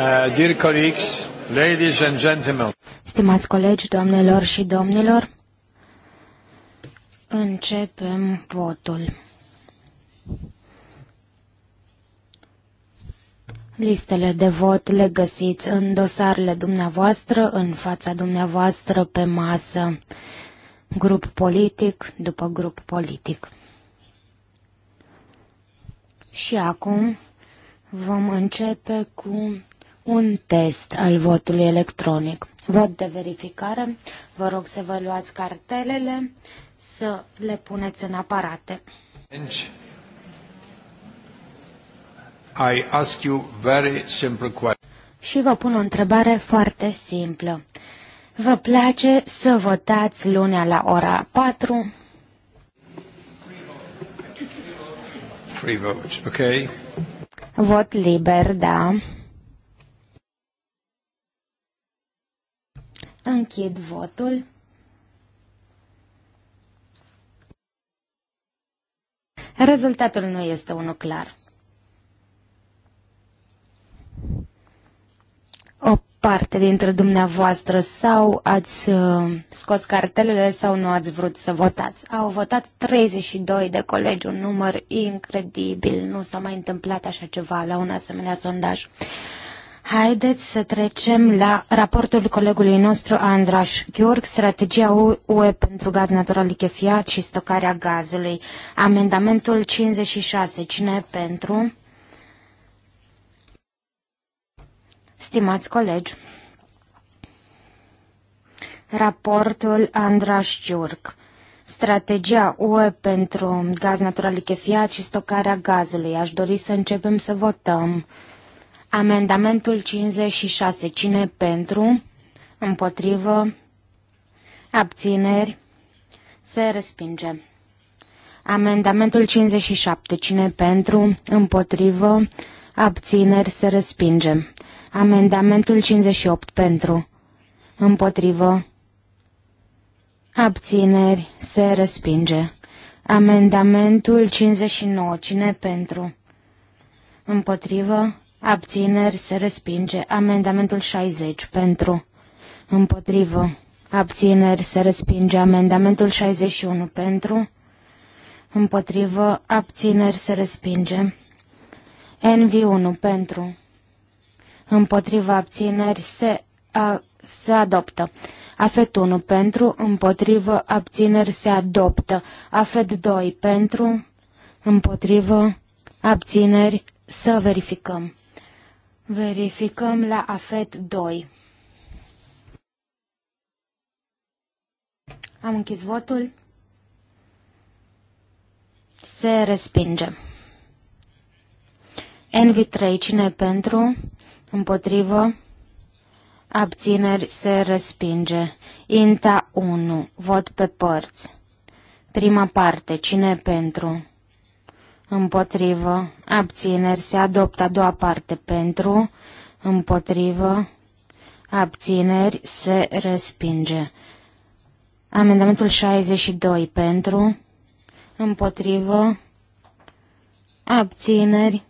Uh, dear colleagues, ladies and gentlemen. Stimați colegi, doamnelor și domnilor, începem votul. Listele de vot le găsiți în dosarele dumneavoastră, în fața dumneavoastră, pe masă, grup politic după grup politic. Și acum vom începe cu un test al votului electronic. Vot de verificare. Vă rog să vă luați cartelele, să le puneți în aparate. I ask you very simple question. Și vă pun o întrebare foarte simplă. Vă place să votați lunea la ora 4? Free vote, okay. Vot liber, da. Închid votul. Rezultatul nu este unul clar. O parte dintre dumneavoastră sau ați uh, scos cartelele sau nu ați vrut să votați. Au votat 32 de colegi, un număr incredibil. Nu s-a mai întâmplat așa ceva la un asemenea sondaj. Haideți să trecem la raportul colegului nostru Andraș Gheorg, strategia UE pentru gaz natural lichefiat și stocarea gazului. Amendamentul 56. Cine pentru? Stimați colegi, raportul Andraș Gheorg strategia UE pentru gaz natural lichefiat și stocarea gazului. Aș dori să începem să votăm. Amendamentul 56. Cine pentru? Împotrivă? Abțineri? Se respinge. Amendamentul 57. Cine pentru? Împotrivă? Abțineri? Se respinge. Amendamentul 58. Pentru? Împotrivă? Abțineri? Se respinge. Amendamentul 59. Cine pentru? Împotrivă? Abțineri se respinge. Amendamentul 60 pentru. Împotrivă. Abțineri se respinge. Amendamentul 61 pentru. Împotrivă. Abțineri se respinge. NV1 pentru. Împotrivă abțineri se, a, se adoptă. AFET 1 pentru. Împotrivă abțineri se adoptă. AFET 2 pentru. Împotrivă abțineri să verificăm. Verificăm la AFET 2. Am închis votul. Se respinge. NV3, cine pentru? Împotrivă? Abțineri se respinge. Inta 1, vot pe părți. Prima parte, cine pentru? împotrivă, abțineri se adoptă a doua parte pentru, împotrivă, abțineri se respinge. Amendamentul 62 pentru, împotrivă, abțineri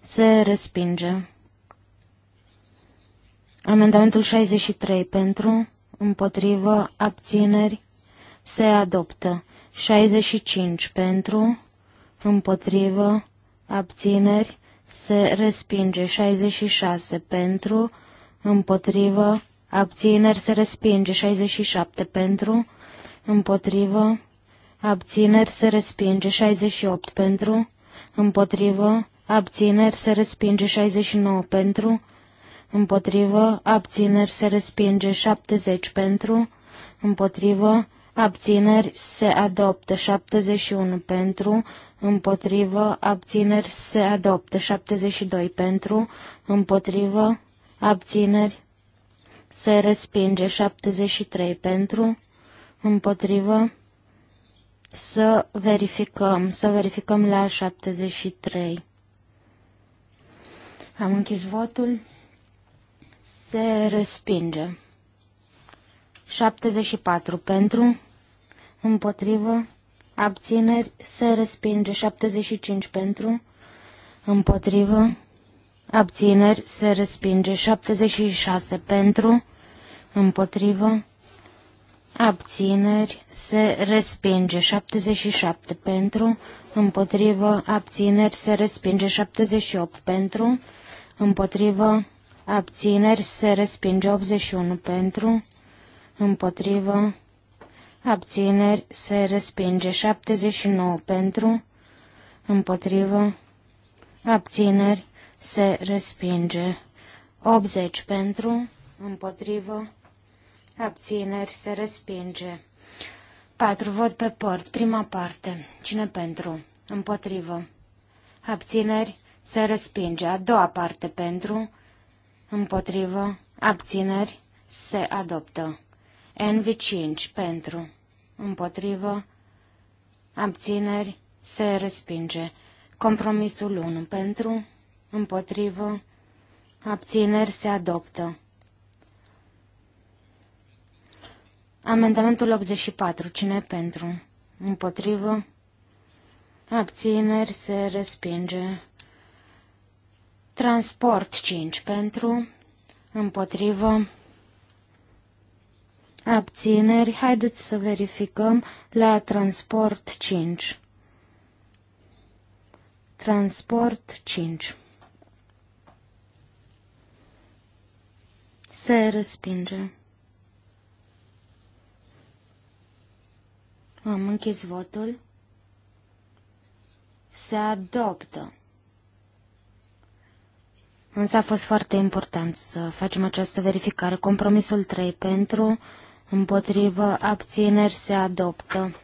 se respinge. Amendamentul 63 pentru, împotrivă, abțineri se adoptă. 65 pentru, împotrivă, abțineri, se respinge. 66 pentru, împotrivă, abțineri, se respinge. 67 pentru, împotrivă, abțineri, se respinge. 68 pentru, împotrivă, abțineri, se respinge. 69 pentru, împotrivă, abțineri, se respinge. 70 pentru, împotrivă, Abțineri se adoptă 71 pentru, împotrivă, abțineri se adoptă 72 pentru, împotrivă, abțineri se respinge 73 pentru, împotrivă, să verificăm, să verificăm la 73. Am închis votul, se respinge. 74 pentru, împotrivă, abțineri, se respinge. 75 pentru, împotrivă, abțineri, se respinge. 76 pentru, împotrivă, abțineri, se respinge. 77 pentru, împotrivă, abțineri, se respinge. 78 pentru, împotrivă, abțineri, se respinge. 81 pentru, împotrivă, abțineri, se respinge. 79 pentru, împotrivă, abțineri, se respinge. 80 pentru, împotrivă, abțineri, se respinge. 4 vot pe părți, prima parte. Cine pentru? Împotrivă. Abțineri, se respinge. A doua parte pentru, împotrivă, abțineri, se adoptă. NV5 pentru, împotrivă, abțineri, se respinge. Compromisul 1 pentru, împotrivă, abțineri, se adoptă. Amendamentul 84. Cine pentru? Împotrivă? Abțineri se respinge. Transport 5 pentru. Împotrivă? Abțineri, haideți să verificăm la transport 5. Transport 5. Se respinge. Am închis votul. Se adoptă. Însă a fost foarte important să facem această verificare. Compromisul 3 pentru împotrivă, abțineri se adoptă.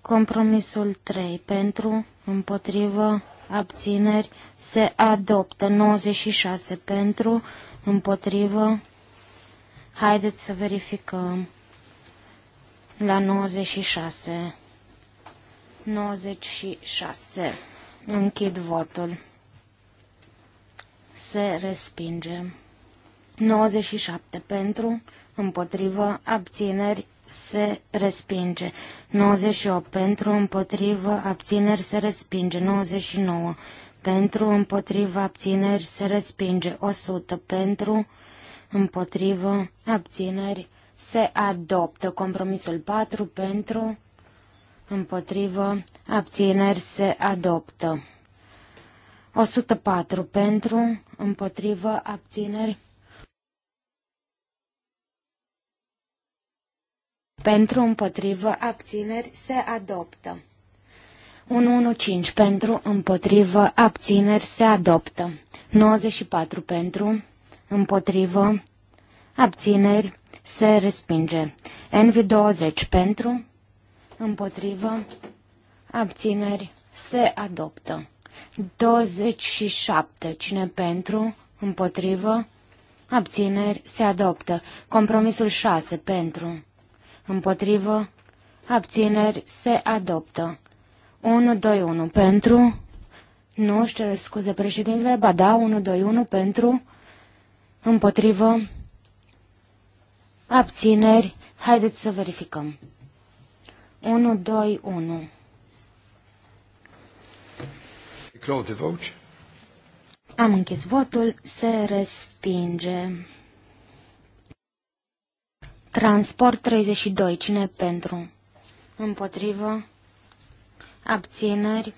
Compromisul 3 pentru, împotrivă, abțineri se adoptă. 96 pentru, împotrivă. Haideți să verificăm. La 96. 96. Închid votul. Se respinge. 97 pentru, împotrivă, abțineri, se respinge. 98 pentru, împotrivă, abțineri, se respinge. 99 pentru, împotrivă, abțineri, se respinge. 100 pentru, împotrivă, abțineri, se adoptă. Compromisul 4 pentru, împotrivă, abțineri, se adoptă. 104 pentru, împotrivă, abțineri, Pentru împotrivă abțineri se adoptă. 115 pentru împotrivă abțineri se adoptă. 94 pentru împotrivă abțineri se respinge. nv 20 pentru împotrivă abțineri se adoptă. 27 cine pentru împotrivă abțineri se adoptă. Compromisul 6 pentru Împotrivă. Abțineri. Se adoptă. 1-2-1 pentru. Nu, știu, scuze președintele. Ba da, 1-2-1 pentru. Împotrivă. Abțineri. Haideți să verificăm. 1, 2, 1. Am închis votul. Se respinge. Transport 32. Cine pentru? Împotrivă. Abțineri.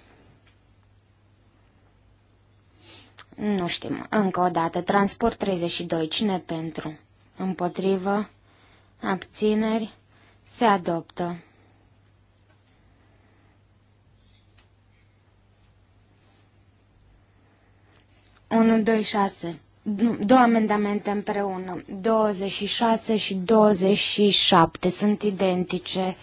Nu știm. Încă o dată. Transport 32. Cine pentru? Împotrivă. Abțineri. Se adoptă. Unu, doi, șase două amendamente împreună, 26 și 27, sunt identice.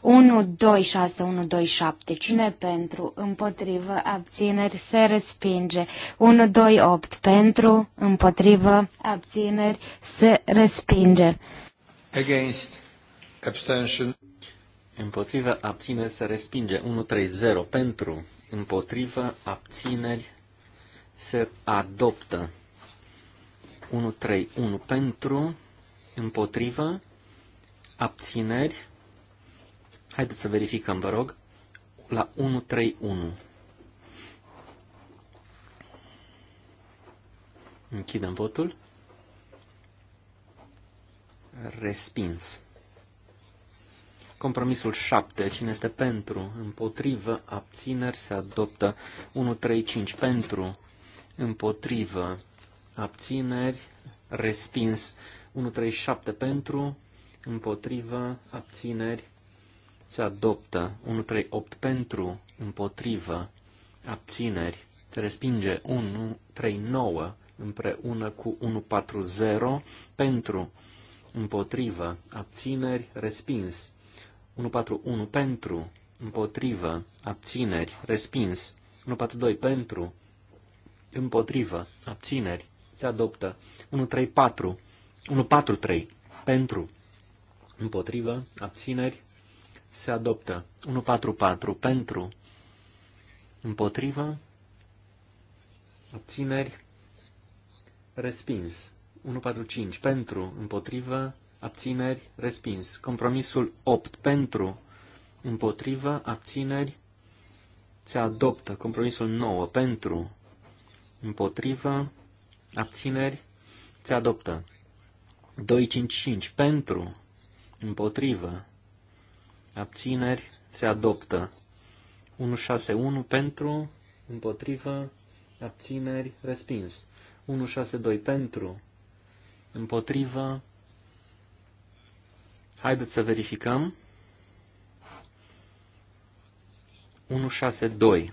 1, 2, 6, 1, 2, 7. Cine pentru? Împotrivă. Abțineri. Se respinge. 1, 2, 8. Pentru. Împotrivă. Abțineri. Se respinge. Against. Abstention. Împotrivă. Abțineri. Se respinge. 1, 3, 0. Pentru. Împotrivă. Abțineri. Se adoptă. 131 pentru, împotrivă, abțineri. Haideți să verificăm, vă rog, la 131. Închidem votul. Respins. Compromisul 7. Cine este pentru? Împotrivă. Abțineri. Se adoptă. 135 pentru. Împotrivă abțineri, respins. 137 pentru, împotrivă, abțineri, se adoptă. 138 pentru, împotrivă, abțineri, se respinge. 139 împreună cu 140 pentru, împotrivă, abțineri, respins. 141 pentru, împotrivă, abțineri, respins. 142 pentru, împotrivă, abțineri, se adoptă. 134, 143 pentru, împotrivă, abțineri, se adoptă. 144 pentru, împotrivă, abțineri, respins. 145 pentru, împotrivă, abțineri, respins. Compromisul 8 pentru, împotrivă, abțineri, se adoptă. Compromisul 9 pentru, împotrivă, abțineri, se adoptă. 255 pentru, împotrivă, abțineri, se adoptă. 161 pentru, împotrivă, abțineri, respins. 162 pentru, împotrivă. Haideți să verificăm. 162.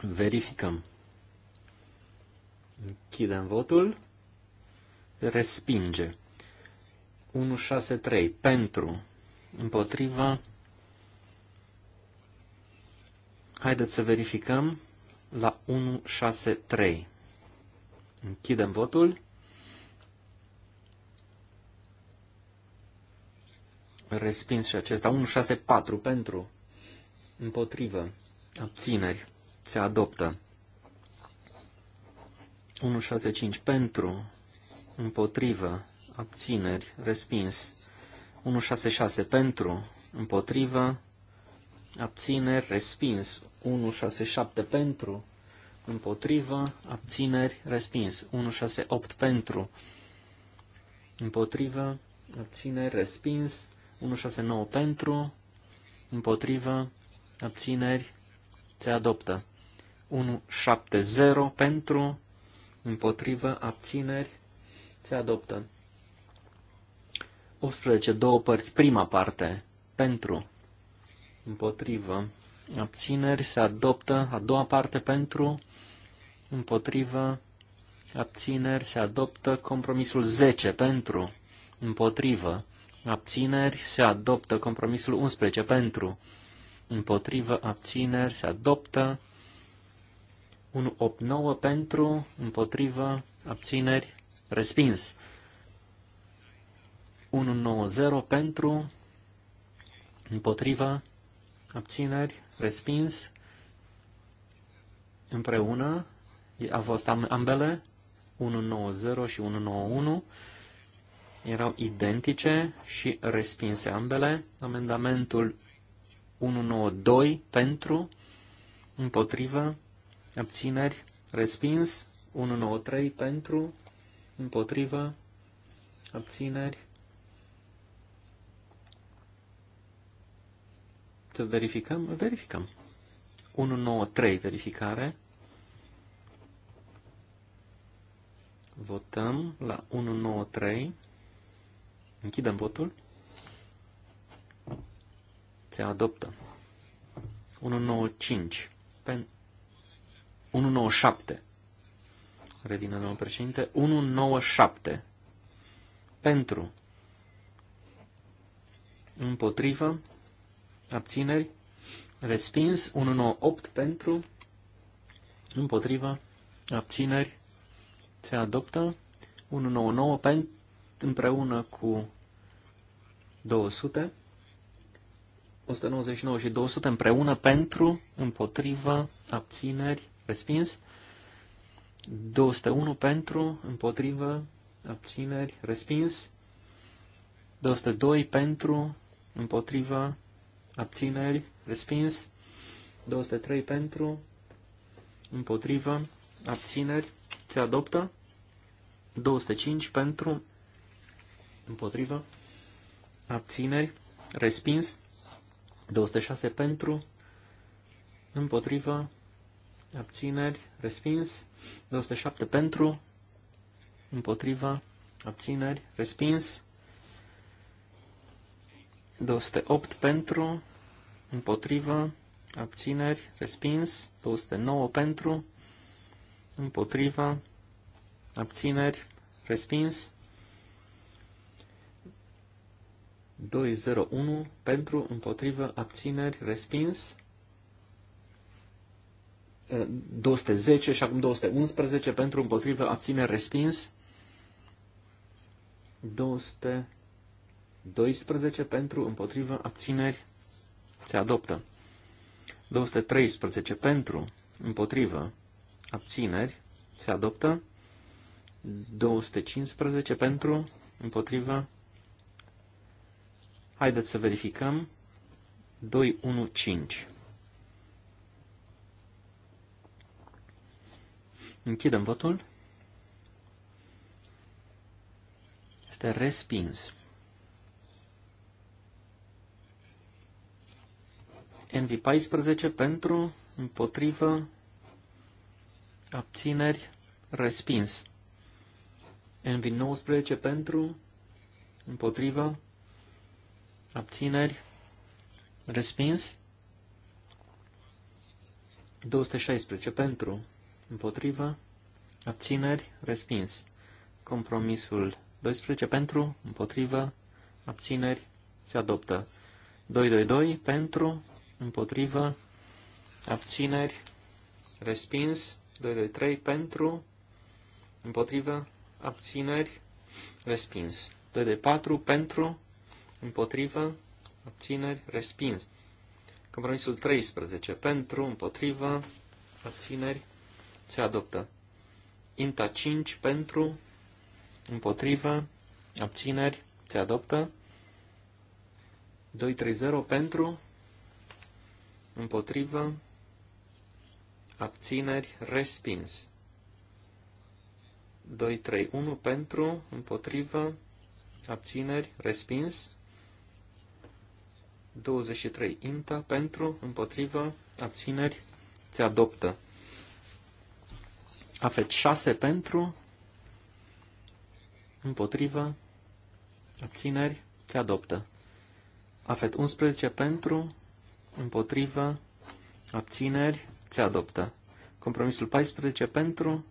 Verificăm. Închidem votul. Respinge. 163. Pentru. Împotriva. Haideți să verificăm la 163. Închidem votul. Respins și acesta. 164 pentru. Împotrivă. Abțineri. Se adoptă. 165 pentru, împotrivă, abțineri, respins. 166 pentru, împotrivă, abțineri, respins. 167 pentru, împotrivă, abțineri, respins. 168 pentru, împotrivă, abțineri, respins. 169 pentru, împotrivă, abțineri, se adoptă. 170 pentru, împotrivă, abțineri, se adoptă. 18. Două părți. Prima parte. Pentru. Împotrivă. Abțineri. Se adoptă. A doua parte. Pentru. Împotrivă. Abțineri. Se adoptă. Compromisul 10. Pentru. Împotrivă. Abțineri. Se adoptă. Compromisul 11. Pentru. Împotrivă. Abțineri. Se adoptă. 189 pentru, împotrivă, abțineri, respins. 190 pentru, împotriva, abțineri, respins, împreună, a fost ambele, 190 și 191, erau identice și respinse ambele, amendamentul 192 pentru, împotriva, abțineri, respins, 193 pentru, împotrivă, abțineri. Să verificăm, verificăm. 193 verificare. Votăm la 193. Închidem votul. Se adoptă. 195. Pentru 197. Revină, domnul președinte. 197. Pentru. Împotrivă. Abțineri. Respins. 198 pentru. Împotrivă. Abțineri. Se adoptă. 199 pentru împreună cu 200. 199 și 200 împreună pentru, împotriva, abțineri, respins. 201 pentru, împotrivă, abțineri, respins. 202 pentru, împotrivă, abțineri, respins. 203 pentru, împotrivă, abțineri, se adoptă. 205 pentru, împotrivă, abțineri, respins. 206 pentru, împotrivă, abțineri, respins, 207 pentru, împotriva, abțineri, respins, 208 pentru, împotriva, abțineri, respins, 209 pentru, împotriva, abțineri, respins, 201 pentru, împotriva abțineri, respins, 210 și acum 211 pentru împotrivă abține respins. 212 pentru împotrivă abțineri se adoptă. 213 pentru împotrivă abțineri se adoptă. 215 pentru împotrivă. Haideți să verificăm. 215. Închidem votul. Este respins. NV14 pentru, împotrivă, abțineri, respins. NV19 pentru, împotrivă, abțineri, respins. 216 pentru, Împotrivă. abțineri, respins. Compromisul 12 pentru, Împotrivă. abțineri, se adoptă. 222 pentru, Împotrivă. abțineri, respins. 223 pentru, Împotrivă. abțineri, respins. 224 pentru, Împotrivă. abțineri, respins. Compromisul 13 pentru, Împotrivă. abțineri, se adoptă. Inta 5 pentru, împotrivă, abțineri, se adoptă. 230 pentru, împotrivă, abțineri, respins. 231 pentru, împotrivă, abțineri, respins. 23 inta pentru, împotrivă, abțineri, se adoptă. Afet 6 pentru, împotrivă, abțineri, se adoptă. Afet 11 pentru, împotrivă, abțineri, se adoptă. Compromisul 14 pentru,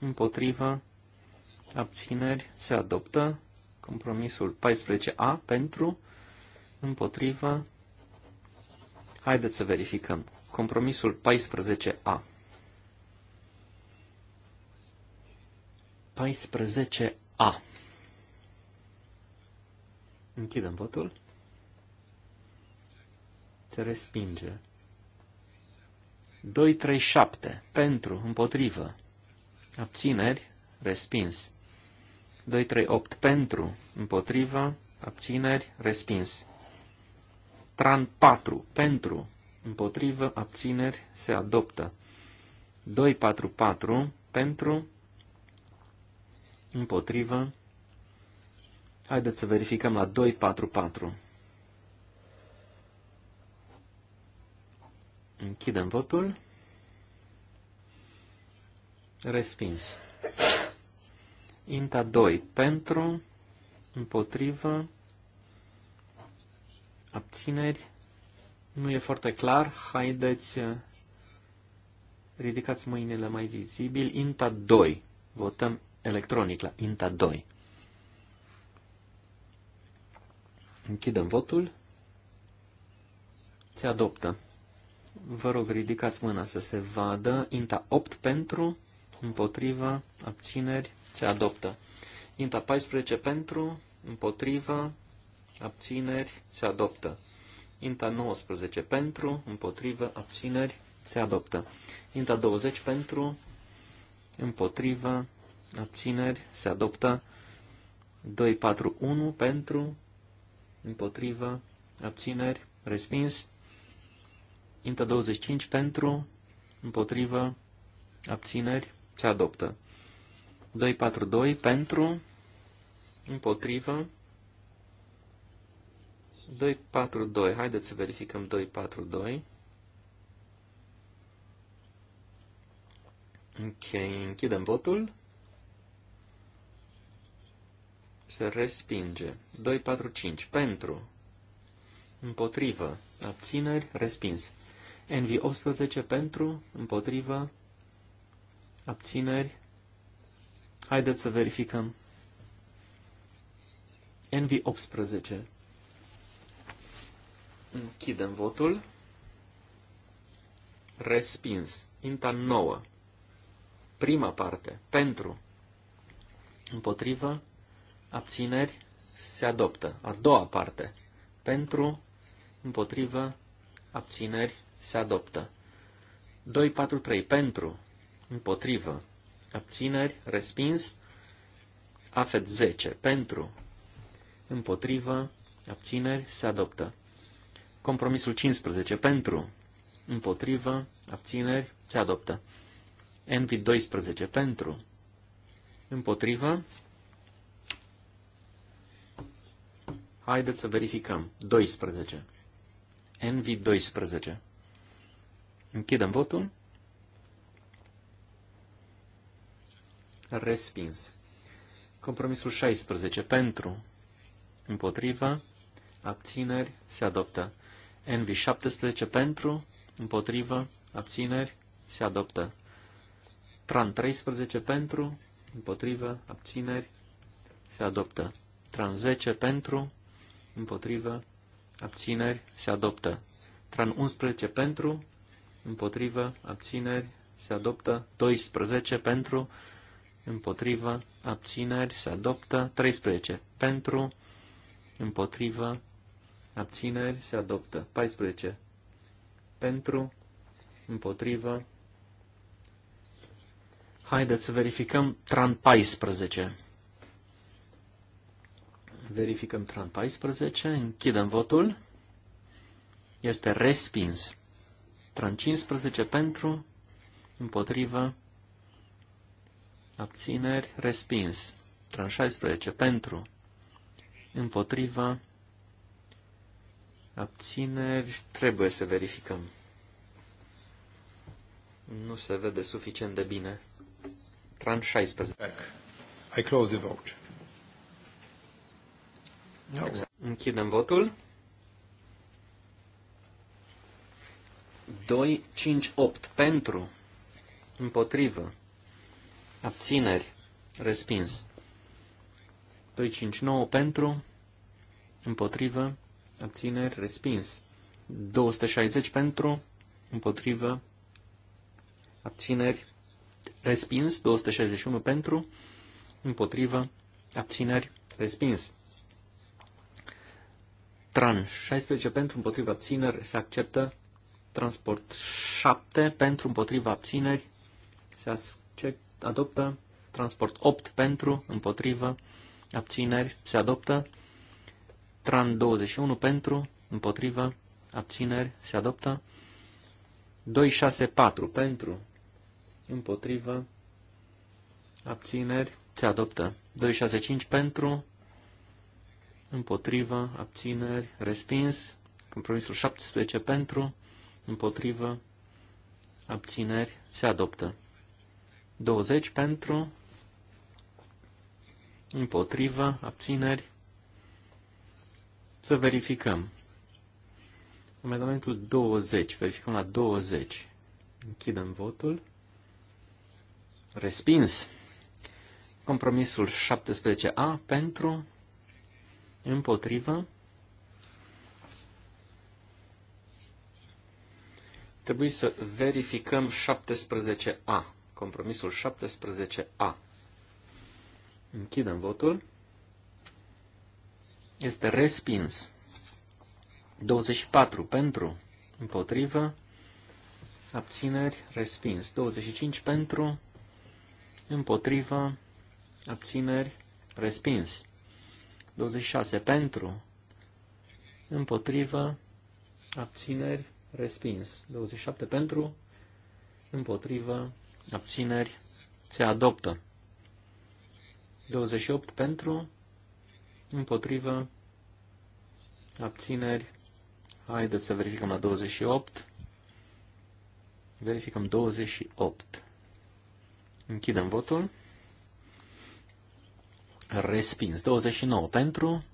împotrivă, abțineri, se adoptă. Compromisul 14A pentru, împotrivă. Haideți să verificăm. Compromisul 14A. 14A. Închidem votul. Se respinge. 237. Pentru, împotrivă. Abțineri, respins. 238. Pentru, împotrivă. Abțineri, respins. Tran 4. Pentru, împotrivă. Abțineri, se adoptă. 244. Pentru, împotrivă. Haideți să verificăm la 244. Închidem votul. Respins. Inta 2. Pentru, împotrivă, abțineri. Nu e foarte clar. Haideți, uh, ridicați mâinile mai vizibil. Inta 2. Votăm electronic la INTA 2. Închidem votul. Se adoptă. Vă rog, ridicați mâna să se vadă. INTA 8 pentru, împotriva, abțineri, se adoptă. INTA 14 pentru, împotriva, abțineri, se adoptă. INTA 19 pentru, împotriva, abțineri, se adoptă. INTA 20 pentru, împotriva, abțineri, se adoptă 241 pentru, împotrivă, abțineri, respins, intă 25 pentru, împotrivă, abțineri, se adoptă 242 pentru, împotrivă, 242, haideți să verificăm 242. Ok, închidem votul. se respinge. 2, 4, 5. Pentru, împotrivă, abțineri, respins. NV 18 pentru, împotrivă, abțineri. Haideți să verificăm. NV 18. Închidem votul. Respins. Inta 9. Prima parte. Pentru. Împotrivă abțineri, se adoptă. A doua parte, pentru, împotrivă, abțineri, se adoptă. 2, 4, 3. pentru, împotrivă, abțineri, respins, afet 10, pentru, împotrivă, abțineri, se adoptă. Compromisul 15, pentru, împotrivă, abțineri, se adoptă. Envi 12, pentru, împotrivă, Haideți să verificăm. 12. NV12. Închidem votul. Respins. Compromisul 16. Pentru. Împotriva. Abțineri. Se adoptă. NV17. Pentru. Împotriva. Abțineri. Se adoptă. Tran 13. Pentru. Împotriva. Abțineri. Se adoptă. Tran 10. Pentru împotrivă, abțineri, se adoptă. Tran 11 pentru, împotrivă, abțineri, se adoptă. 12 pentru, împotrivă, abțineri, se adoptă. 13 pentru, împotrivă, abțineri, se adoptă. 14 pentru, împotrivă. Haideți să verificăm tran 14. Verificăm tran 14, închidem votul. Este respins. Tran 15 pentru, împotrivă, abțineri, respins. Tran 16 pentru, împotrivă, abțineri, trebuie să verificăm. Nu se vede suficient de bine. Tran 16. Back. I close the vote. No. Închidem votul. 2, 5, 8. Pentru. Împotrivă. Abțineri. Respins. 2, 5, 9. Pentru. Împotrivă. Abțineri. Respins. 260 pentru. Împotrivă. Abțineri. Respins. 261 pentru. Împotrivă. Abțineri. Respins. Tran 16 pentru împotriva abțineri se acceptă. Transport 7 pentru împotriva abțineri se accept, adoptă. Transport 8 pentru împotriva abțineri se adoptă. Tran 21 pentru împotriva abțineri se adoptă. 264 pentru împotriva abțineri se adoptă. 265 pentru împotriva, abțineri, respins. Compromisul 17 pentru, împotrivă, abțineri, se adoptă. 20 pentru, împotrivă, abțineri. Să verificăm. Amendamentul 20. Verificăm la 20. Închidem votul. Respins. Compromisul 17A pentru, Împotrivă. Trebuie să verificăm 17A. Compromisul 17A. Închidem votul. Este respins. 24 pentru, împotrivă, abțineri, respins. 25 pentru, împotrivă, abțineri, respins. 26 pentru, împotrivă, abțineri, respins. 27 pentru, împotrivă, abțineri, se adoptă. 28 pentru, împotrivă, abțineri. Haideți să verificăm la 28. Verificăm 28. Închidem votul respins. 29 pentru,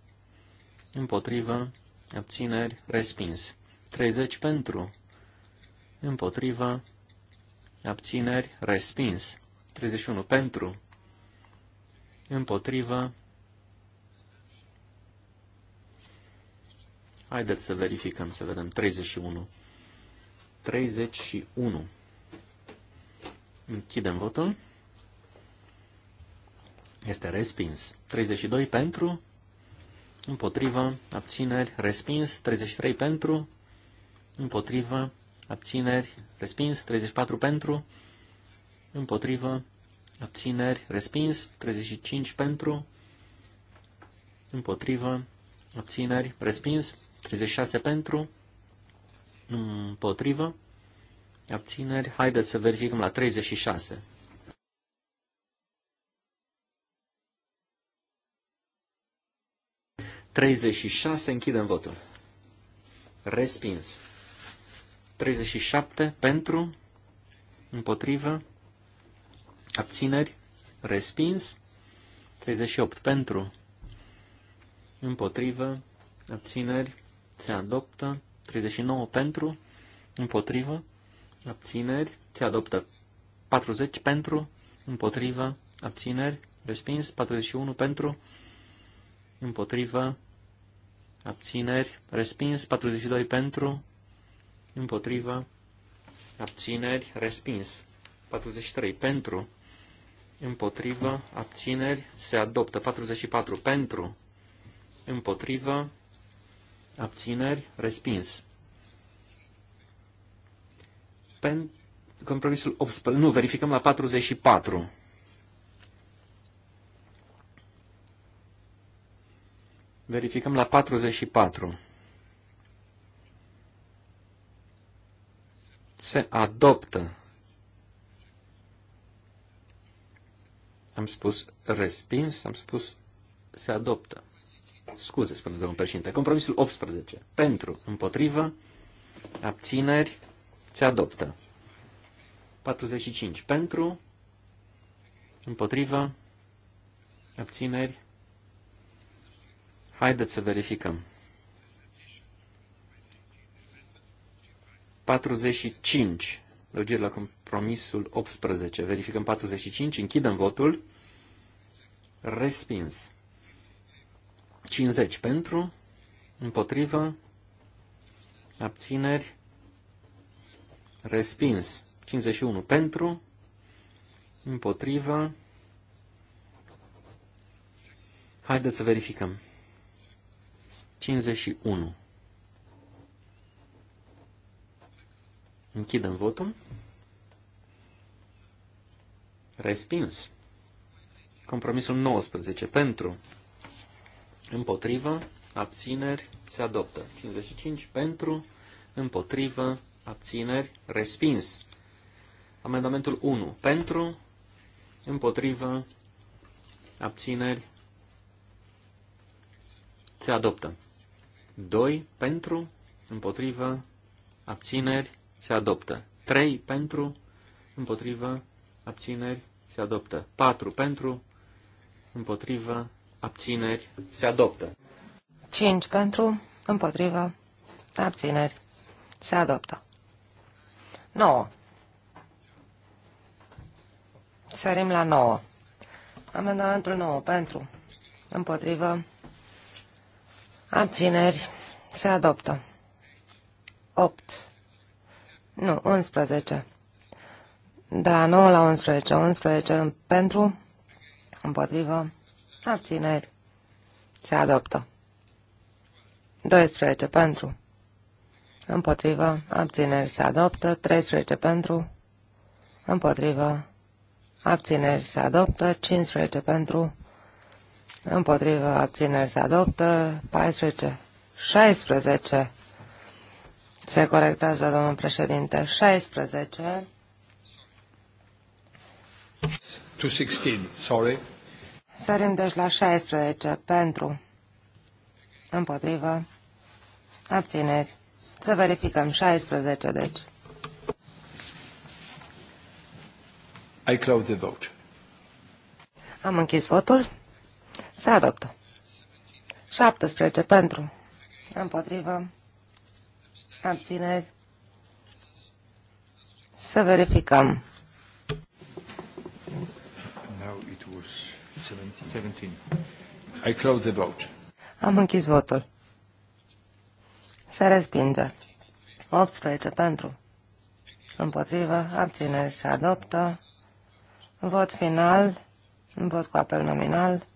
împotrivă, abțineri, respins. 30 pentru, împotrivă, abțineri, respins. 31 pentru, împotrivă. Haideți să verificăm, să vedem. 31. 31. Închidem votul. Este respins. 32 pentru, împotriva, abțineri, respins. 33 pentru, împotriva, abțineri, respins. 34 pentru, împotriva, abțineri, respins. 35 pentru, împotriva, abțineri, respins. 36 pentru, împotrivă, abțineri. Haideți să verificăm la 36. 36, închidem votul. Respins. 37 pentru, împotrivă, abțineri, respins. 38 pentru, împotrivă, abțineri, se adoptă. 39 pentru, împotrivă, abțineri, se adoptă. 40 pentru, împotrivă, abțineri, respins. 41 pentru, împotrivă, abțineri, respins, 42 pentru, împotriva, abțineri, respins, 43 pentru, împotriva, abțineri, se adoptă, 44 pentru, împotriva, abțineri, respins. Pen... Compromisul 18, nu, verificăm la 44. Verificăm la 44. Se adoptă. Am spus respins, am spus se adoptă. Scuze, spune domnul președinte. Compromisul 18. Pentru, împotrivă, abțineri, se adoptă. 45. Pentru, împotrivă, abțineri, Haideți să verificăm. 45. Lăugiri la compromisul 18. Verificăm 45. Închidem votul. Respins. 50 pentru. Împotrivă. Abțineri. Respins. 51 pentru. Împotrivă. Haideți să verificăm. 51. Închidem votul. Respins. Compromisul 19. Pentru. Împotrivă. Abțineri. Se adoptă. 55. Pentru. Împotrivă. Abțineri. Respins. Amendamentul 1. Pentru. Împotrivă. Abțineri. Se adoptă. 2 pentru, împotrivă, abțineri, se adoptă. 3 pentru, împotrivă, abțineri, se adoptă. 4 pentru, împotrivă, abțineri, se adoptă. 5 pentru, împotrivă, abțineri, se adoptă. 9. Sărim la 9. Amendamentul 9 pentru, împotrivă, Abțineri. Se adoptă. 8. Nu, 11. De la 9 la 11. 11 pentru, împotrivă, abțineri. Se adoptă. 12 pentru, împotrivă, abțineri. Se adoptă. 13 pentru, împotrivă, abțineri. Se adoptă. 15 pentru, Împotrivă abțineri se adoptă. 14. 16. Se corectează, domnul președinte. 16. 216, sorry. Sărim deci la 16. Pentru. Împotrivă. Abțineri. Să verificăm. 16, deci. I close the vote. Am închis votul. Se adoptă. 17 pentru. Împotrivă. Abțineri. Să verificăm. Now it was 17. I close the vote. Am închis votul. Se respinge. 18 pentru. Împotrivă. Abțineri. Se adoptă. Vot final. Vot cu apel nominal.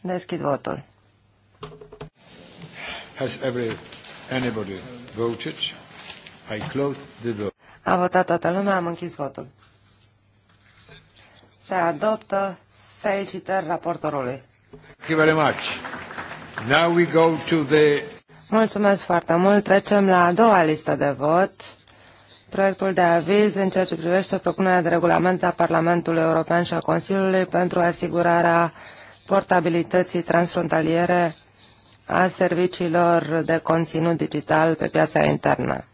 Deschid votul. Has every, anybody voted? I close the vote. A votat toată lumea, am închis votul. Se adoptă. Felicitări raportorului. Thank you very much. Now we go to the... Mulțumesc foarte mult. Trecem la a doua listă de vot. Proiectul de aviz în ceea ce privește propunerea de regulament a Parlamentului European și a Consiliului pentru asigurarea portabilității transfrontaliere a serviciilor de conținut digital pe piața internă.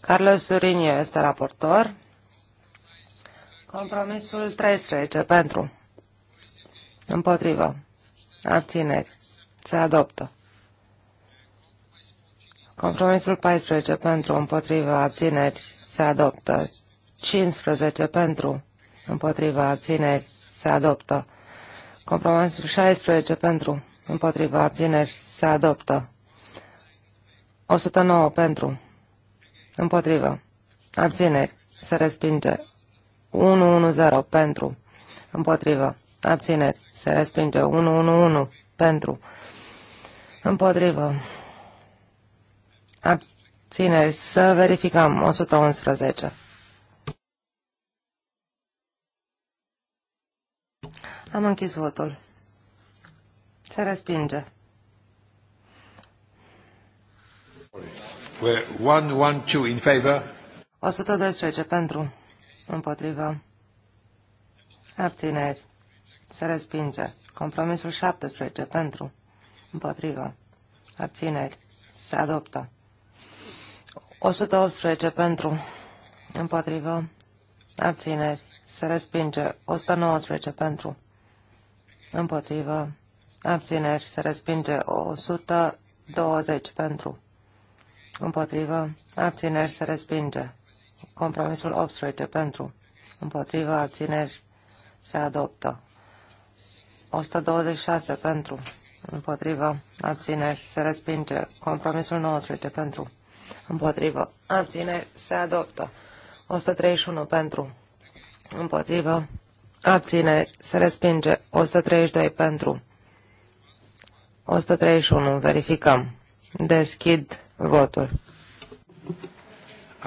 Carlos Surinio este raportor. Compromisul 13 pentru. Împotrivă. Abțineri. Se adoptă. Compromisul 14 pentru. Împotrivă. Abțineri. Se adoptă. 15 pentru. Împotrivă. Abțineri. Se adoptă. Compromisul 16 pentru, împotriva, abțineri, se adoptă. 109 pentru, împotriva, abțineri, se respinge. 110 pentru, împotriva, abțineri, se respinge. 111 pentru, împotriva, abțineri, să verificăm. 111. Am închis votul. Se respinge. We're one, one, two in favor. 112 pentru. Împotrivă. Abțineri. Se respinge. Compromisul 17 pentru. Împotrivă. Abțineri. Se adoptă. 118 pentru. Împotrivă. Abțineri. Se respinge. 119 pentru împotrivă, abțineri, se respinge 120 pentru, împotrivă, abțineri, se respinge. Compromisul 18 pentru, împotrivă, abțineri, se adoptă. 126 pentru, împotrivă, abțineri, se respinge. Compromisul 19 pentru, împotrivă, abțineri, se adoptă. 131 pentru, împotrivă, abține, se respinge. 132 pentru, 131, verificăm. Deschid votul.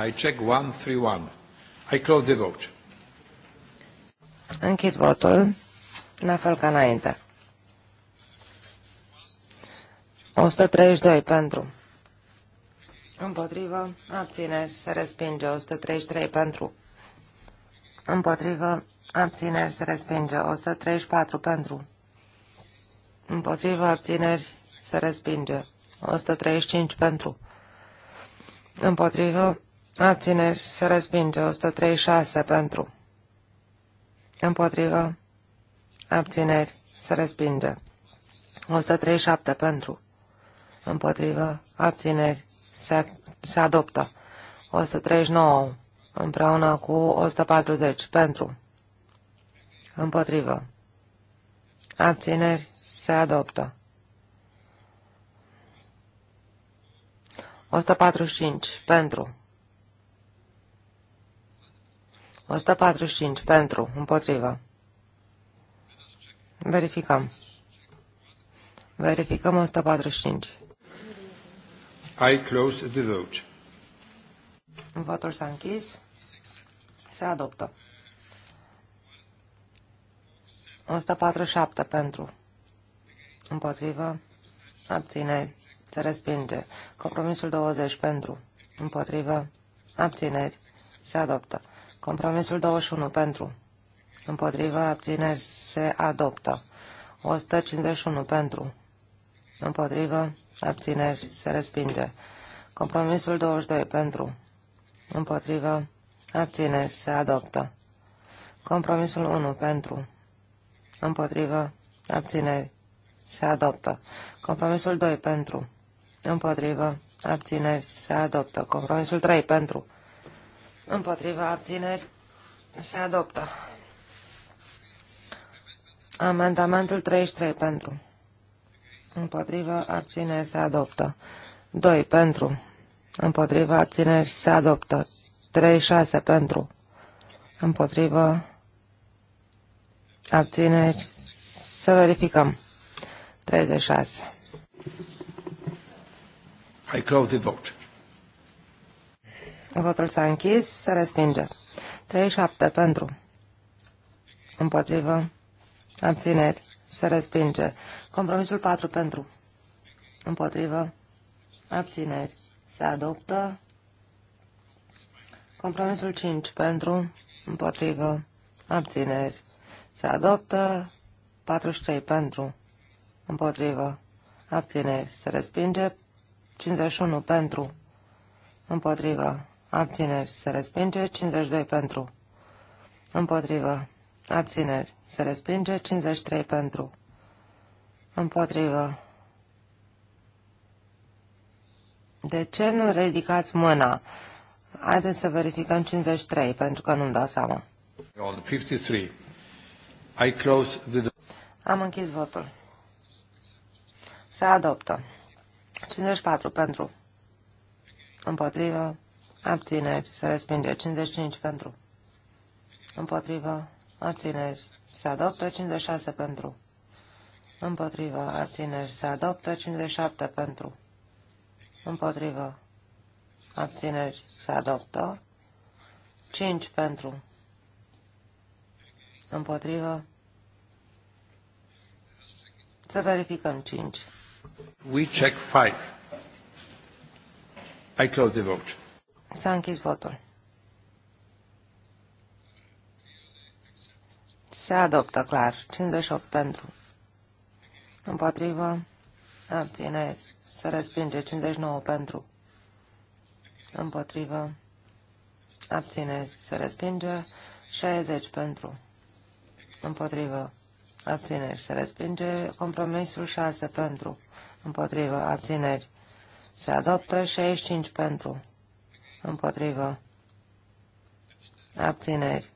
I check 131. I close the vote. Închid votul, la fel ca înainte. 132 pentru. Împotrivă, abțineri, se respinge. 133 pentru. Împotrivă, abțineri se respinge. 134 pentru, împotrivă, abțineri se respinge. 135 pentru, împotrivă, abțineri se respinge. 136 pentru, împotrivă, abțineri se respinge. 137 pentru, împotrivă, abțineri se, se adoptă. 139 împreună cu 140 pentru, Împotrivă. Abțineri. Se adoptă. 145. Pentru. 145. Pentru. Împotrivă. Verificăm. Verificăm 145. I close the vote. Votul s-a închis. Se adoptă. 147 pentru. Împotrivă. Abține. Se respinge. Compromisul 20 pentru. Împotrivă. Abțineri. Se adoptă. Compromisul 21 pentru. Împotrivă. Abțineri. Se adoptă. 151 pentru. Împotrivă. Abțineri. Se respinge. Compromisul 22 pentru. Împotrivă. Abțineri. Se adoptă. Compromisul 1 pentru. Împotrivă. Abțineri. Se adoptă. Compromisul 2 pentru. Împotrivă. Abțineri. Se adoptă. Compromisul 3 pentru. Împotrivă. Abțineri. Se adoptă. Amendamentul 33 pentru. Împotrivă. Abțineri. Se adoptă. 2 pentru. Împotrivă. Abțineri. Se adoptă. 36 pentru. Împotrivă. Abțineri. Să verificăm. 36. I close the vote. Votul s-a închis, se respinge. 37 pentru. Împotrivă. Abțineri. Se respinge. Compromisul 4 pentru. Împotrivă. Abțineri. Se adoptă. Compromisul 5 pentru. Împotrivă. Abțineri. Se adoptă 43 pentru, împotrivă, abțineri. Se respinge 51 pentru, împotrivă, abțineri. Se respinge 52 pentru, împotrivă, abțineri. Se respinge 53 pentru, împotrivă. De ce nu ridicați mâna? Haideți să verificăm 53, pentru că nu-mi dau seama. 53. I close the... Am închis votul. Se adoptă. 54 pentru. Împotrivă. Abțineri. Se respinge. 55 pentru. Împotrivă. Abțineri. Se adoptă. 56 pentru. Împotrivă. Abțineri. Se adoptă. 57 pentru. Împotrivă. Abțineri. Se adoptă. 5 pentru. Împotrivă. Să verificăm 5. We check 5. I close the vote. S-a închis votul. Se adoptă clar. 58 pentru. Împotrivă. Abțineri. Se respinge. 59 pentru. Împotrivă. Abțineri. Se respinge. 60 pentru împotrivă, abțineri. Se respinge compromisul 6 pentru, împotrivă, abțineri. Se adoptă 65 pentru, împotrivă, abțineri.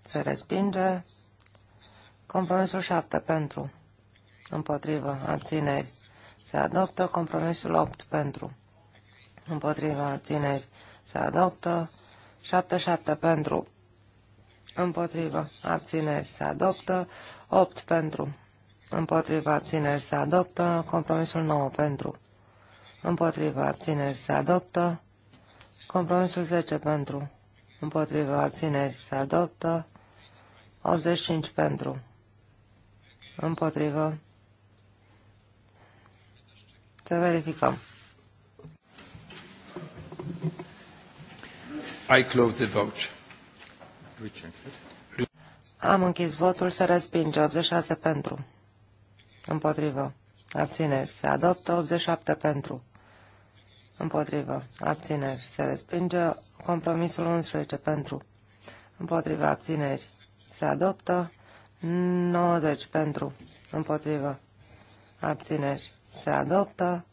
Se respinge compromisul 7 pentru, împotrivă, abțineri. Se adoptă compromisul 8 pentru, împotrivă, abțineri. Se adoptă 7-7 pentru, împotrivă, abțineri se adoptă, 8 pentru, împotrivă, abțineri se adoptă, compromisul 9 pentru, împotrivă, abțineri se adoptă, compromisul 10 pentru, împotrivă, abțineri se adoptă, 85 pentru, împotrivă, să verificăm. I close the vote. Am închis votul, se respinge 86 pentru. Împotrivă. Abțineri. Se adoptă 87 pentru. Împotrivă. Abțineri. Se respinge compromisul 11 pentru. Împotrivă. Abțineri. Se adoptă 90 pentru. Împotrivă. Abțineri. Se adoptă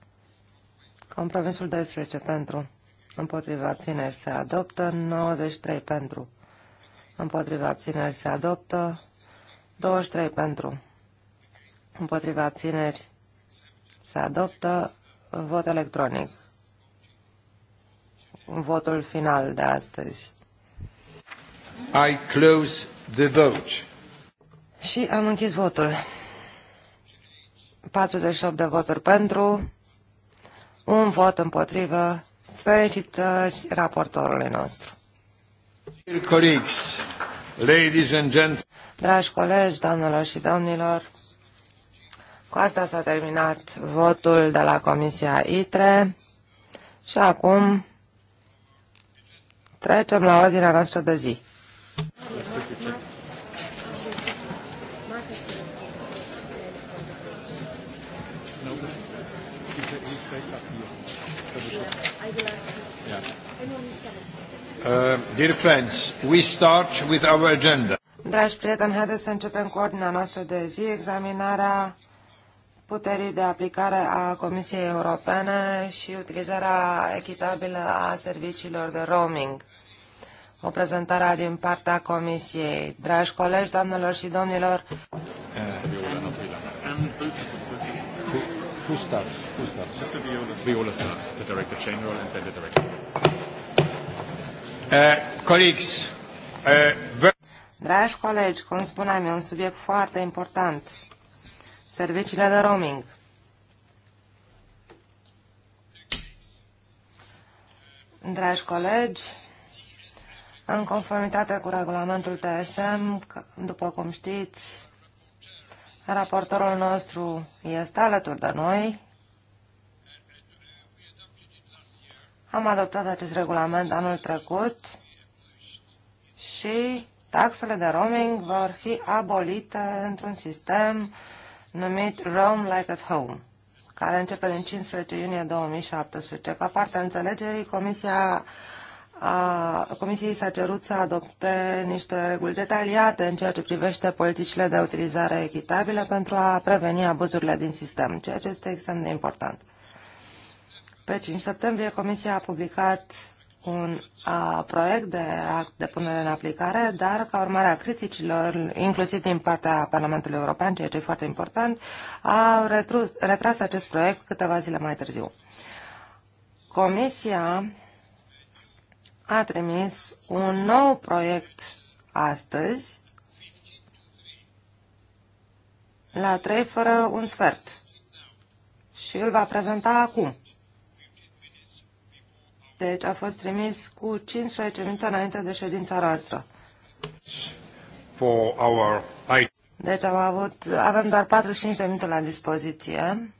compromisul 12 pentru. Împotrivă. Abțineri. Se adoptă 93 pentru împotriva abțineri se adoptă, 23 pentru, împotriva abțineri se adoptă, vot electronic. Votul final de astăzi. I close the vote. Și am închis votul. 48 de voturi pentru, un vot împotrivă. Felicitări raportorului nostru. Dragi colegi, doamnelor și domnilor, cu asta s-a terminat votul de la Comisia ITRE și acum trecem la ordinea noastră de zi. Uh, dear friends, we start with our agenda. Dragi prieteni, haideți să începem cu ordinea noastră de zi, examinarea puterii de aplicare a Comisiei Europene și utilizarea echitabilă a serviciilor de roaming. O prezentare din partea Comisiei. Dragi colegi, doamnelor și domnilor, uh, who, who starts? Who starts? Mr. Viola starts, the Director General and then the Director Uh, uh, Dragi colegi, cum spuneam, e un subiect foarte important. Serviciile de roaming. Dragi colegi, în conformitate cu regulamentul TSM, după cum știți, raportorul nostru este alături de noi, Am adoptat acest regulament anul trecut și taxele de roaming vor fi abolite într-un sistem numit Roam Like at Home, care începe din 15 iunie 2017. Ca parte a înțelegerii, Comisia a, Comisiei s-a cerut să adopte niște reguli detaliate în ceea ce privește politicile de utilizare echitabilă pentru a preveni abuzurile din sistem, ceea ce este extrem de important. Pe 5 septembrie, Comisia a publicat un a, proiect de act de punere în aplicare, dar ca urmare a criticilor, inclusiv din partea Parlamentului European, ceea ce e foarte important, a retrus, retras acest proiect câteva zile mai târziu. Comisia a trimis un nou proiect astăzi la 3 fără un sfert și îl va prezenta acum. Deci a fost trimis cu 15 minute înainte de ședința noastră. For our... Deci am avut, avem doar 45 de minute la dispoziție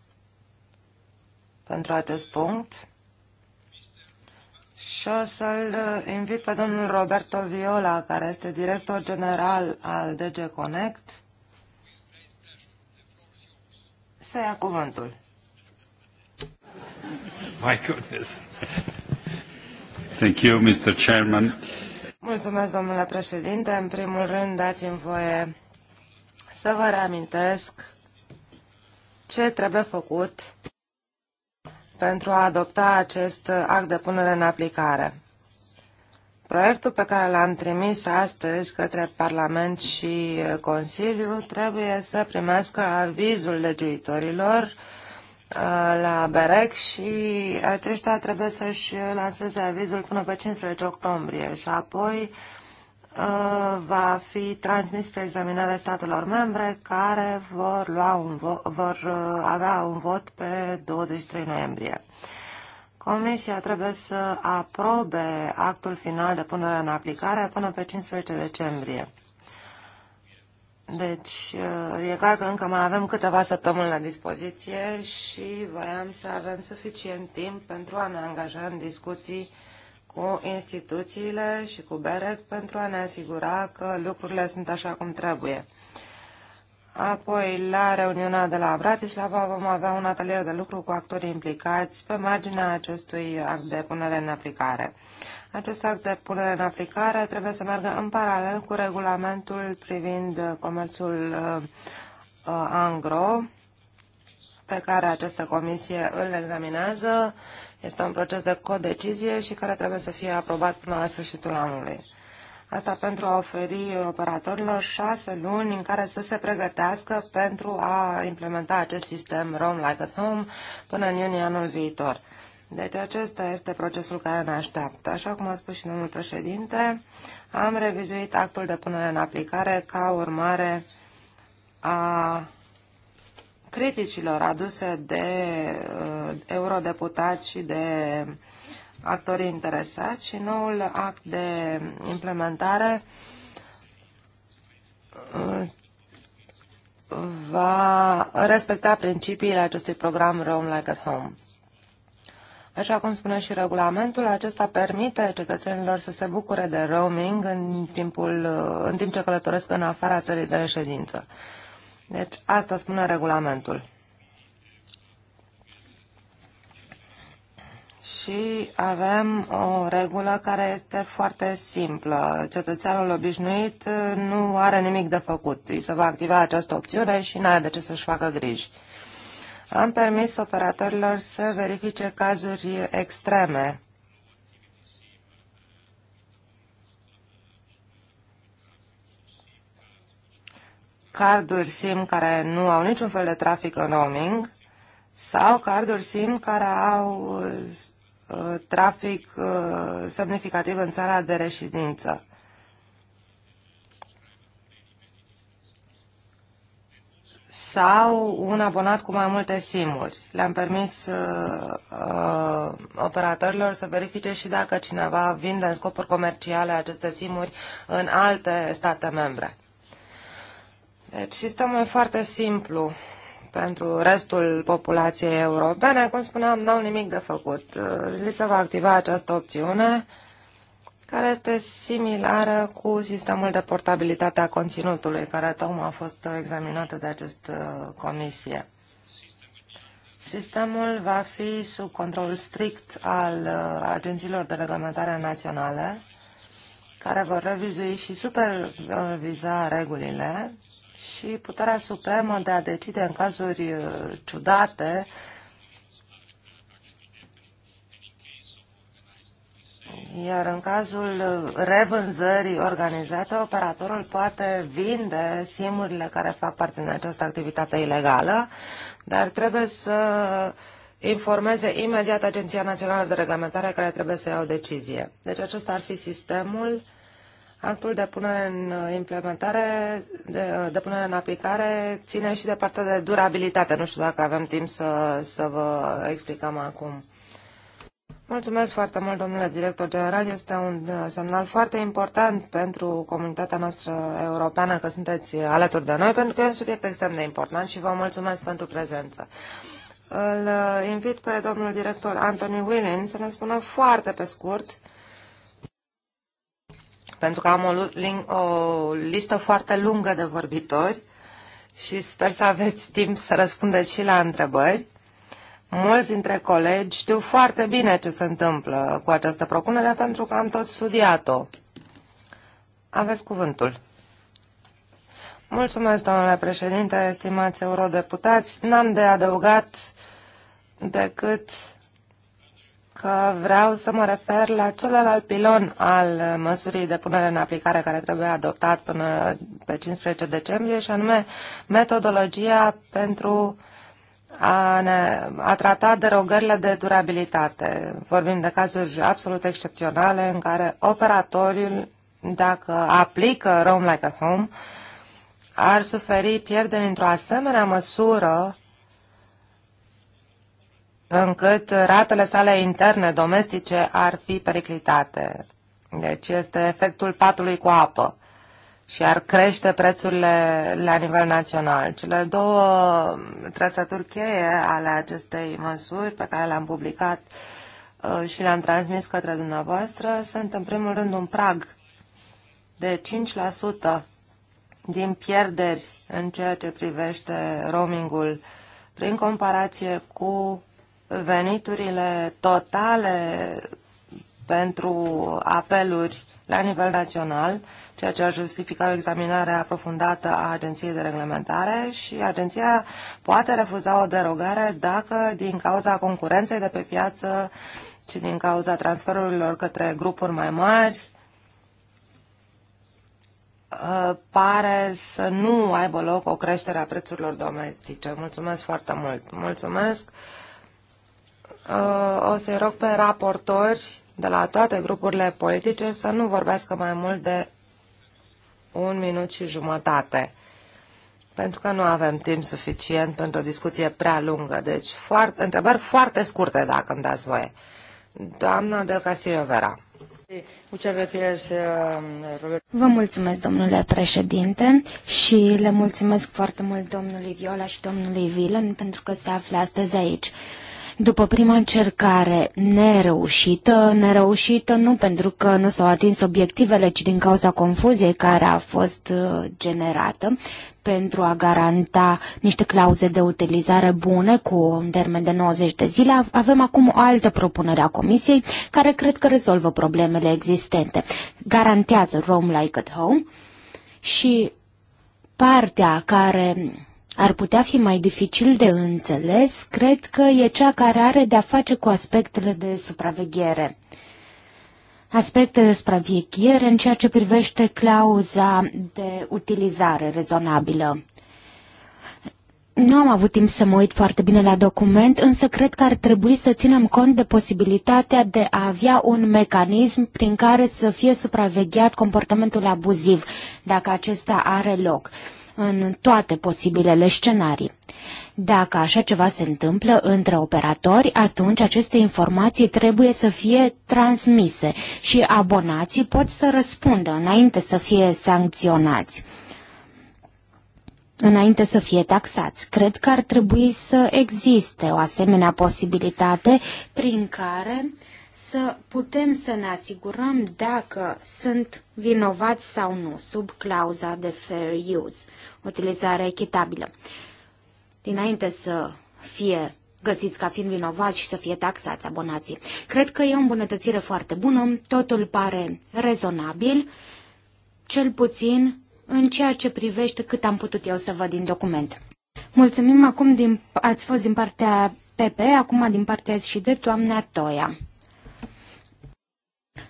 pentru acest punct. Și o să-l uh, invit pe domnul Roberto Viola, care este director general al DG Connect, să ia cuvântul. My goodness. Mulțumesc, domnule președinte. În primul rând, dați-mi voie să vă reamintesc ce trebuie făcut pentru a adopta acest act de punere în aplicare. Proiectul pe care l-am trimis astăzi către Parlament și Consiliu trebuie să primească avizul legiuitorilor Uh, la BEREC și aceștia trebuie să-și lanseze avizul până pe 15 octombrie și apoi uh, va fi transmis spre examinare statelor membre care vor, lua un vo- vor uh, avea un vot pe 23 noiembrie. Comisia trebuie să aprobe actul final de punere în aplicare până pe 15 decembrie. Deci, uh, e clar că încă mai avem câteva săptămâni la dispoziție și voiam să avem suficient timp pentru a ne angaja în discuții cu instituțiile și cu BEREC pentru a ne asigura că lucrurile sunt așa cum trebuie. Apoi, la reuniunea de la Bratislava, vom avea un atelier de lucru cu actorii implicați pe marginea acestui act de punere în aplicare. Acest act de punere în aplicare trebuie să meargă în paralel cu regulamentul privind comerțul uh, angro, pe care această comisie îl examinează. Este un proces de codecizie și care trebuie să fie aprobat până la sfârșitul anului. Asta pentru a oferi operatorilor șase luni în care să se pregătească pentru a implementa acest sistem Roam Like at Home până în iunie anul viitor. Deci acesta este procesul care ne așteaptă. Așa cum a spus și domnul președinte, am revizuit actul de punere în aplicare ca urmare a criticilor aduse de uh, eurodeputați și de actorii interesați și noul act de implementare uh, va respecta principiile acestui program Roam Like at Home. Așa cum spune și regulamentul, acesta permite cetățenilor să se bucure de roaming în, timpul, uh, în timp ce călătoresc în afara țării de reședință. Deci asta spune regulamentul. Și avem o regulă care este foarte simplă. Cetățeanul obișnuit uh, nu are nimic de făcut. Îi se va activa această opțiune și nu are de ce să-și facă griji. Am permis operatorilor să verifice cazuri extreme. Carduri SIM care nu au niciun fel de trafic în roaming sau carduri SIM care au Uh, trafic uh, semnificativ în țara de reședință. sau un abonat cu mai multe simuri. Le-am permis uh, uh, operatorilor să verifice și dacă cineva vinde în scopuri comerciale aceste simuri în alte state membre. Deci sistemul e foarte simplu pentru restul populației europene, cum spuneam, n-au nimic de făcut. Li se va activa această opțiune care este similară cu sistemul de portabilitate a conținutului, care tocmai a fost examinată de acest comisie. Sistemul va fi sub control strict al uh, agențiilor de reglementare naționale, care vor revizui și superviza regulile și puterea supremă de a decide în cazuri uh, ciudate Iar în cazul uh, revânzării organizate, operatorul poate vinde simurile care fac parte din această activitate ilegală, dar trebuie să informeze imediat Agenția Națională de Reglementare care trebuie să ia o decizie. Deci acesta ar fi sistemul Actul de punere în implementare, de, de punere în aplicare, ține și de partea de durabilitate. Nu știu dacă avem timp să, să vă explicăm acum. Mulțumesc foarte mult, domnule director general. Este un semnal foarte important pentru comunitatea noastră europeană că sunteți alături de noi, pentru că e un subiect extrem de important și vă mulțumesc pentru prezență. Îl invit pe domnul director Anthony Willin să ne spună foarte pe scurt pentru că am o, o listă foarte lungă de vorbitori și sper să aveți timp să răspundeți și la întrebări. Mulți dintre colegi știu foarte bine ce se întâmplă cu această propunere pentru că am tot studiat-o. Aveți cuvântul. Mulțumesc, domnule președinte, estimați eurodeputați. N-am de adăugat decât că vreau să mă refer la celălalt pilon al uh, măsurii de punere în aplicare care trebuie adoptat până pe 15 decembrie și anume metodologia pentru a, ne, a trata derogările de durabilitate. Vorbim de cazuri absolut excepționale în care operatorul, dacă aplică Roam Like a Home, ar suferi pierderi într-o asemenea măsură încât ratele sale interne domestice ar fi periclitate. Deci este efectul patului cu apă și ar crește prețurile la nivel național. Cele două trăsături cheie ale acestei măsuri pe care le-am publicat uh, și le-am transmis către dumneavoastră sunt în primul rând un prag de 5% din pierderi în ceea ce privește roamingul prin comparație cu veniturile totale pentru apeluri la nivel național, ceea ce ar justifica o examinare aprofundată a agenției de reglementare și agenția poate refuza o derogare dacă din cauza concurenței de pe piață și din cauza transferurilor către grupuri mai mari uh, pare să nu aibă loc o creștere a prețurilor domestice. Mulțumesc foarte mult! Mulțumesc! Uh, o să-i rog pe raportori de la toate grupurile politice să nu vorbească mai mult de un minut și jumătate, pentru că nu avem timp suficient pentru o discuție prea lungă. Deci, foarte, întrebări foarte scurte, dacă îmi dați voie. Doamna de Castillo Vera. Eh, Vă mulțumesc, domnule președinte, și le mulțumesc foarte mult domnului Viola și domnului Vilen pentru că se află astăzi aici. După prima încercare nereușită, nereușită nu pentru că nu s-au atins obiectivele, ci din cauza confuziei care a fost uh, generată, pentru a garanta niște clauze de utilizare bune cu un termen de 90 de zile, avem acum o altă propunere a Comisiei care cred că rezolvă problemele existente. Garantează Roam Like at Home și partea care ar putea fi mai dificil de înțeles, cred că e cea care are de-a face cu aspectele de supraveghere. Aspecte de supraveghere în ceea ce privește clauza de utilizare rezonabilă. Nu am avut timp să mă uit foarte bine la document, însă cred că ar trebui să ținem cont de posibilitatea de a avea un mecanism prin care să fie supravegheat comportamentul abuziv, dacă acesta are loc în toate posibilele scenarii. Dacă așa ceva se întâmplă între operatori, atunci aceste informații trebuie să fie transmise și abonații pot să răspundă înainte să fie sancționați înainte să fie taxați. Cred că ar trebui să existe o asemenea posibilitate prin care să putem să ne asigurăm dacă sunt vinovați sau nu sub clauza de fair use, utilizare echitabilă. Dinainte să fie găsiți ca fiind vinovați și să fie taxați abonații. Cred că e o îmbunătățire foarte bună, totul pare rezonabil, cel puțin în ceea ce privește cât am putut eu să văd din document. Mulțumim acum din, ați fost din partea PP, acum din partea și de toamna Toia.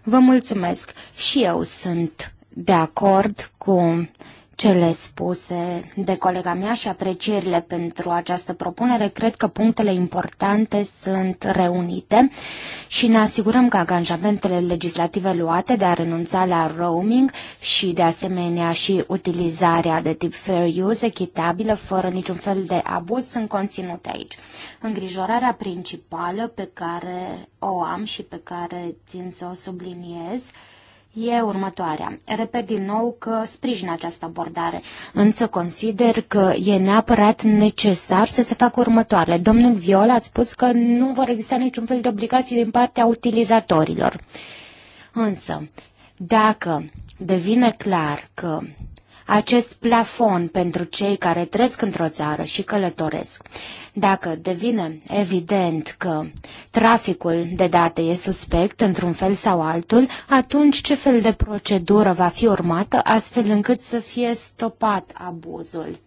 Vă mulțumesc. Și eu sunt de acord cu cele spuse de colega mea și aprecierile pentru această propunere. Cred că punctele importante sunt reunite și ne asigurăm că angajamentele legislative luate de a renunța la roaming și de asemenea și utilizarea de tip fair use echitabilă fără niciun fel de abuz sunt conținute aici. Îngrijorarea principală pe care o am și pe care țin să o subliniez e următoarea. Repet din nou că sprijin această abordare, însă consider că e neapărat necesar să se facă următoarele. Domnul Viola a spus că nu vor exista niciun fel de obligații din partea utilizatorilor. Însă, dacă devine clar că acest plafon pentru cei care trăiesc într-o țară și călătoresc. Dacă devine evident că traficul de date e suspect într-un fel sau altul, atunci ce fel de procedură va fi urmată astfel încât să fie stopat abuzul?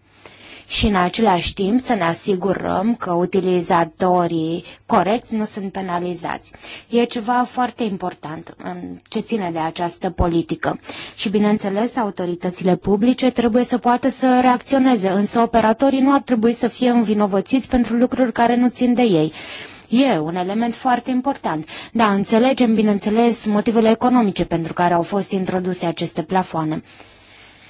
și în același timp să ne asigurăm că utilizatorii corecți nu sunt penalizați. E ceva foarte important în ce ține de această politică. Și bineînțeles, autoritățile publice trebuie să poată să reacționeze, însă operatorii nu ar trebui să fie învinovățiți pentru lucruri care nu țin de ei. E un element foarte important. Da, înțelegem, bineînțeles, motivele economice pentru care au fost introduse aceste plafoane.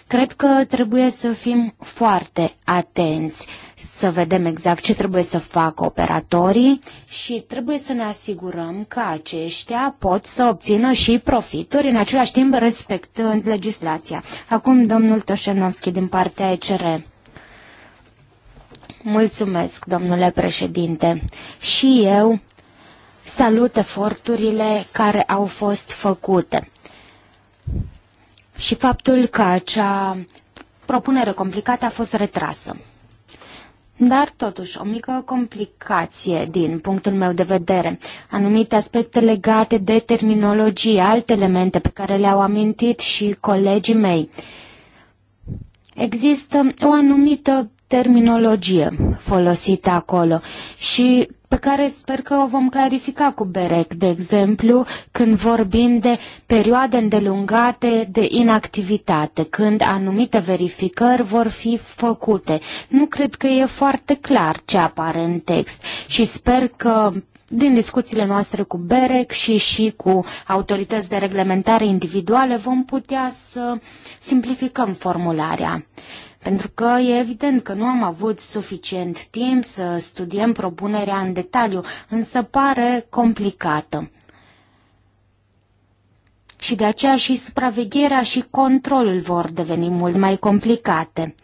Cred că trebuie să fim foarte atenți, să vedem exact ce trebuie să facă operatorii și trebuie să ne asigurăm că aceștia pot să obțină și profituri, în același timp respectând legislația. Acum domnul Toșenovski din partea ECR. Mulțumesc, domnule președinte. Și eu salut eforturile care au fost făcute și faptul că acea propunere complicată a fost retrasă. Dar, totuși, o mică complicație din punctul meu de vedere. Anumite aspecte legate de terminologie, alte elemente pe care le-au amintit și colegii mei. Există o anumită terminologie folosită acolo și pe care sper că o vom clarifica cu BEREC, de exemplu, când vorbim de perioade îndelungate de inactivitate, când anumite verificări vor fi făcute. Nu cred că e foarte clar ce apare în text și sper că din discuțiile noastre cu BEREC și și cu autorități de reglementare individuale vom putea să simplificăm formularea pentru că e evident că nu am avut suficient timp să studiem propunerea în detaliu, însă pare complicată. Și de aceea și supravegherea și controlul vor deveni mult mai complicate.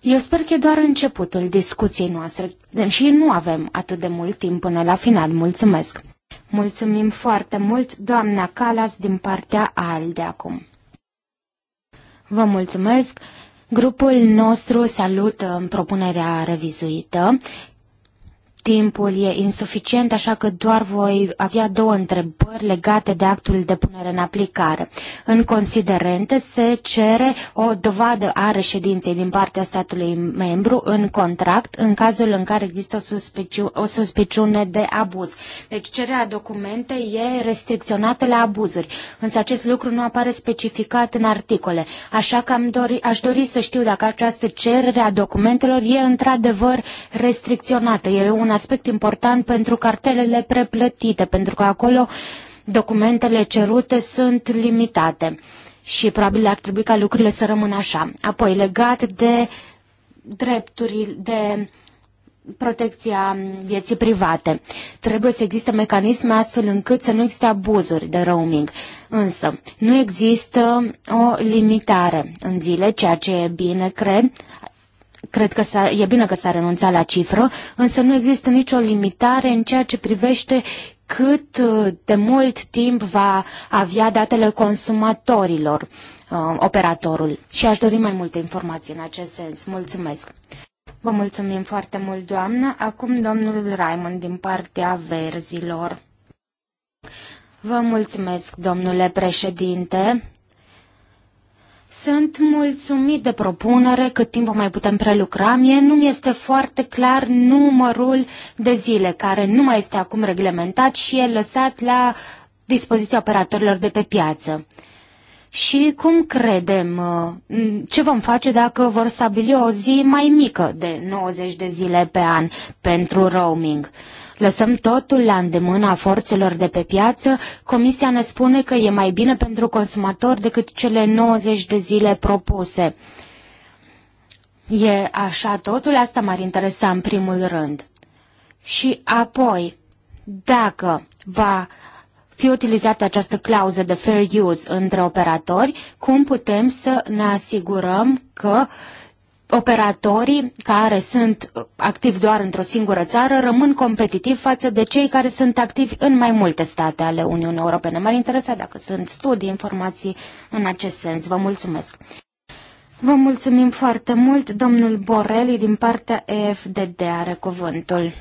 Eu sper că e doar începutul discuției noastre și nu avem atât de mult timp până la final. Mulțumesc! Mulțumim foarte mult, doamna Calas, din partea ALDE acum. Vă mulțumesc! Grupul nostru salută propunerea revizuită Timpul e insuficient, așa că doar voi avea două întrebări legate de actul de punere în aplicare. În considerente se cere o dovadă a reședinței din partea statului membru în contract în cazul în care există o, suspiciu- o suspiciune de abuz. Deci cererea documente e restricționată la abuzuri, însă acest lucru nu apare specificat în articole. Așa că am dori, aș dori să știu dacă această cerere a documentelor e într-adevăr restricționată. E una aspect important pentru cartelele preplătite, pentru că acolo documentele cerute sunt limitate și probabil ar trebui ca lucrurile să rămână așa. Apoi, legat de drepturi, de protecția vieții private. Trebuie să existe mecanisme astfel încât să nu existe abuzuri de roaming. Însă, nu există o limitare în zile, ceea ce e bine, cred. Cred că e bine că s-a renunțat la cifră, însă nu există nicio limitare în ceea ce privește cât uh, de mult timp va avea datele consumatorilor uh, operatorul. Și aș dori mai multe informații în acest sens. Mulțumesc! Vă mulțumim foarte mult, doamnă. Acum domnul Raymond din partea verzilor. Vă mulțumesc, domnule președinte. Sunt mulțumit de propunere, cât timp mai putem prelucra. Mie nu mi este foarte clar numărul de zile care nu mai este acum reglementat și e lăsat la dispoziția operatorilor de pe piață. Și cum credem, uh, ce vom face dacă vor stabili o zi mai mică de 90 de zile pe an pentru roaming? lăsăm totul la îndemâna forțelor de pe piață, Comisia ne spune că e mai bine pentru consumator decât cele 90 de zile propuse. E așa totul? Asta m-ar interesa în primul rând. Și apoi, dacă va fi utilizată această clauză de fair use între operatori, cum putem să ne asigurăm că uh, operatorii care sunt activi doar într-o singură țară rămân competitivi față de cei care sunt activi în mai multe state ale Uniunii Europene. M-ar interesa dacă sunt studii, informații în acest sens. Vă mulțumesc! Vă mulțumim foarte mult, domnul Borelli, din partea EFDD are cuvântul.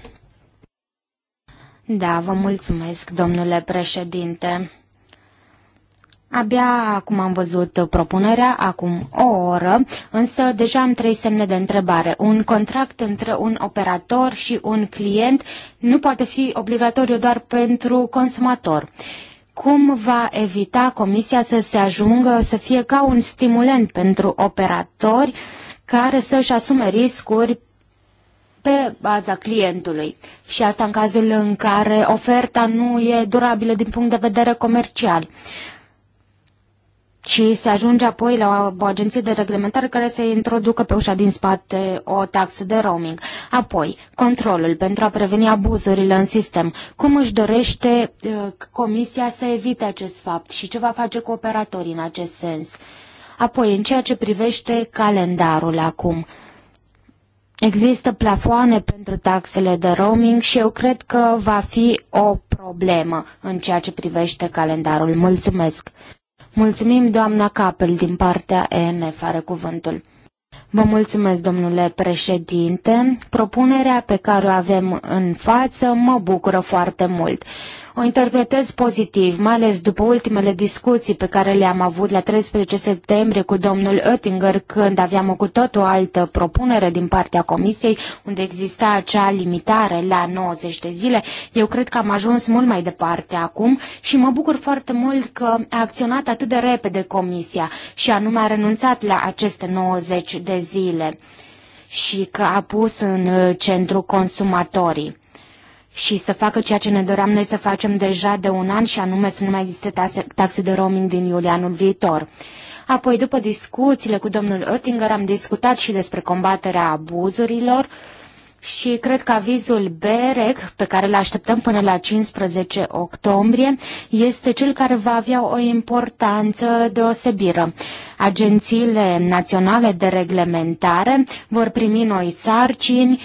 Da, vă mulțumesc, domnule președinte. Abia acum am văzut propunerea, acum o oră, însă deja am trei semne de întrebare. Un contract între un operator și un client nu poate fi obligatoriu doar pentru consumator. Cum va evita Comisia să se ajungă să fie ca un stimulent pentru operatori care să-și asume riscuri pe baza clientului. Și asta în cazul în care oferta nu e durabilă din punct de vedere comercial și se ajunge apoi la o agenție de reglementare care să introducă pe ușa din spate o taxă de roaming. Apoi, controlul pentru a preveni abuzurile în sistem. Cum își dorește uh, Comisia să evite acest fapt și ce va face cu operatorii în acest sens? Apoi, în ceea ce privește calendarul acum. Există plafoane pentru taxele de roaming și eu cred că va fi o problemă în ceea ce privește calendarul. Mulțumesc! Mulțumim, doamna Capel, din partea ENF are cuvântul. Vă mulțumesc, domnule președinte. Propunerea pe care o avem în față mă bucură foarte mult o interpretez pozitiv, mai ales după ultimele discuții pe care le-am avut la 13 septembrie cu domnul Oettinger, când aveam cu tot o altă propunere din partea Comisiei, unde exista acea limitare la 90 de zile. Eu cred că am ajuns mult mai departe acum și mă bucur foarte mult că a acționat atât de repede Comisia și anume a renunțat la aceste 90 de zile și că a pus în centru consumatorii și să facă ceea ce ne doream noi să facem deja de un an și anume să nu mai existe taxe, taxe de roaming din iulie anul viitor. Apoi, după discuțiile cu domnul Oettinger, am discutat și despre combaterea abuzurilor și cred că avizul BEREC, pe care îl așteptăm până la 15 octombrie, este cel care va avea o importanță deosebită. Agențiile naționale de reglementare vor primi noi sarcini,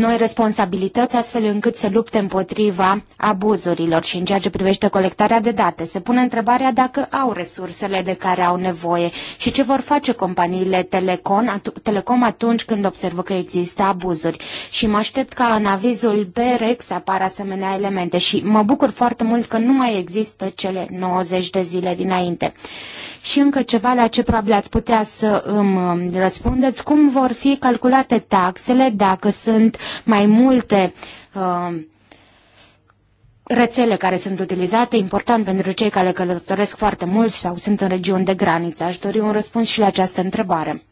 noi responsabilități astfel încât să lupte împotriva abuzurilor și în ceea ce privește colectarea de date. Se pune întrebarea dacă au resursele de care au nevoie și ce vor face companiile telecom, telecom atunci când observă că există abuzuri. Și mă aștept ca în avizul BREX apară asemenea elemente și mă bucur foarte mult că nu mai există cele 90 de zile dinainte. Și încă ceva la ce probabil ați putea să îmi răspundeți, cum vor fi calculate taxele dacă sunt mai multe uh, rețele care sunt utilizate, important pentru cei care călătoresc foarte mult sau sunt în regiuni de graniță. Aș dori un răspuns și la această întrebare.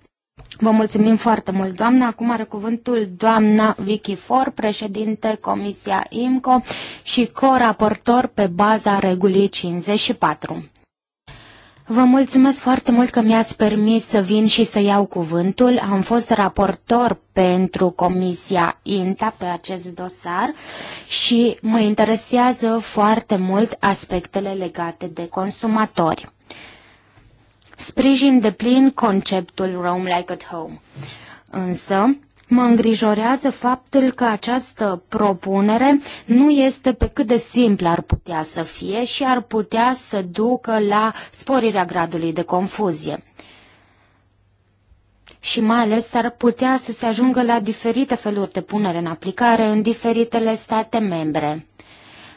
Vă mulțumim foarte mult, doamna. Acum are cuvântul doamna Vicky For, președinte Comisia IMCO și coraportor pe baza regulii 54. Vă mulțumesc foarte mult că mi-ați permis să vin și să iau cuvântul. Am fost raportor pentru Comisia INTA pe acest dosar și mă interesează foarte mult aspectele legate de consumatori. Sprijin de plin conceptul Roam Like at Home. Însă, Mă îngrijorează faptul că această propunere nu este pe cât de simplă ar putea să fie și ar putea să ducă la sporirea gradului de confuzie și mai ales ar putea să se ajungă la diferite feluri de punere în aplicare în diferitele state membre.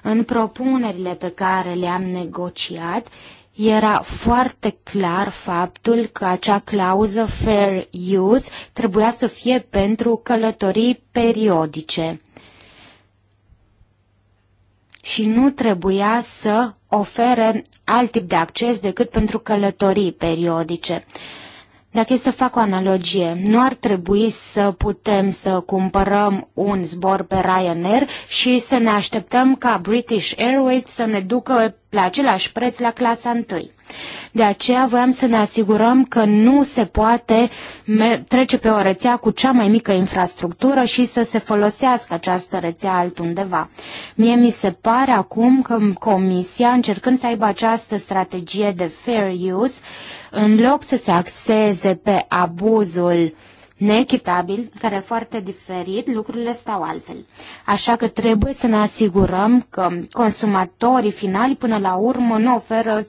În propunerile pe care le-am negociat, era foarte clar faptul că acea clauză fair use trebuia să fie pentru călătorii periodice și nu trebuia să ofere alt tip de acces decât pentru călătorii periodice. Uh, dacă e să fac o analogie, nu ar trebui să putem să cumpărăm un zbor pe Ryanair și să ne așteptăm ca British Airways să ne ducă la același preț la clasa 1. De aceea voiam să ne asigurăm că nu se poate trece pe o rețea cu cea mai mică infrastructură și să se folosească această rețea altundeva. Mie mi se pare acum că Comisia, încercând să aibă această strategie de fair use, în loc să se axeze pe abuzul neechitabil, care e foarte diferit, lucrurile stau altfel. Așa că trebuie să ne asigurăm că consumatorii finali până la urmă nu oferă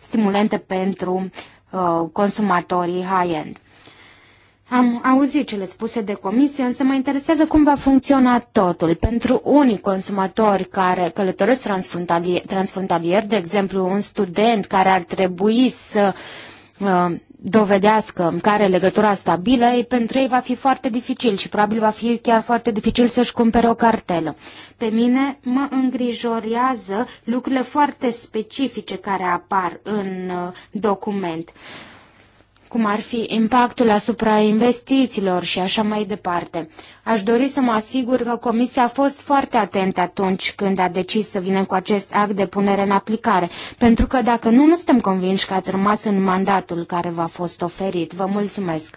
stimulente pentru uh, consumatorii high-end. Am auzit cele spuse de comisie, însă mă interesează cum va funcționa totul. Pentru unii consumatori care călătoresc transfrontalier, transfrontalier de exemplu un student care ar trebui să uh, dovedească care legătura stabilă, ei, pentru ei va fi foarte dificil și probabil va fi chiar foarte dificil să-și cumpere o cartelă. Pe mine mă îngrijorează lucrurile foarte specifice care apar în uh, document. Uh, cum ar fi impactul asupra investițiilor și așa mai departe. Aș dori să mă asigur că Comisia a fost foarte atentă atunci când a decis să vină cu acest act de punere în aplicare, pentru că dacă nu, nu suntem convinși că ați rămas în mandatul care v-a fost oferit. Vă mulțumesc!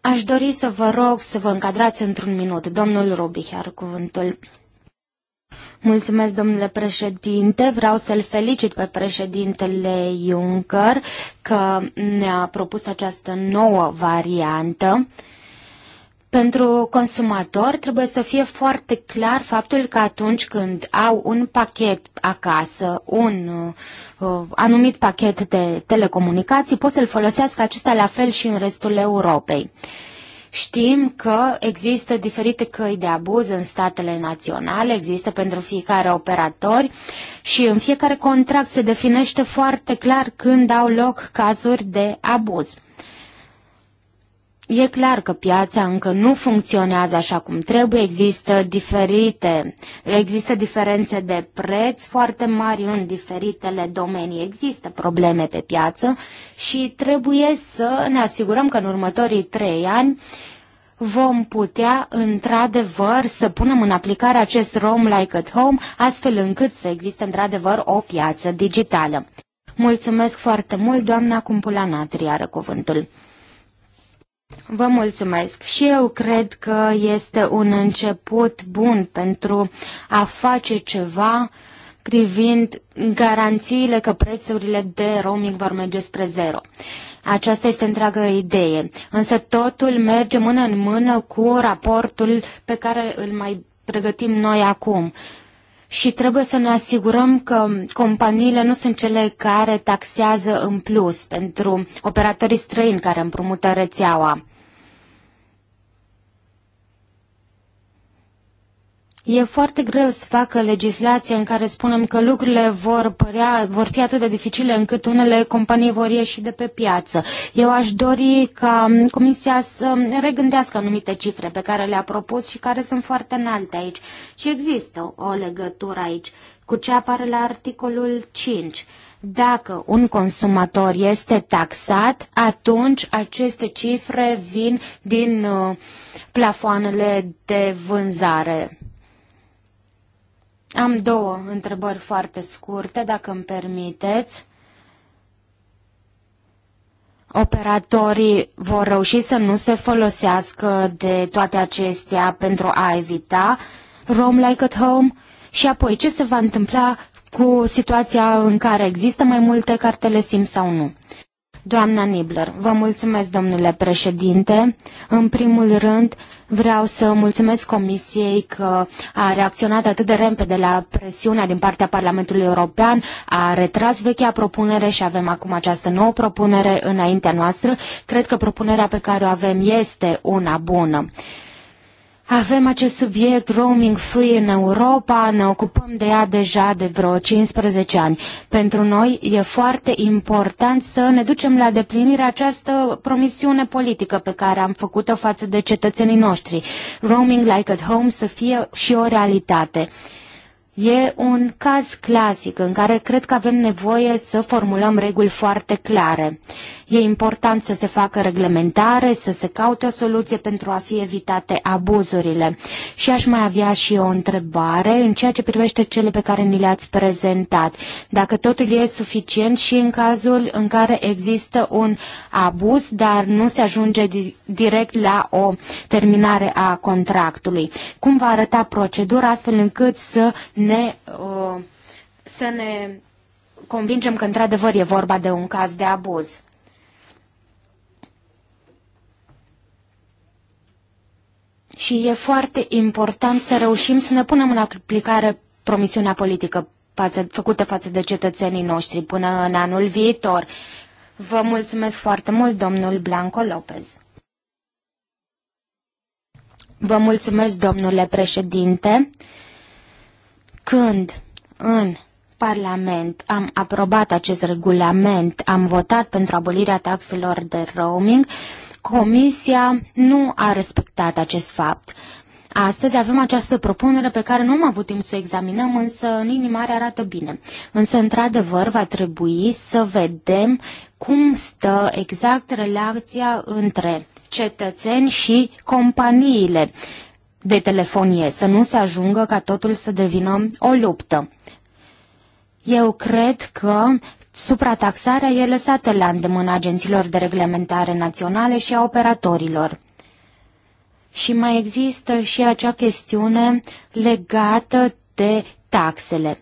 Aș dori să vă rog să vă încadrați într-un minut. Domnul Rubi, cuvântul. Mulțumesc, domnule președinte. Vreau să-l felicit pe președintele Juncker că ne-a propus această nouă variantă. Pentru consumator trebuie să fie foarte clar faptul că atunci când au un pachet acasă, un uh, anumit pachet de telecomunicații, pot să-l folosească acesta la fel și în restul Europei. Uh, Știm că există diferite căi de abuz în statele naționale, există pentru fiecare operator și în fiecare contract se definește foarte clar când au loc cazuri de abuz. E clar că piața încă nu funcționează așa cum trebuie, există diferite, există diferențe de preț foarte mari în diferitele domenii, există probleme pe piață și trebuie să ne asigurăm că în următorii trei ani vom putea într-adevăr să punem în aplicare acest Roam Like at Home, astfel încât să existe într-adevăr o piață digitală. Mulțumesc foarte mult, doamna Cumpula Natri are cuvântul. Vă mulțumesc și eu cred că este un început bun pentru a face ceva privind garanțiile că prețurile de roaming vor merge spre zero. Aceasta este întreaga idee, însă totul merge mână în mână cu raportul pe care îl mai pregătim noi acum și trebuie să ne asigurăm că companiile nu sunt cele care taxează în plus pentru operatorii străini care împrumută rețeaua. E foarte greu să facă legislație în care spunem că lucrurile vor, părea, vor fi atât de dificile încât unele companii vor ieși de pe piață. Eu aș dori ca Comisia să regândească anumite cifre pe care le-a propus și care sunt foarte înalte aici. Și există o legătură aici cu ce apare la articolul 5 dacă un consumator este taxat, atunci aceste cifre vin din uh, plafoanele de vânzare. Am două întrebări foarte scurte, dacă îmi permiteți. Operatorii vor reuși să nu se folosească de toate acestea pentru a evita Roam Like at Home? Și apoi, ce se va întâmpla cu situația în care există mai multe cartele SIM sau nu? Doamna Nibler, vă mulțumesc, domnule președinte. În primul rând, vreau să mulțumesc Comisiei că a reacționat atât de repede la presiunea din partea Parlamentului European, a retras vechea propunere și avem acum această nouă propunere înaintea noastră. Cred că propunerea pe care o avem este una bună. Uh, avem acest subiect roaming free în Europa, ne ocupăm de ea deja de vreo 15 ani. Pentru noi e foarte important să ne ducem la deplinire această promisiune politică pe care am făcut-o față de cetățenii noștri. Roaming like at home să fie și o realitate. E un caz clasic în care cred că avem nevoie să formulăm reguli foarte clare. E important să se facă reglementare, să se caute o soluție pentru a fi evitate abuzurile. Și aș mai avea și o întrebare în ceea ce privește cele pe care ni le-ați prezentat. Dacă totul e suficient și în cazul în care există un abuz, dar nu se ajunge direct la o terminare a contractului. Cum va arăta procedura astfel încât să ne, uh, să ne convingem că într-adevăr e vorba de un caz de abuz. Și e foarte important să reușim să ne punem în aplicare promisiunea politică față, făcută față de cetățenii noștri până în anul viitor. Vă mulțumesc foarte mult, domnul Blanco Lopez. Vă mulțumesc, domnule președinte. Când în Parlament am aprobat acest regulament, am votat pentru abolirea taxelor de roaming, Comisia nu a respectat acest fapt. Astăzi avem această propunere pe care nu am avut timp să o examinăm, însă în mare arată bine. Însă, într-adevăr, va trebui să vedem cum stă exact relația între cetățeni și companiile de telefonie, să nu se ajungă ca totul să devină o luptă. Eu cred că suprataxarea e lăsată la îndemână agenților de reglementare naționale și a operatorilor. Și mai există și acea chestiune legată de taxele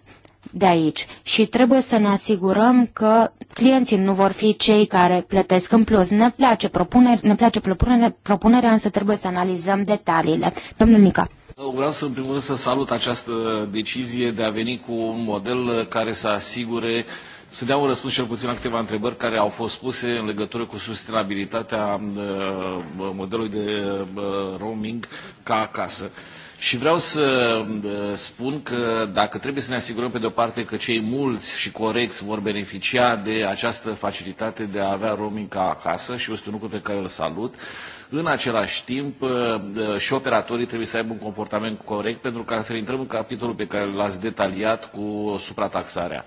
de aici și trebuie să ne asigurăm că clienții nu vor fi cei care plătesc în plus. Ne place, propuneri, ne place propunere, propunerea, însă trebuie să analizăm detaliile. Domnul Mica. Vreau să, în primul rând, să salut această decizie de a veni cu un model uh, care să asigure să dea un răspuns cel puțin la câteva întrebări care au fost puse în legătură cu sustenabilitatea uh, modelului de uh, roaming ca acasă. Și vreau să uh, spun că dacă trebuie să ne asigurăm pe de-o parte că cei mulți și corecți vor beneficia de această facilitate de a avea roaming ca acasă și este un lucru pe care îl salut, în același timp uh, uh, și operatorii trebuie să aibă un comportament corect pentru că altfel intrăm în capitolul pe care l-ați detaliat cu suprataxarea.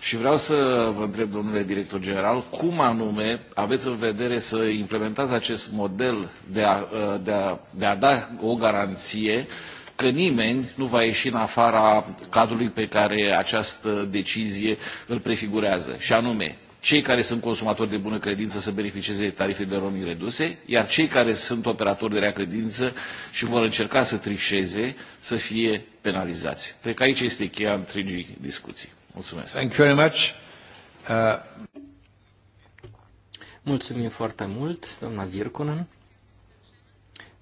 Și vreau să vă întreb, domnule director general, cum anume aveți în vedere să implementați acest model de a, ă, de a, de a da o garanție că nimeni nu va ieși în afara cadrului pe care această decizie îl prefigurează, și anume cei care sunt consumatori de bună credință să beneficieze de tarife de roaming reduse, iar cei care sunt operatori de rea credință și vor încerca să trișeze să fie penalizați. Cred că aici este cheia întregii discuții. Mulțumesc. Thank you very much. Uh... Mulțumim foarte mult, doamna Virkunen.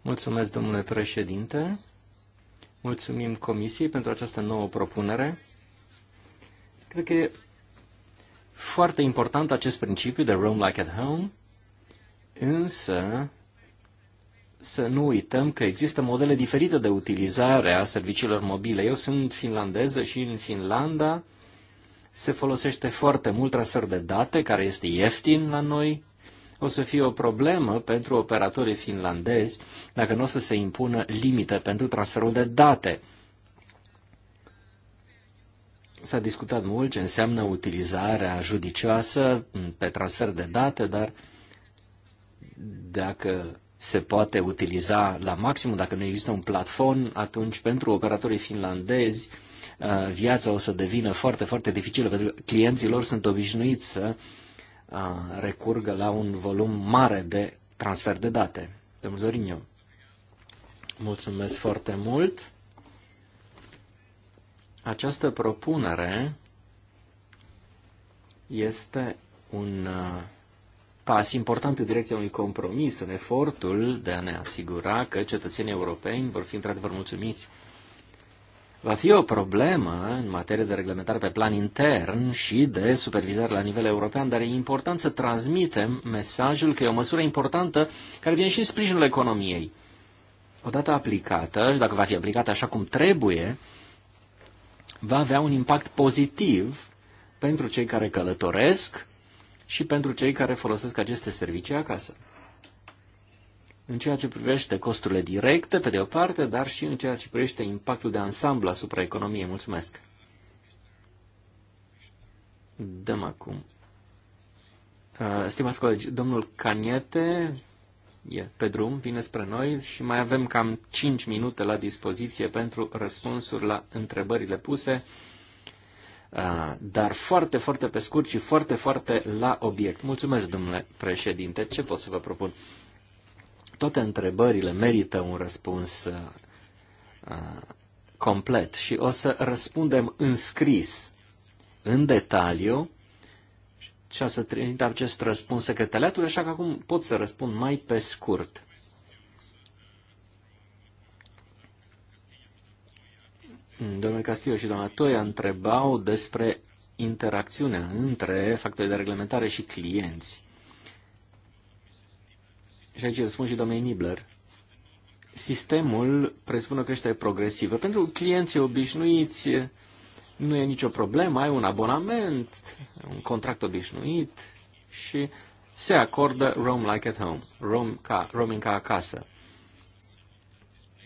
Mulțumesc, domnule președinte. Mulțumim Comisiei pentru această nouă propunere. Cred că e foarte important acest principiu de roam like at home, însă să nu uităm că există modele diferite de utilizare a serviciilor mobile. Eu sunt finlandeză și în Finlanda se folosește foarte mult transfer de date, care este ieftin la noi, o să fie o problemă pentru operatorii finlandezi dacă nu o să se impună limite pentru transferul de date. S-a discutat mult ce înseamnă utilizarea judicioasă pe transfer de date, dar dacă se poate utiliza la maximum, dacă nu există un platform, atunci pentru operatorii finlandezi Uh, viața o să devină foarte, foarte dificilă, pentru că clienții lor sunt obișnuiți să uh, recurgă la un volum mare de transfer de date. Domnul Zorinio, mulțumesc foarte mult. Această propunere este un uh, pas important în direcția unui compromis, în efortul de a ne asigura că cetățenii europeni vor fi într-adevăr mulțumiți va fi o problemă în materie de reglementare pe plan intern și de supervizare la nivel european, dar e important să transmitem mesajul că e o măsură importantă care vine și în sprijinul economiei. Odată aplicată, și dacă va fi aplicată așa cum trebuie, va avea un impact pozitiv pentru cei care călătoresc și pentru cei care folosesc aceste servicii acasă în ceea ce privește costurile directe, pe de o parte, dar și în ceea ce privește impactul de ansamblu asupra economiei. Mulțumesc! Dăm acum. Uh, stimați colegi, domnul Caniete e pe drum, vine spre noi și mai avem cam 5 minute la dispoziție pentru răspunsuri la întrebările puse, uh, dar foarte, foarte pe scurt și foarte, foarte la obiect. Mulțumesc, domnule președinte. Ce pot să vă propun? toate întrebările merită un răspuns uh, complet și o să răspundem în scris, în detaliu, și o să trimit acest răspuns secretariatului, așa că acum pot să răspund mai pe scurt. Domnul Castillo și doamna Toia întrebau despre interacțiunea între factorii de reglementare și clienți și aici spun și domnul Nibler, sistemul presupune o creștere progresivă. Pentru clienții obișnuiți nu e nicio problemă, ai un abonament, un contract obișnuit și se acordă roam like at home, roam ca, roaming ca acasă.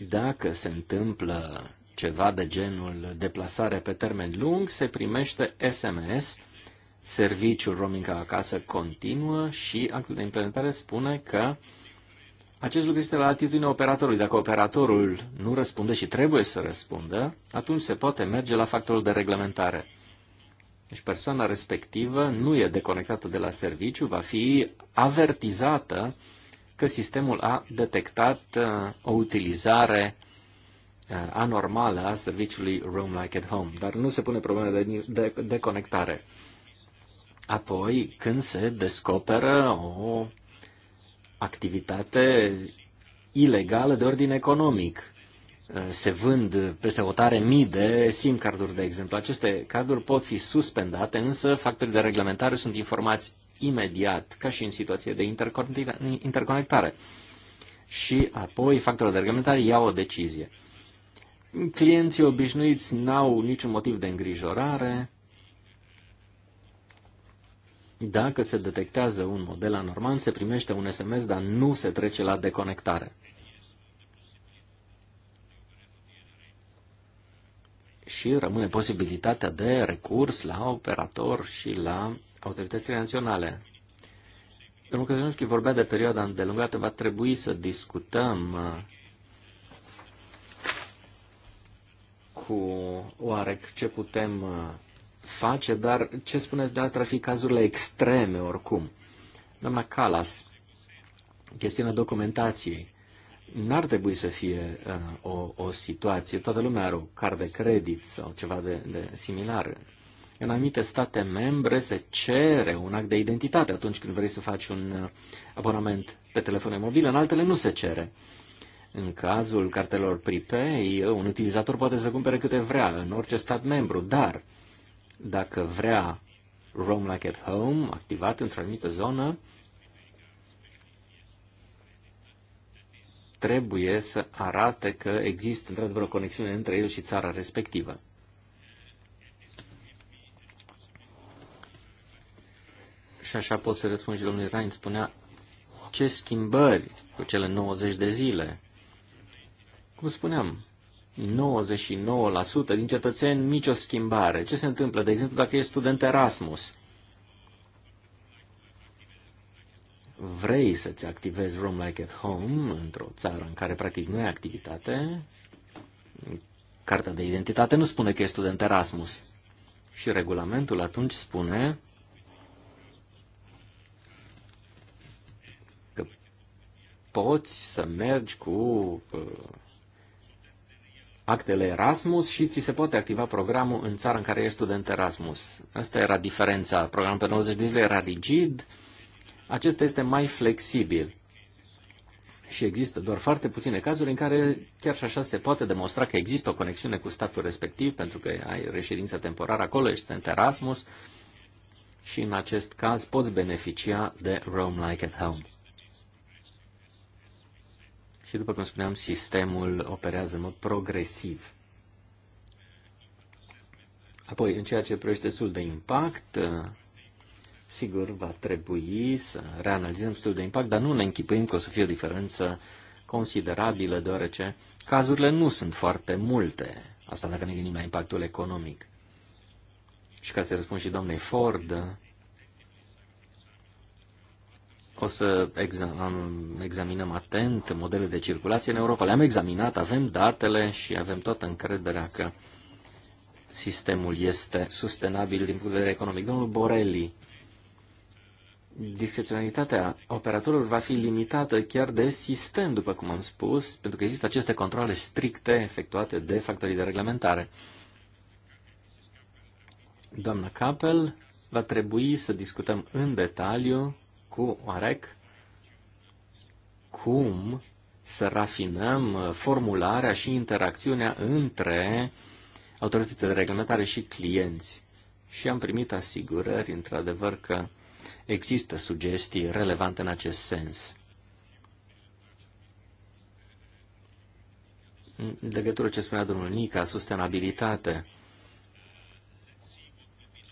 Dacă se întâmplă ceva de genul deplasare pe termen lung, se primește SMS, serviciul roaming ca acasă continuă și actul de implementare spune că uh, acest lucru este la atitudinea operatorului. Dacă operatorul nu răspunde și trebuie să răspundă, atunci se poate merge la factorul de reglementare. Deci persoana respectivă nu e deconectată de la serviciu, va fi avertizată că sistemul a detectat uh, o utilizare uh, anormală a serviciului Roam Like at Home, dar nu se pune problema de, deconectare. Apoi, când se descoperă o activitate ilegală de ordin economic. Uh, se vând peste hotare mii de SIM carduri, de exemplu. Aceste carduri pot fi suspendate, însă factorii de reglementare sunt informați imediat, ca și în situație de interconectare. Și apoi factorul de reglementare ia o decizie. Clienții obișnuiți n-au niciun motiv de îngrijorare, dacă se detectează un model anormal, se primește un SMS, dar nu se trece la deconectare. Și rămâne posibilitatea de recurs la operator și la autoritățile naționale. Domnul Căzănușchi vorbea de perioada îndelungată, va trebui să discutăm uh, cu OAREC ce putem uh, face, dar ce spune de ar fi cazurile extreme oricum. Doamna Calas, chestiunea documentației. N-ar trebui să fie uh, o, o situație, toată lumea are o card de credit sau ceva de, de similar. În anumite state membre se cere un act de identitate atunci când vrei să faci un uh, abonament pe telefon mobil, în altele nu se cere. În cazul cartelor pripei, un utilizator poate să cumpere câte vrea în orice stat membru, dar uh, dacă vrea Roam Like at Home activat într-o anumită zonă, trebuie să arate că există într-adevăr o conexiune între el și țara respectivă. Și așa pot să răspund și domnul Rain spunea ce schimbări cu cele 90 de zile. Cum spuneam, 99% din cetățeni nicio schimbare. Ce se întâmplă, de exemplu, dacă ești student Erasmus? Vrei să-ți activezi Room Like at Home într-o țară în care practic nu ai activitate? Cartea de identitate nu spune că ești student Erasmus. Și regulamentul atunci spune că poți să mergi cu uh, actele Erasmus și ți se poate activa programul în țara în care ești student Erasmus. Asta era diferența. Programul pe 90 de zile era rigid, acesta este mai flexibil. Și există doar foarte puține cazuri în care chiar și așa se poate demonstra că există o conexiune cu statul respectiv, pentru că ai reședință temporară acolo, ești în Erasmus și în acest caz poți beneficia de Roam Like at Home și, după cum spuneam, sistemul operează în mod progresiv. Apoi, în ceea ce privește studiul de impact, sigur, va trebui să reanalizăm studiul de impact, dar nu ne închipuim că o să fie o diferență considerabilă, deoarece cazurile nu sunt foarte multe. Asta dacă ne gândim la impactul economic. Și ca să răspund și doamnei Ford, o să examinăm atent modele de circulație în Europa. Le-am examinat, avem datele și avem toată încrederea că sistemul este sustenabil din punct de vedere economic. Domnul Borelli, discreționalitatea operatorilor va fi limitată chiar de sistem, după cum am spus, pentru că există aceste controle stricte efectuate de factorii de reglementare. Doamna Capel, va trebui să discutăm în detaliu cu OAREC cum să rafinăm formularea și interacțiunea între autoritățile de reglementare și clienți. Și am primit asigurări, într-adevăr, că există sugestii relevante în acest sens. În legătură ce spunea domnul Nica, sustenabilitate.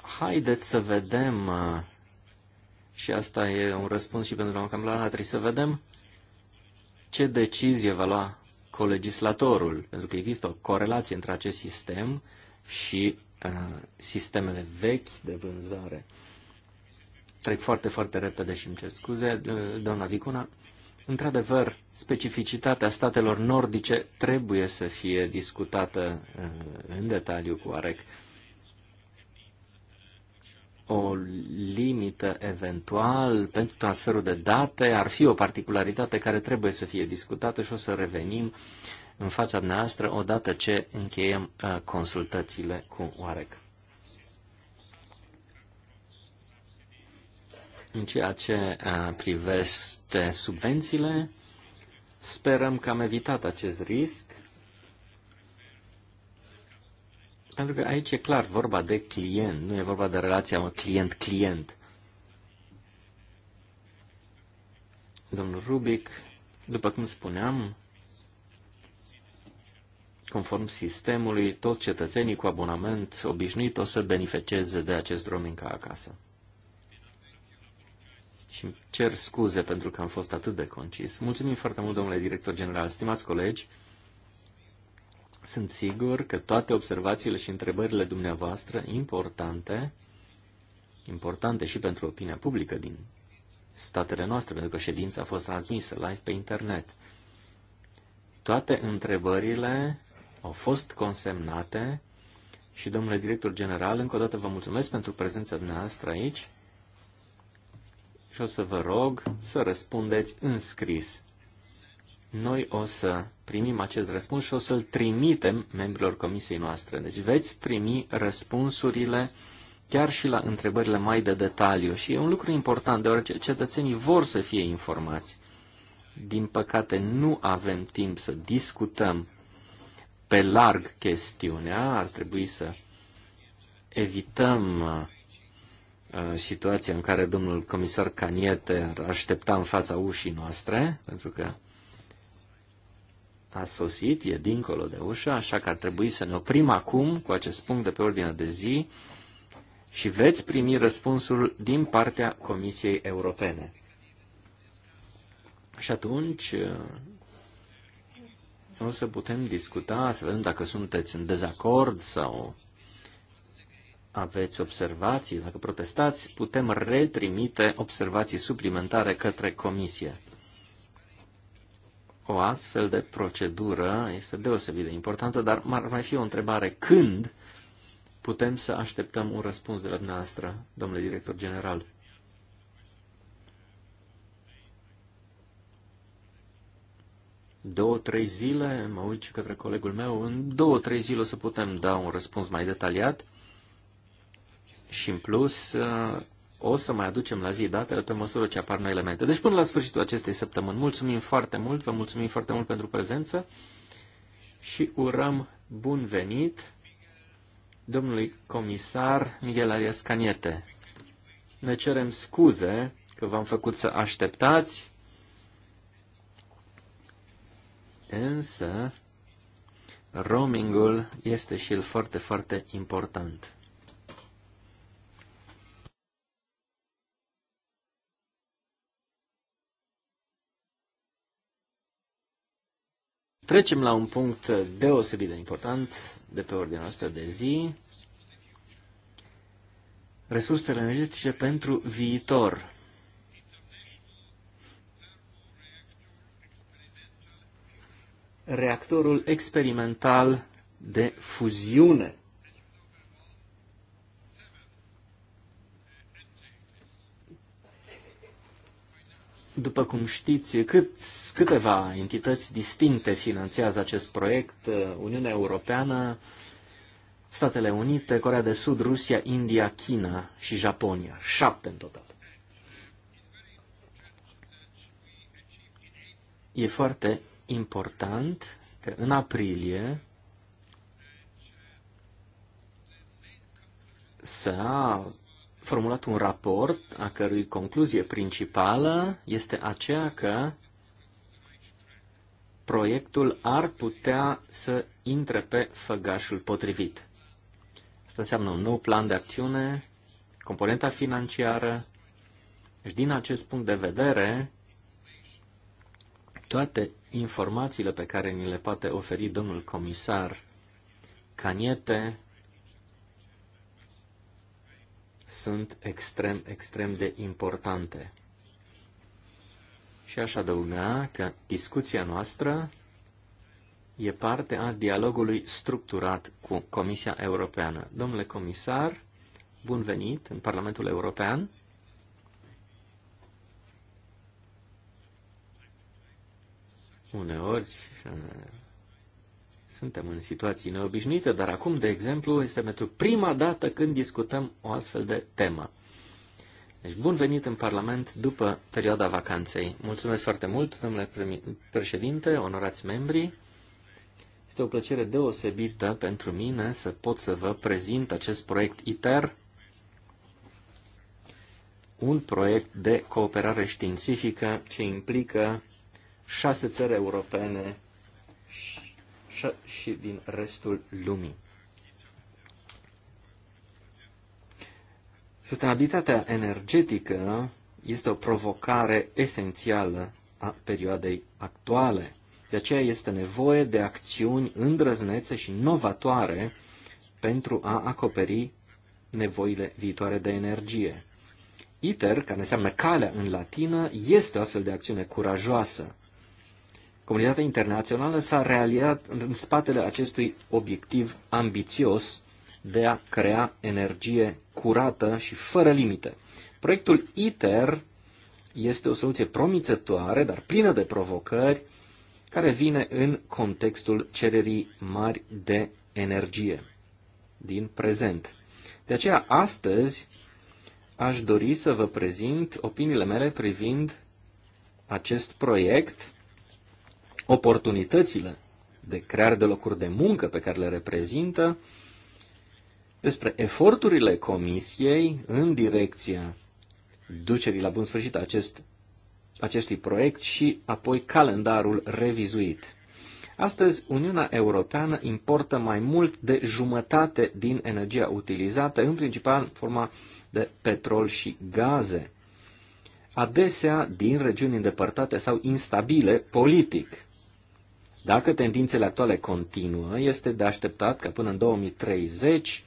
Haideți să vedem uh, și asta e un răspuns și pentru doamna Camblana. Trebuie să vedem ce decizie va lua colegislatorul, pentru că există o corelație între acest sistem și uh, sistemele vechi de vânzare. Trec foarte, foarte repede și îmi cer scuze, uh, doamna Vicuna. Într-adevăr, specificitatea statelor nordice trebuie să fie discutată uh, în detaliu cu AREC o limită eventual pentru transferul de date ar fi o particularitate care trebuie să fie discutată și o să revenim în fața noastră odată ce încheiem uh, consultațiile cu OAREC. În ceea ce uh, privește subvențiile, sperăm că am evitat acest risc Pentru că aici e clar vorba de client, nu e vorba de relația mă, client-client. Domnul Rubic, după cum spuneam, conform sistemului, toți cetățenii cu abonament obișnuit o să beneficieze de acest roaming ca acasă. Și cer scuze pentru că am fost atât de concis. Mulțumim foarte mult, domnule director general, stimați colegi. Sunt sigur că toate observațiile și întrebările dumneavoastră importante, importante și pentru opinia publică din statele noastre, pentru că ședința a fost transmisă live pe internet, toate întrebările au fost consemnate și, domnule director general, încă o dată vă mulțumesc pentru prezența dumneavoastră aici și o să vă rog să răspundeți în scris noi o să primim acest răspuns și o să-l trimitem membrilor comisiei noastre. Deci veți primi răspunsurile chiar și la întrebările mai de detaliu. Și e un lucru important, deoarece cetățenii vor să fie informați. Din păcate, nu avem timp să discutăm pe larg chestiunea, ar trebui să evităm uh, situația în care domnul comisar Caniete ar aștepta în fața ușii noastre, pentru că a sosit, e dincolo de ușă, așa că ar trebui să ne oprim acum cu acest punct de pe ordinea de zi și veți primi răspunsul din partea Comisiei Europene. Și atunci uh, o să putem discuta, să vedem dacă sunteți în dezacord sau aveți observații, dacă protestați, putem retrimite observații suplimentare către comisie o astfel de procedură este deosebit de importantă, dar ar mai fi o întrebare. Când putem să așteptăm un răspuns de la dumneavoastră, domnule director general? Două, trei zile, mă uit și către colegul meu, în două, trei zile o să putem da un răspuns mai detaliat și în plus o să mai aducem la zi datele pe măsură ce apar noi elemente. Deci până la sfârșitul acestei săptămâni, mulțumim foarte mult, vă mulțumim foarte mult pentru prezență și urăm bun venit domnului comisar Miguel Arias Caniete. Ne cerem scuze că v-am făcut să așteptați, însă roamingul este și el foarte, foarte important. Trecem la un punct deosebit de important de pe ordinea noastră de zi, resursele energetice pentru viitor. Reactorul experimental de fuziune După cum știți, cât, câteva entități distincte finanțează acest proiect, Uniunea Europeană, Statele Unite, Corea de Sud, Rusia, India, China și Japonia. Șapte în total. E foarte important că în aprilie s-a formulat un raport a cărui concluzie principală este aceea că proiectul ar putea să intre pe făgașul potrivit. Asta înseamnă un nou plan de acțiune, componenta financiară. Și deci, din acest punct de vedere, toate informațiile pe care ni le poate oferi domnul comisar Caniete sunt extrem, extrem de importante. Și aș adăuga că discuția noastră e parte a dialogului structurat cu Comisia Europeană. Domnule comisar, bun venit în Parlamentul European. Uneori suntem în situații neobișnuite, dar acum, de exemplu, este pentru prima dată când discutăm o astfel de temă. Deci, bun venit în Parlament după perioada vacanței. Mulțumesc foarte mult, domnule președinte, onorați membri. Este o plăcere deosebită pentru mine să pot să vă prezint acest proiect ITER, un proiect de cooperare științifică ce implică șase țări europene așa și din restul lumii. Sustenabilitatea energetică este o provocare esențială a perioadei actuale. De aceea este nevoie de acțiuni îndrăznețe și novatoare pentru a acoperi nevoile viitoare de energie. ITER, care înseamnă calea în latină, este o astfel de acțiune curajoasă comunitatea internațională s-a realiat în spatele acestui obiectiv ambițios de a crea energie curată și fără limite. Proiectul ITER este o soluție promițătoare, dar plină de provocări, care vine în contextul cererii mari de energie din prezent. De aceea, astăzi, aș dori să vă prezint opiniile mele privind acest proiect oportunitățile de creare de locuri de muncă pe care le reprezintă, despre eforturile comisiei în direcția ducerii la bun sfârșit acest, acestui proiect și apoi calendarul revizuit. Astăzi, Uniunea Europeană importă mai mult de jumătate din energia utilizată, în principal în forma de petrol și gaze, adesea din regiuni îndepărtate sau instabile politic. Dacă tendințele actuale continuă, este de așteptat că până în 2030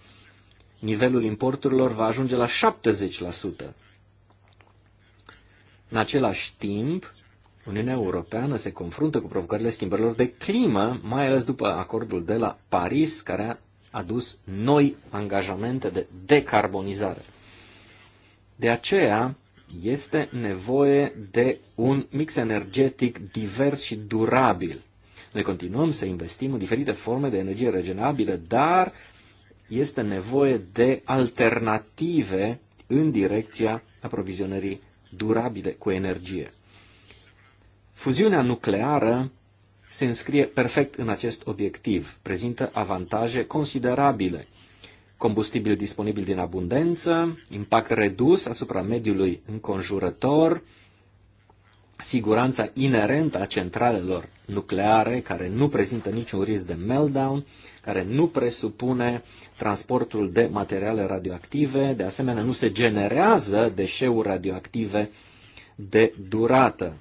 nivelul importurilor va ajunge la 70%. În același timp, Uniunea Europeană se confruntă cu provocările schimbărilor de climă, mai ales după acordul de la Paris, care a adus noi angajamente de decarbonizare. De aceea, este nevoie de un mix energetic divers și durabil. Noi continuăm să investim în diferite forme de energie regenerabilă, dar este nevoie de alternative în direcția aprovizionării durabile cu energie. Fuziunea nucleară se înscrie perfect în acest obiectiv, prezintă avantaje considerabile. Combustibil disponibil din abundență, impact redus asupra mediului înconjurător, siguranța inerentă a centralelor nucleare care nu prezintă niciun risc de meltdown, care nu presupune transportul de materiale radioactive, de asemenea nu se generează deșeuri radioactive de durată.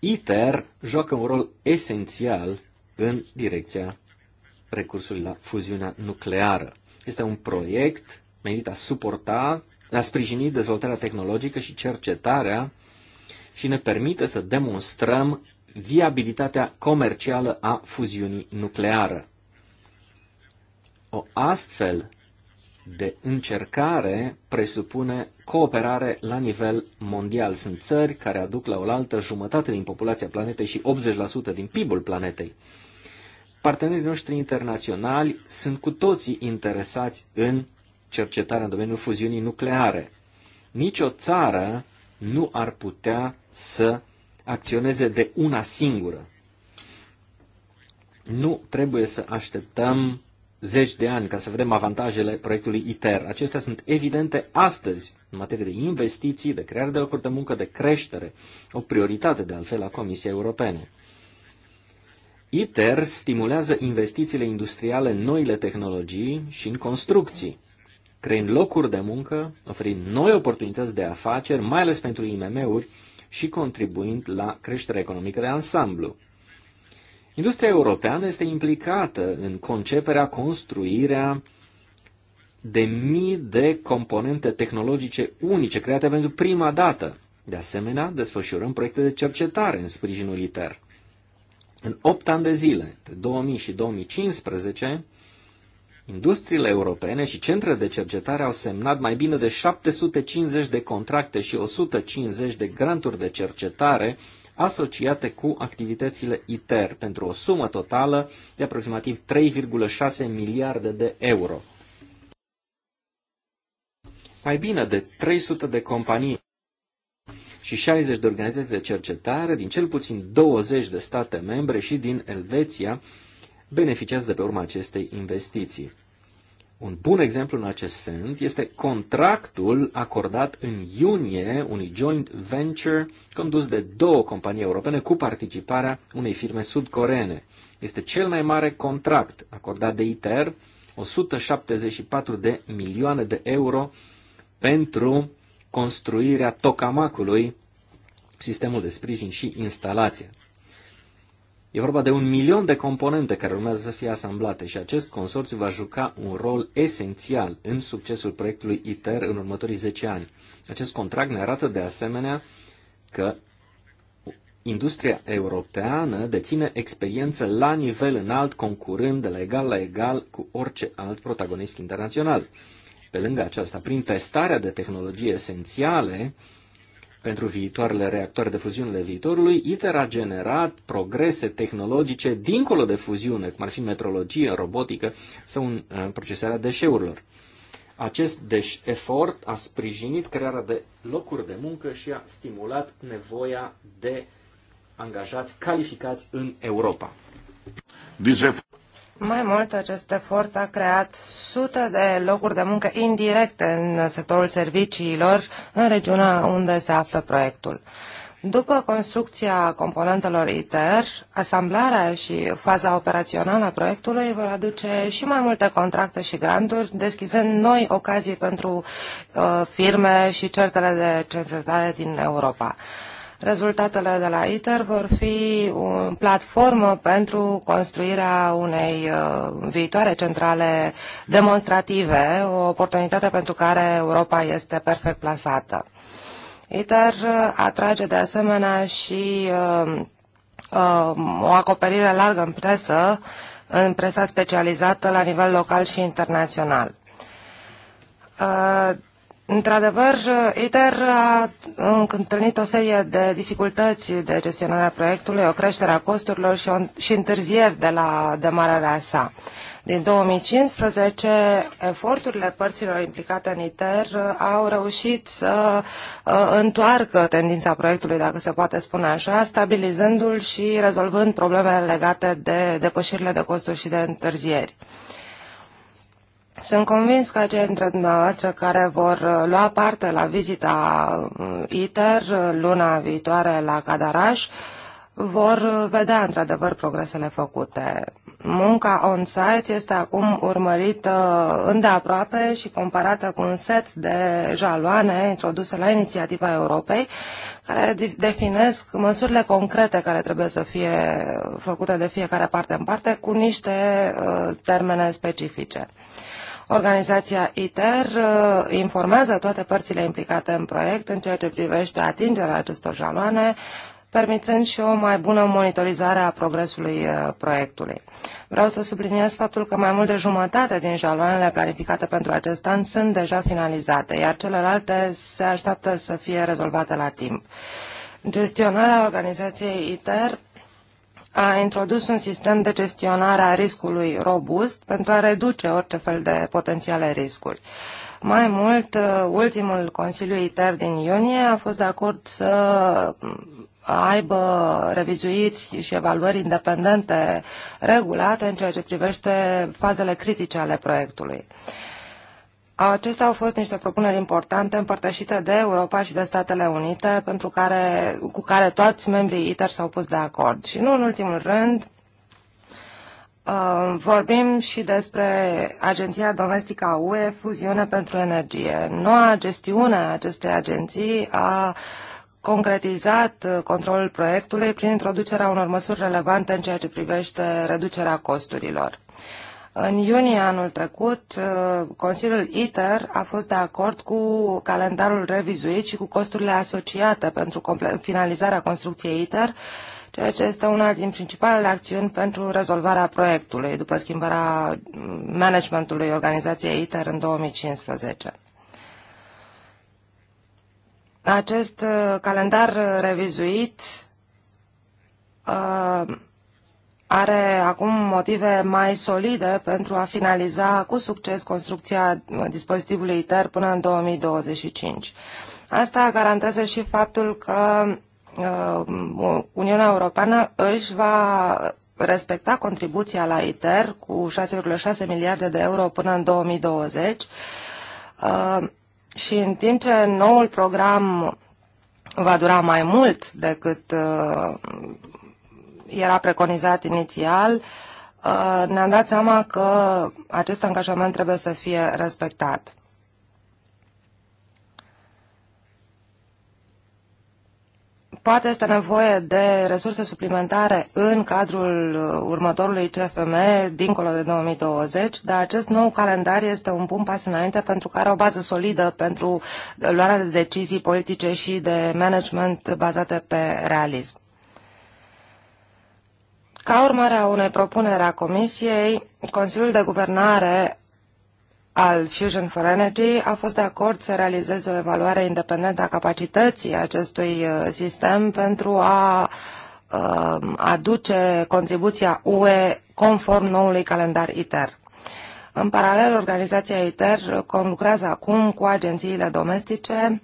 ITER joacă un rol esențial în direcția recursului la fuziunea nucleară. Este un proiect menit a suporta, a sprijini dezvoltarea tehnologică și cercetarea și ne permite să demonstrăm viabilitatea comercială a fuziunii nucleară. O astfel de încercare presupune cooperare la nivel mondial. Sunt țări care aduc la oaltă jumătate din populația planetei și 80% din PIB-ul planetei. Partenerii noștri internaționali sunt cu toții interesați în cercetarea în domeniul fuziunii nucleare. Nici o țară nu ar putea să acționeze de una singură. Nu trebuie să așteptăm zeci de ani ca să vedem avantajele proiectului ITER. Acestea sunt evidente astăzi în materie de investiții, de creare de locuri de muncă, de creștere, o prioritate de altfel a Comisiei Europene. ITER stimulează investițiile industriale în noile tehnologii și în construcții creând locuri de muncă, oferind noi oportunități de afaceri, mai ales pentru IMM-uri și contribuind la creșterea economică de ansamblu. Industria europeană este implicată în conceperea, construirea de mii de componente tehnologice unice create pentru prima dată. De asemenea, desfășurăm proiecte de cercetare în sprijinul ITER. În 8 ani de zile, de 2000 și 2015, Industriile europene și centrele de cercetare au semnat mai bine de 750 de contracte și 150 de granturi de cercetare asociate cu activitățile ITER pentru o sumă totală de aproximativ 3,6 miliarde de euro. Mai bine de 300 de companii și 60 de organizații de cercetare din cel puțin 20 de state membre și din Elveția beneficiază de pe urma acestei investiții. Un bun exemplu în acest sens este contractul acordat în iunie unui joint venture condus de două companii europene cu participarea unei firme sudcoreene. Este cel mai mare contract acordat de ITER, 174 de milioane de euro pentru construirea tokamacului, sistemul de sprijin și instalație. E vorba de un milion de componente care urmează să fie asamblate și acest consorțiu va juca un rol esențial în succesul proiectului ITER în următorii 10 ani. Acest contract ne arată de asemenea că industria europeană deține experiență la nivel înalt, concurând de la egal la egal cu orice alt protagonist internațional. Pe lângă aceasta, prin testarea de tehnologii esențiale, pentru viitoarele reactoare de fuziunile viitorului, ITER a generat progrese tehnologice dincolo de fuziune, cum ar fi metrologie, robotică sau în uh, procesarea deșeurilor. Acest efort a sprijinit crearea de locuri de muncă și a stimulat nevoia de angajați calificați în Europa. Mai mult, acest efort a creat sute de locuri de muncă indirecte în sectorul serviciilor, în regiunea unde se află proiectul. După construcția componentelor ITER, asamblarea și faza operațională a proiectului vor aduce și mai multe contracte și granturi, deschizând noi ocazii pentru uh, firme și certele de cercetare din Europa. Rezultatele de la ITER vor fi o platformă pentru construirea unei uh, viitoare centrale demonstrative, o oportunitate pentru care Europa este perfect plasată. ITER uh, atrage de asemenea și uh, o acoperire largă în presă, în presa specializată la nivel local și internațional. Într-adevăr, ITER a întâlnit o serie de dificultăți de gestionare a proiectului, o creștere a costurilor și, o, și întârzieri de la demararea sa. Din 2015, eforturile părților implicate în ITER au reușit să uh, întoarcă tendința proiectului, dacă se poate spune așa, stabilizându-l și rezolvând problemele legate de depășirile de costuri și de întârzieri. Sunt convins că cei dintre dumneavoastră care vor uh, lua parte la vizita uh, ITER uh, luna viitoare la Cadaraș vor vedea într-adevăr progresele făcute. Munca on-site este acum urmărită îndeaproape și comparată cu un set de jaloane introduse la inițiativa Europei, care definesc măsurile concrete care trebuie să fie făcute de fiecare parte în parte cu niște termene specifice. Organizația ITER uh, informează toate părțile implicate în proiect în ceea ce privește atingerea acestor jaloane, permițând și o mai bună monitorizare a progresului uh, proiectului. Vreau să subliniez faptul că mai mult de jumătate din jaloanele planificate pentru acest an sunt deja finalizate, iar celelalte se așteaptă să fie rezolvate la timp. Gestionarea organizației ITER a introdus un sistem de gestionare a riscului robust pentru a reduce orice fel de potențiale riscuri. Mai mult, ultimul Consiliu ITER din iunie a fost de acord să aibă revizuiri și evaluări independente regulate în ceea ce privește fazele critice ale proiectului. Uh, Acestea au fost niște propuneri importante împărtășite de Europa și de Statele Unite pentru care, cu care toți membrii ITER s-au pus de acord. Și nu în ultimul rând, uh, vorbim și despre Agenția Domestică a UE, Fuziune pentru Energie. Noua gestiune a acestei agenții a concretizat uh, controlul proiectului prin introducerea unor măsuri relevante în ceea ce privește reducerea costurilor. În iunie anul trecut, uh, Consiliul ITER a fost de acord cu calendarul revizuit și cu costurile asociate pentru finalizarea construcției ITER, ceea ce este una din principalele acțiuni pentru rezolvarea proiectului după schimbarea mm, managementului organizației ITER în 2015. Acest uh, calendar revizuit uh, are acum motive mai solide pentru a finaliza cu succes construcția dispozitivului ITER până în 2025. Asta garantează și faptul că uh, Uniunea Europeană își va respecta contribuția la ITER cu 6,6 miliarde de euro până în 2020 uh, și în timp ce noul program va dura mai mult decât uh, era preconizat inițial, uh, ne-am dat seama că acest angajament trebuie să fie respectat. poate este nevoie de resurse suplimentare în cadrul uh, următorului CFM, dincolo de 2020, dar acest nou calendar este un bun pas înainte pentru că are o bază solidă pentru luarea de decizii politice și de management bazate pe realism. Ca urmare a unei propuneri a Comisiei, Consiliul de Guvernare al Fusion for Energy a fost de acord să realizeze o evaluare independentă a capacității acestui uh, sistem pentru a uh, aduce contribuția UE conform noului calendar ITER. În paralel, organizația ITER conlucrează acum cu agențiile domestice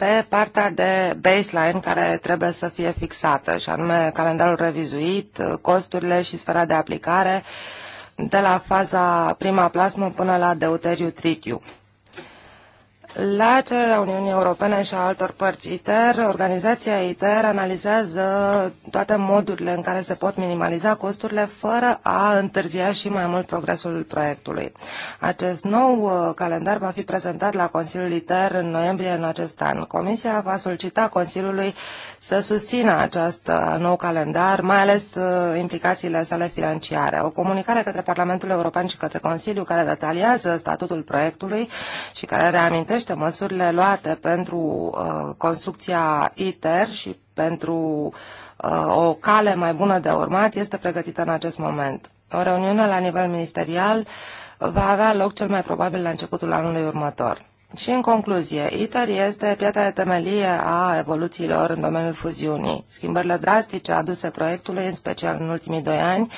pe partea de baseline care trebuie să fie fixată, și anume calendarul revizuit, costurile și sfera de aplicare, de la faza prima plasmă până la deuteriu tritiu. La cererea Uniunii Europene și a altor părți ITER, organizația ITER analizează toate modurile în care se pot minimaliza costurile fără a întârzia și mai mult progresul proiectului. Acest nou uh, calendar va fi prezentat la Consiliul ITER în noiembrie în acest an. Comisia va solicita Consiliului să susțină acest uh, nou calendar, mai ales uh, implicațiile sale financiare. O comunicare către Parlamentul European și către Consiliu care detaliază statutul proiectului și care reamintește privește măsurile luate pentru uh, construcția ITER și pentru uh, o cale mai bună de urmat este pregătită în acest moment. O reuniune la nivel ministerial va avea loc cel mai probabil la începutul anului următor. Și în concluzie, ITER este piatra de temelie a evoluțiilor în domeniul fuziunii. Schimbările drastice aduse proiectului, în special în ultimii doi ani,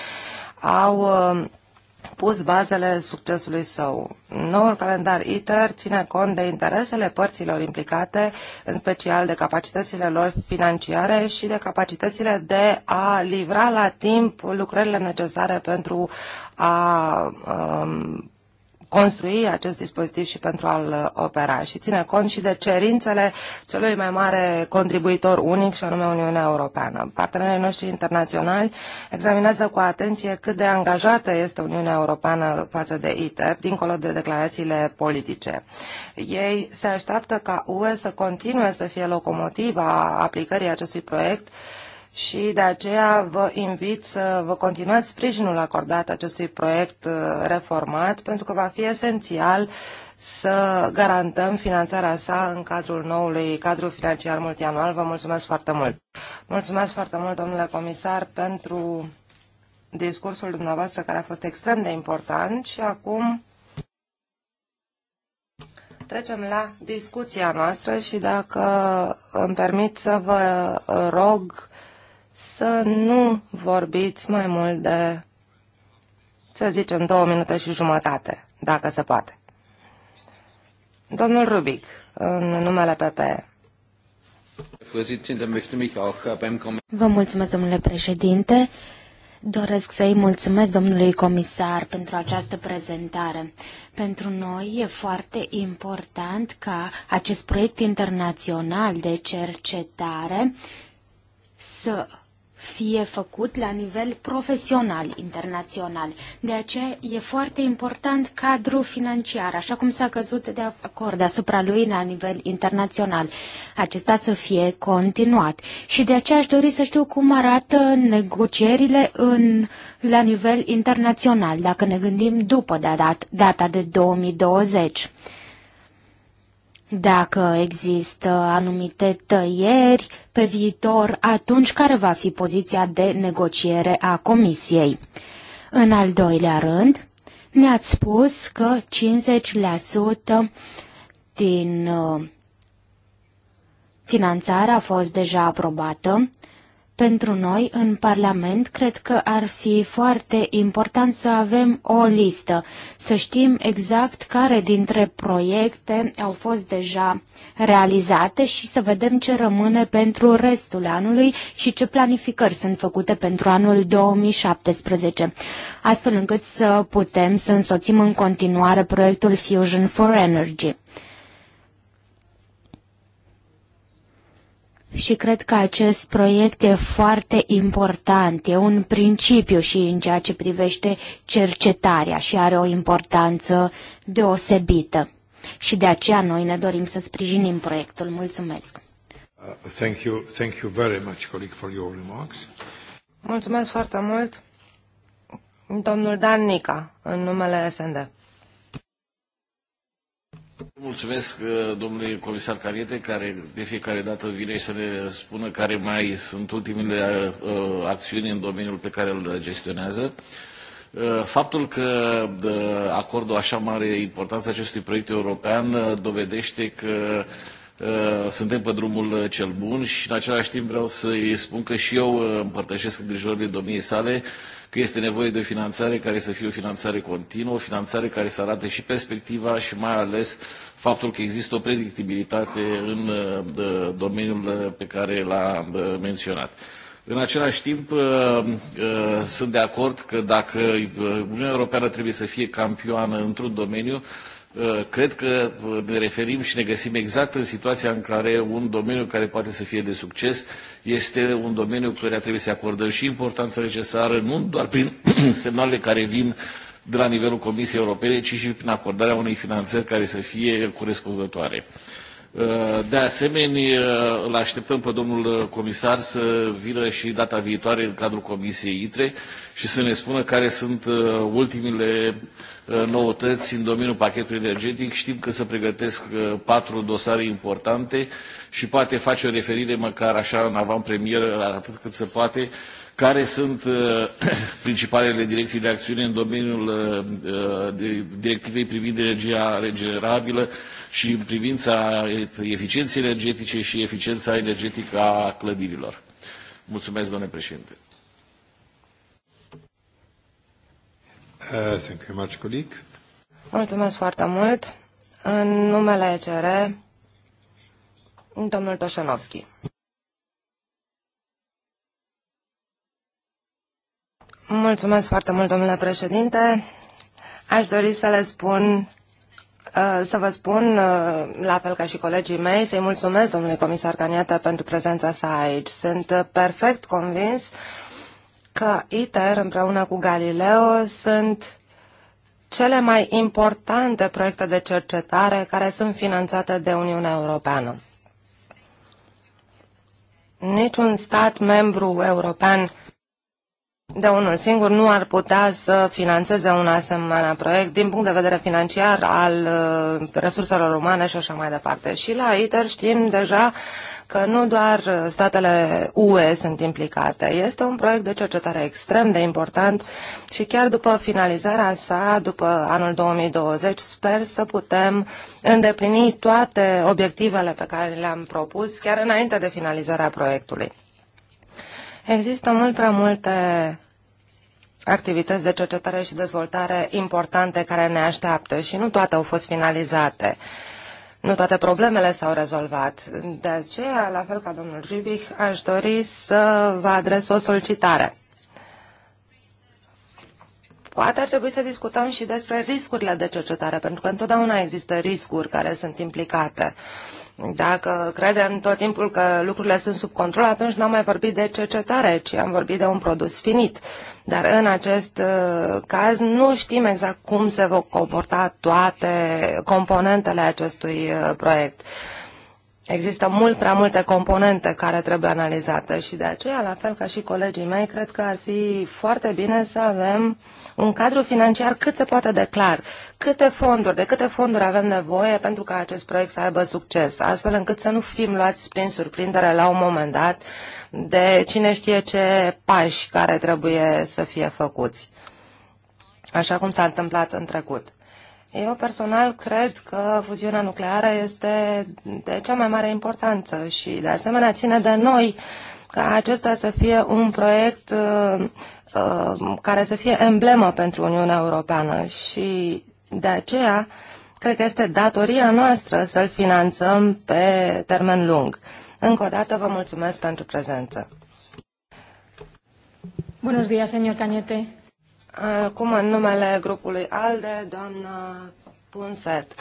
au uh, pus bazele succesului său. Noul calendar ITER ține cont de interesele părților implicate, în special de capacitățile lor financiare și de capacitățile de a livra la timp lucrările necesare pentru a um, construi acest dispozitiv și pentru a-l uh, opera și ține cont și de cerințele celui mai mare contribuitor unic și anume Uniunea Europeană. Partenerii noștri internaționali examinează cu atenție cât de angajată este Uniunea Europeană față de ITER, dincolo de declarațiile politice. Ei se așteaptă ca UE să continue să fie locomotiva aplicării acestui proiect și de aceea vă invit să vă continuați sprijinul acordat acestui proiect uh, reformat, pentru că va fi esențial să garantăm finanțarea sa în cadrul noului cadru financiar multianual. Vă mulțumesc foarte mult! Mulțumesc foarte mult, domnule comisar, pentru discursul dumneavoastră care a fost extrem de important și acum trecem la discuția noastră și dacă îmi permit să vă rog să nu vorbiți mai mult de, să zicem, două minute și jumătate, dacă se poate. Domnul Rubic, în numele PPE. Äh, Vă mulțumesc, domnule președinte. Doresc să-i mulțumesc domnului comisar pentru această prezentare. Pentru noi e foarte important ca acest proiect internațional de cercetare să fie făcut la nivel profesional internațional. De aceea e foarte important cadrul financiar, așa cum s-a căzut de acord asupra lui la nivel internațional. Acesta să fie continuat. Și de aceea aș dori să știu cum arată negocierile în, la nivel internațional, dacă ne gândim după data de 2020. Dacă există anumite tăieri pe viitor, atunci care va fi poziția de negociere a Comisiei? În al doilea rând, ne-ați spus că 50% din uh, finanțare a fost deja aprobată. Pentru noi, în Parlament, cred că ar fi foarte important să avem o listă, să știm exact care dintre proiecte au fost deja realizate și să vedem ce rămâne pentru restul anului și ce planificări sunt făcute pentru anul 2017, astfel încât să putem să însoțim în continuare proiectul Fusion for Energy. și cred că acest proiect e foarte important, e un principiu și în ceea ce privește cercetarea și are o importanță deosebită. Și de aceea noi ne dorim să sprijinim proiectul. Mulțumesc! Uh, thank you, thank you very much, colleague, for your remarks. Mulțumesc foarte mult, domnul Dan Nica, în numele SND. Mulțumesc uh, domnule comisar Cariete, care de fiecare dată vine să ne spună care mai sunt ultimele uh, uh, acțiuni în domeniul pe care îl gestionează. faptul că acordul acordă așa mare importanță acestui proiect european dovedește că Uh, suntem pe drumul uh, cel bun și în același timp vreau să îi spun că și eu uh, împărtășesc îngrijorările domniei sale că este nevoie de o finanțare care să fie o finanțare continuă, o finanțare care să arate și perspectiva și mai ales faptul că există o predictibilitate în domeniul pe care l-a menționat. În același timp, sunt de acord că dacă Uniunea Europeană trebuie să fie campioană într-un domeniu, Uh, cred că uh, ne referim și ne găsim exact în situația în care un domeniu care poate să fie de succes este un domeniu care trebuie să acordăm și importanța necesară, nu doar prin semnalele care vin de la nivelul Comisiei Europene, ci și prin acordarea unei finanțări care să fie corespunzătoare. Uh, de asemenea, uh, îl așteptăm pe domnul comisar să vină și data viitoare în cadrul Comisiei ITRE și să ne spună care sunt uh, ultimile noutăți în domeniul pachetului energetic. Știm că se pregătesc patru dosare importante și poate face o referire măcar așa în avantpremieră, atât cât se poate, care sunt principalele direcții de acțiune în domeniul directivei privind energia regenerabilă, și în privința eficienței energetice și eficiența energetică a clădirilor. Mulțumesc, domnule președinte. Uh, Mulțumesc foarte mult. În numele ECR, domnul Toșanovski. Mulțumesc foarte mult, domnule președinte. Aș dori să le spun Uh, să vă spun, uh, la fel ca și colegii mei, să-i mulțumesc domnului comisar Caniata pentru prezența sa aici. Sunt uh, perfect convins că ITER împreună cu Galileo sunt cele mai importante proiecte de cercetare care sunt finanțate de Uniunea Europeană. Niciun stat membru european de unul singur nu ar putea să financeze un asemenea proiect din punct de vedere financiar al uh, resurselor umane și așa mai departe. Și la ITER știm deja că nu doar statele UE sunt implicate. Este un proiect de cercetare extrem de important și chiar după finalizarea sa, după anul 2020, sper să putem îndeplini toate obiectivele pe care le-am propus chiar înainte de finalizarea proiectului. Există mult prea multe activități de cercetare și dezvoltare importante care ne așteaptă și nu toate au fost finalizate. Nu toate problemele s-au rezolvat. De aceea, la fel ca domnul Ribic, aș dori să vă adres o solicitare. Poate ar trebui să discutăm și despre riscurile de cercetare, pentru că întotdeauna există riscuri care sunt implicate. Uh, dacă credem tot timpul că lucrurile sunt sub control, atunci n-am mai vorbit de cercetare, ci am vorbit de un produs finit. Dar în acest uh, caz nu știm exact cum se vor comporta toate componentele acestui uh, proiect. Există mult prea multe componente care trebuie analizate și de aceea, la fel ca și colegii mei, cred că ar fi foarte bine să avem uh, un cadru financiar cât se poate de clar, câte fonduri, de câte fonduri avem nevoie pentru ca acest proiect să aibă succes, astfel încât să nu fim luați prin surprindere la un moment dat de cine știe ce pași care trebuie să fie făcuți, așa cum s-a întâmplat în trecut. Eu personal cred că fuziunea nucleară este de cea mai mare importanță și de asemenea ține de noi ca acesta să fie un proiect Um, care să fie emblemă pentru Uniunea Europeană și de aceea cred că este datoria noastră să-l finanțăm pe termen lung. Încă o dată vă mulțumesc pentru prezență. Bună ziua, senior Cañete. Acum, în numele grupului ALDE, doamna Punset.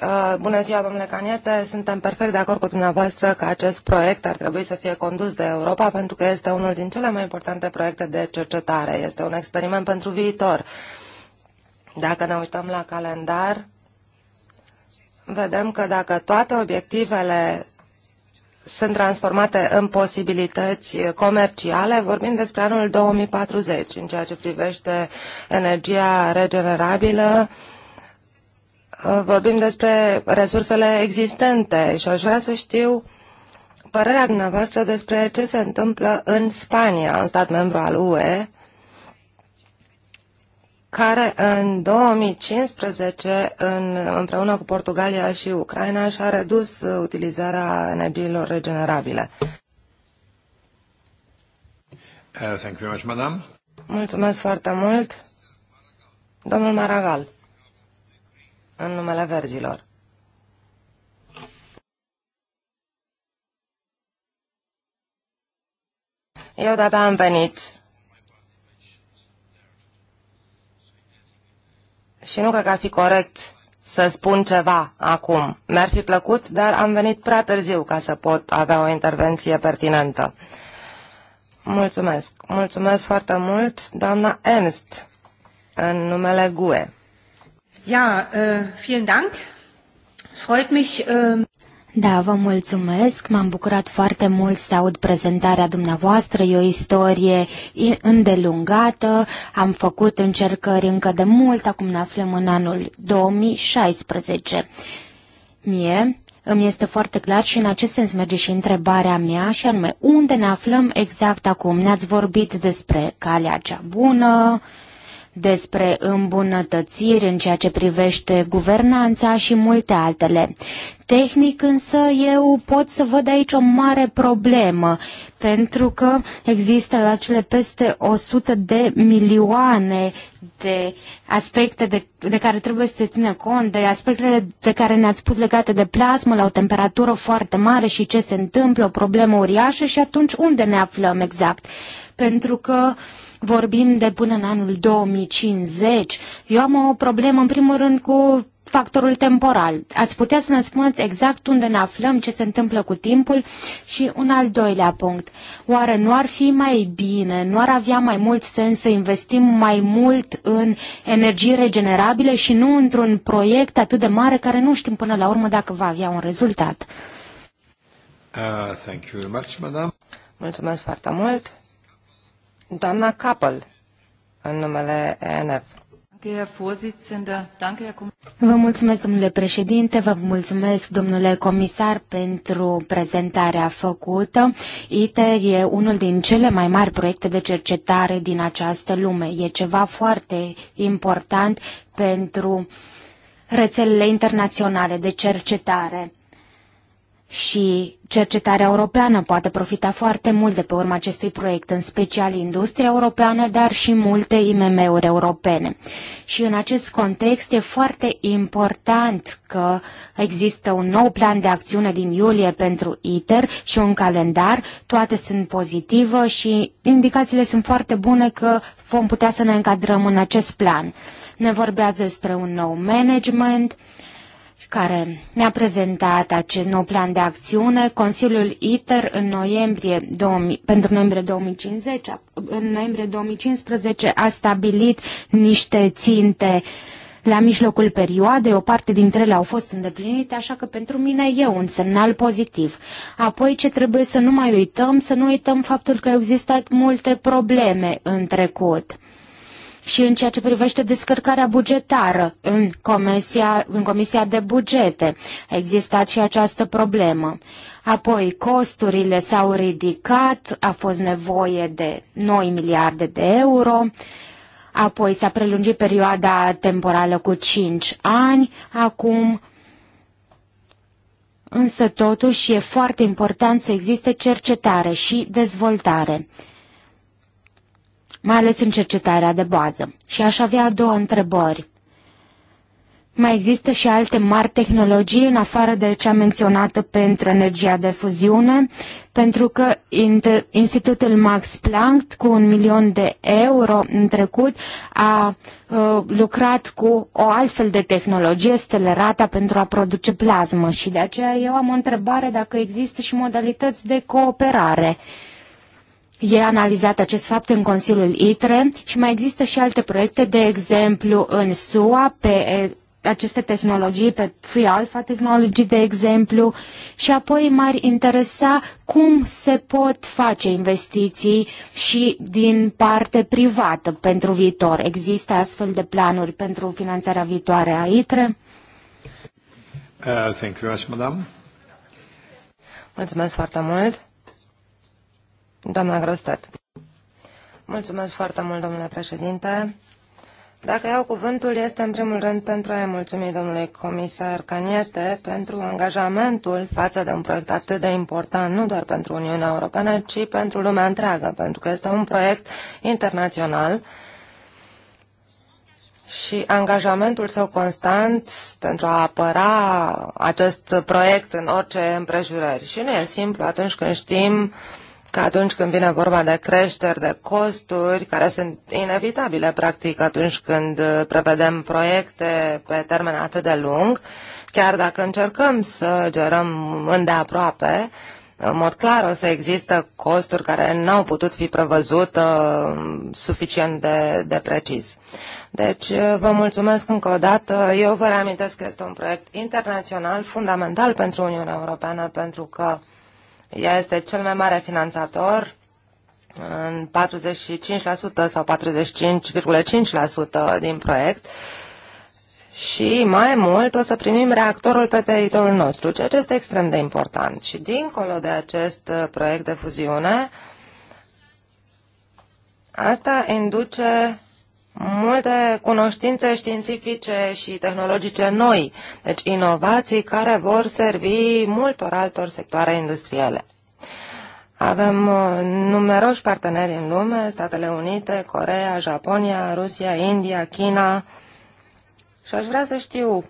Uh, bună ziua, domnule Caniete. Suntem perfect de acord cu dumneavoastră că acest proiect ar trebui să fie condus de Europa pentru că este unul din cele mai importante proiecte de cercetare. Este un experiment pentru viitor. Dacă ne uităm la calendar, vedem că dacă toate obiectivele sunt transformate în posibilități comerciale, vorbim despre anul 2040 în ceea ce privește energia regenerabilă, uh, Uh, vorbim despre resursele existente și aș vrea să știu părerea dumneavoastră despre ce se întâmplă în Spania, în stat membru al UE, care în 2015, în, împreună cu Portugalia și Ucraina, și-a redus utilizarea energiilor regenerabile. Uh, thank you very much, madam. Mulțumesc foarte mult. Domnul Maragal în numele verzilor. Eu de am venit și nu cred că ar fi corect să spun ceva acum. Mi-ar fi plăcut, dar am venit prea târziu ca să pot avea o intervenție pertinentă. Mulțumesc. Mulțumesc foarte mult, doamna Ernst, în numele GUE. Ja, uh, vielen Dank. Freut mich. Uh... Da, vă mulțumesc, m-am bucurat foarte mult să aud prezentarea dumneavoastră, e o istorie îndelungată, am făcut încercări încă de mult, acum ne aflăm în anul 2016. Mie îmi este foarte clar și în acest sens merge și întrebarea mea și anume, unde ne aflăm exact acum? Ne-ați vorbit despre calea cea bună, uh, despre îmbunătățiri în ceea ce privește guvernanța și multe altele. Tehnic însă eu pot să văd aici o mare problemă, pentru că există la cele peste 100 de milioane de aspecte de, de care trebuie să se țină cont, de aspectele de care ne-ați spus legate de plasmă la o temperatură foarte mare și ce se întâmplă, o problemă uriașă și atunci unde ne aflăm exact? Pentru că uh, vorbim de până în anul 2050. Eu am o problemă, în primul rând, cu factorul temporal. Ați putea să ne spuneți exact unde ne aflăm, ce se întâmplă cu timpul? Și un al doilea punct. Oare nu ar fi mai bine, nu ar avea mai mult sens să investim mai mult în energii regenerabile și nu într-un proiect atât de mare care nu știm până la urmă dacă va avea un rezultat? Uh, thank you very much, madam. Mulțumesc foarte mult. Doamna Capel, în numele ENF. Vă mulțumesc, domnule președinte, vă mulțumesc, domnule comisar, pentru prezentarea făcută. ITER e unul din cele mai mari proiecte de cercetare din această lume. E ceva foarte important pentru rețelele internaționale de cercetare și cercetarea europeană poate profita foarte mult de pe urma acestui proiect, în special industria europeană, dar și multe IMM-uri europene. Și în acest context e foarte important că există un nou plan de acțiune din iulie pentru ITER și un calendar. Toate sunt pozitive și indicațiile sunt foarte bune că vom putea să ne încadrăm în acest plan. Ne vorbeați despre un nou management, care ne-a prezentat acest nou plan de acțiune. Consiliul ITER în noiembrie 2000, pentru noiembrie 2050, în noiembrie 2015 a stabilit niște ținte la mijlocul perioadei, o parte dintre ele au fost îndeplinite, așa că pentru mine e un semnal pozitiv. Apoi ce trebuie să nu mai uităm, să nu uităm faptul că au existat multe probleme în trecut și în ceea ce privește descărcarea bugetară în comisia, în comisia de bugete. A existat și această problemă. Apoi costurile s-au ridicat, a fost nevoie de 9 miliarde de euro, apoi s-a prelungit perioada temporală cu 5 ani, acum însă totuși e foarte important să existe cercetare și dezvoltare mai ales în cercetarea de bază. Și aș avea două întrebări. Mai există și alte mari tehnologii în afară de cea menționată pentru energia de fuziune, pentru că Institutul Max Planck cu un milion de euro în trecut a uh, lucrat cu o altfel de tehnologie, stelerata, pentru a produce plasmă și de aceea eu am o întrebare dacă există și modalități de cooperare. Uh, E analizat acest fapt în Consiliul ITRE și mai există și alte proiecte, de exemplu în SUA, pe aceste tehnologii, pe Free Alpha Technology, de exemplu, și apoi m-ar interesa cum se pot face investiții și din parte privată pentru viitor. Există astfel de planuri pentru finanțarea viitoare a ITRE? Uh, thank you, madam. Mulțumesc foarte mult. Doamna Grostet. Mulțumesc foarte mult, domnule președinte. Dacă iau cuvântul, este în primul rând pentru a-i mulțumi domnului comisar Caniete pentru angajamentul față de un proiect atât de important, nu doar pentru Uniunea Europeană, ci pentru lumea întreagă, pentru că este un proiect internațional și angajamentul său constant pentru a apăra acest proiect în orice împrejurări. Și nu e simplu atunci când știm că atunci când vine vorba de creșteri, de costuri, care sunt inevitabile, practic, atunci când uh, prevedem proiecte pe termen atât de lung, chiar dacă încercăm să gerăm îndeaproape, în mod clar o să există costuri care n-au putut fi prevăzute uh, suficient de, de precis. Deci uh, vă mulțumesc încă o dată. Eu vă reamintesc că este un proiect internațional fundamental pentru Uniunea Europeană pentru că ea este cel mai mare finanțator în 45% sau 45,5% din proiect și mai mult o să primim reactorul pe teritoriul nostru, ceea ce este extrem de important. Și dincolo de acest uh, proiect de fuziune, asta induce multe cunoștințe științifice și tehnologice noi, deci inovații care vor servi multor altor sectoare industriale. Avem uh, numeroși parteneri în lume, Statele Unite, Corea, Japonia, Rusia, India, China și aș vrea să știu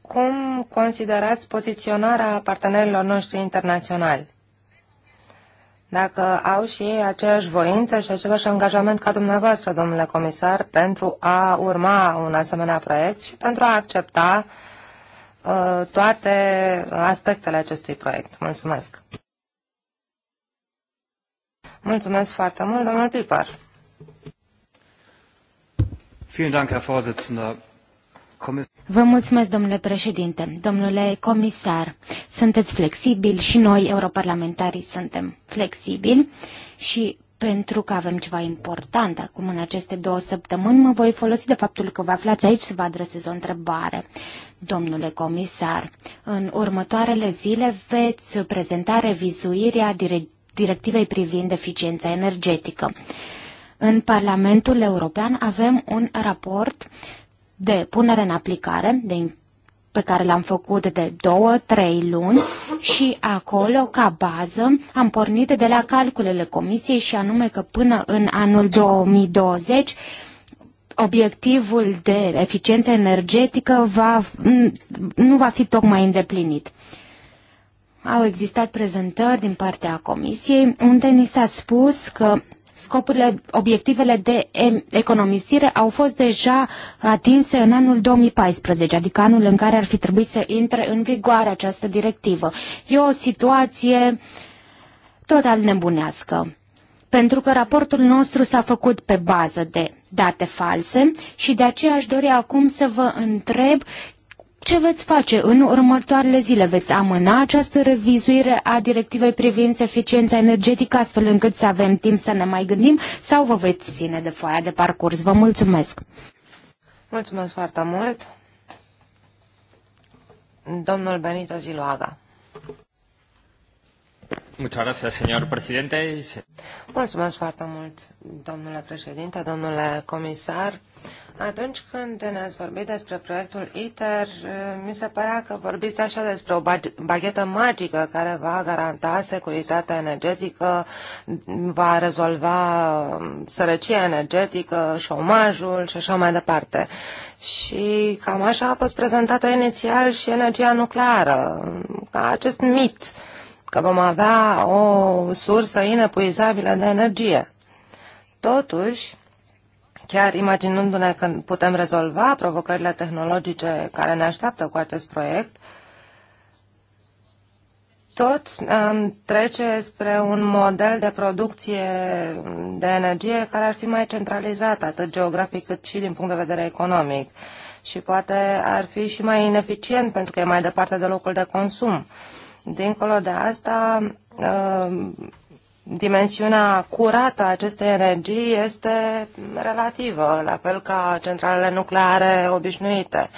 cum considerați poziționarea partenerilor noștri internaționali dacă au și ei aceeași voință și același angajament ca dumneavoastră, domnule comisar, pentru a urma un asemenea proiect și pentru a accepta uh, toate aspectele acestui proiect. Mulțumesc! Mulțumesc foarte mult, domnul Pipar! Vielen Dank, Herr Vorsitzender. Vă mulțumesc, domnule președinte, domnule comisar. Sunteți flexibili și noi, europarlamentarii, suntem flexibili și pentru că avem ceva important acum în aceste două săptămâni, mă voi folosi de faptul că vă aflați aici să vă adresez o întrebare. Domnule comisar, în următoarele zile veți prezenta revizuirea directivei privind eficiența energetică. În Parlamentul European avem un raport de punere în aplicare de, pe care l-am făcut de două, trei luni și acolo, ca bază, am pornit de la calculele comisiei și anume că până în anul 2020 obiectivul de eficiență energetică va, nu va fi tocmai îndeplinit. Au existat prezentări din partea Comisiei unde ni s-a spus că scopurile, obiectivele de economisire au fost deja atinse în anul 2014, adică anul în care ar fi trebuit să intre în vigoare această directivă. E o situație total nebunească pentru că raportul nostru s-a făcut pe bază de date false și de aceea aș dori acum să vă întreb ce veți face în următoarele zile? Veți amâna această revizuire a directivei privind eficiența energetică astfel încât să avem timp să ne mai gândim sau vă veți ține de foaia de parcurs? Vă mulțumesc! Mulțumesc foarte mult! Domnul Benito Ziloaga. Mulțumesc foarte mult, domnule președinte, domnule comisar. Atunci când ne-ați vorbit despre proiectul ITER, uh, mi se părea că vorbiți așa despre o baghetă magică care va garanta securitatea energetică, va rezolva um, sărăcia energetică, șomajul și așa mai departe. Și cam așa a fost prezentată inițial și energia nucleară, ca acest mit că vom avea o sursă inepuizabilă de energie. Totuși, Chiar imaginându-ne că putem rezolva provocările tehnologice care ne așteaptă cu acest proiect, tot um, trece spre un model de producție de energie care ar fi mai centralizat, atât geografic cât și din punct de vedere economic. Și poate ar fi și mai ineficient pentru că e mai departe de locul de consum. Dincolo de asta, um, dimensiunea curată a acestei energii este relativă, la fel ca centralele nucleare obișnuite.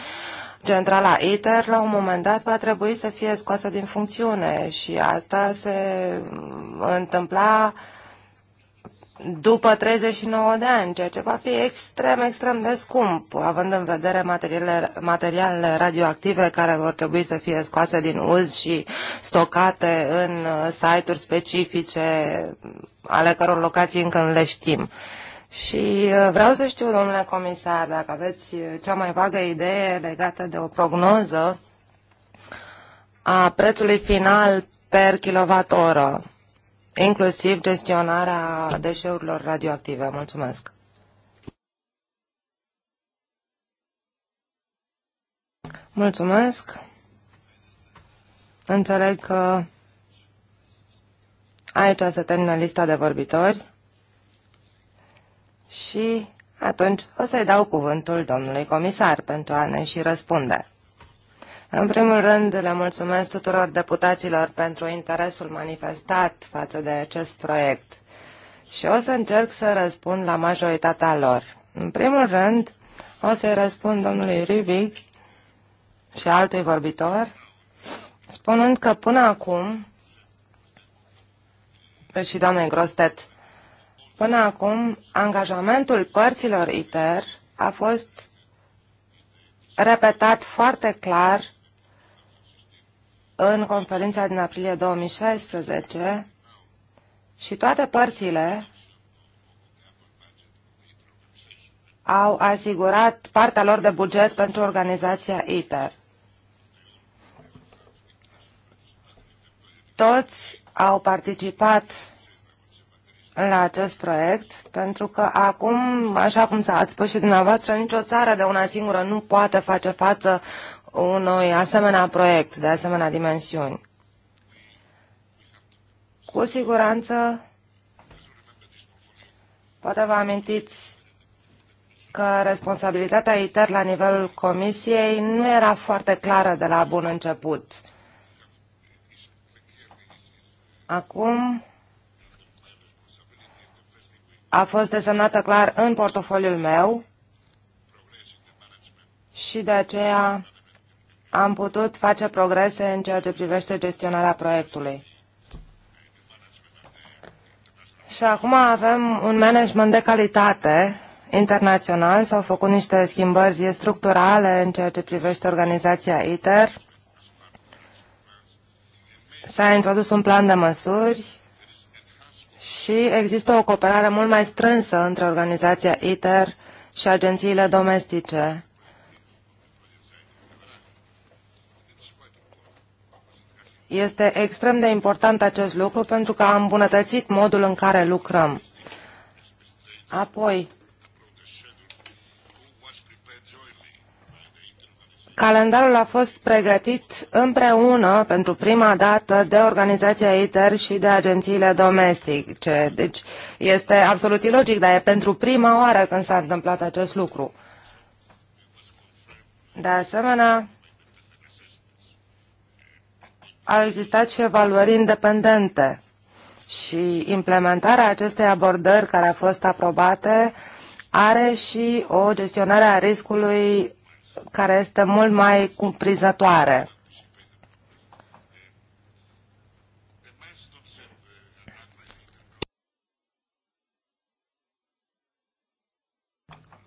Centrala ITER la un moment dat va trebui să fie scoasă din funcțiune și asta se întâmpla după 39 de ani, ceea ce va fi extrem, extrem de scump, având în vedere materialele, materialele radioactive care vor trebui să fie scoase din uz și stocate în uh, site-uri specifice, ale căror locații încă nu le știm. Și uh, vreau să știu, domnule comisar, dacă aveți uh, cea mai vagă idee legată de o prognoză a prețului final per kilowat oră inclusiv gestionarea deșeurilor radioactive. Mulțumesc! Mulțumesc! Înțeleg că aici se termină lista de vorbitori și atunci o să-i dau cuvântul domnului comisar pentru a ne și răspunde. În primul rând, le mulțumesc tuturor deputaților pentru interesul manifestat față de acest proiect și o să încerc să răspund la majoritatea lor. În primul rând, o să-i răspund domnului Rubic și altui vorbitor, spunând că până acum, și doamnei Grostet, până acum angajamentul părților ITER a fost repetat foarte clar în conferința din aprilie 2016 și toate părțile au asigurat partea lor de buget pentru organizația ITER. Toți au participat la acest proiect, pentru că acum, așa cum s-a ați spus și dumneavoastră, nicio țară de una singură nu poate face față unui asemenea proiect de asemenea dimensiuni. Cu siguranță, poate vă amintiți că responsabilitatea ITER la nivelul Comisiei nu era foarte clară de la bun început. Acum a fost desemnată clar în portofoliul meu și de aceea am putut face progrese în ceea ce privește gestionarea proiectului. Și acum avem un management de calitate internațional. S-au făcut niște schimbări structurale în ceea ce privește organizația ITER. S-a introdus un plan de măsuri și există o cooperare mult mai strânsă între organizația ITER și agențiile domestice Este extrem de important acest lucru pentru că a îmbunătățit modul în care lucrăm. Apoi, Calendarul a fost pregătit împreună pentru prima dată de organizația ITER și de agențiile domestice. Deci este absolut ilogic, dar e pentru prima oară când s-a întâmplat acest lucru. De asemenea, au existat și evaluări independente și implementarea acestei abordări care a fost aprobate are și o gestionare a riscului care este mult mai cumprizătoare.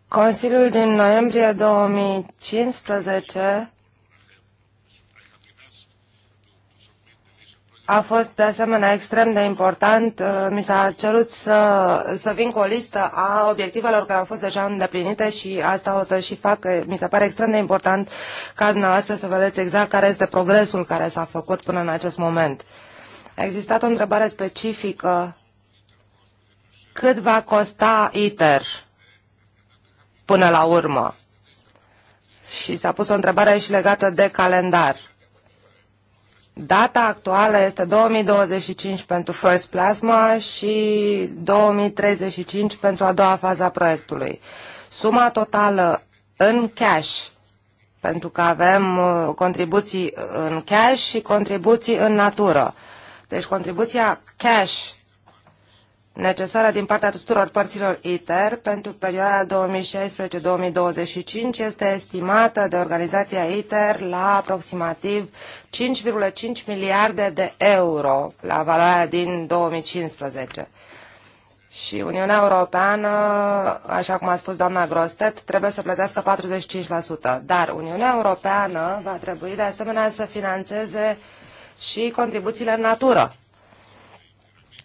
Consiliul din noiembrie 2015 a fost de asemenea extrem de important. Uh, mi s-a cerut să, să vin cu o listă a obiectivelor care au fost deja îndeplinite și asta o să și fac. Mi se pare extrem de important ca dumneavoastră să vedeți exact care este progresul care s-a făcut până în acest moment. A existat o întrebare specifică. Cât va costa ITER până la urmă? Și s-a pus o întrebare și legată de calendar Data actuală este 2025 pentru First Plasma și 2035 pentru a doua fază a proiectului. Suma totală în cash, pentru că avem uh, contribuții în cash și contribuții în natură. Deci contribuția cash necesară din partea tuturor părților ITER pentru perioada 2016-2025 este estimată de organizația ITER la aproximativ 5,5 miliarde de euro la valoarea din 2015. Și Uniunea Europeană, așa cum a spus doamna Grostet, trebuie să plătească 45%, dar Uniunea Europeană va trebui de asemenea să financeze și contribuțiile în natură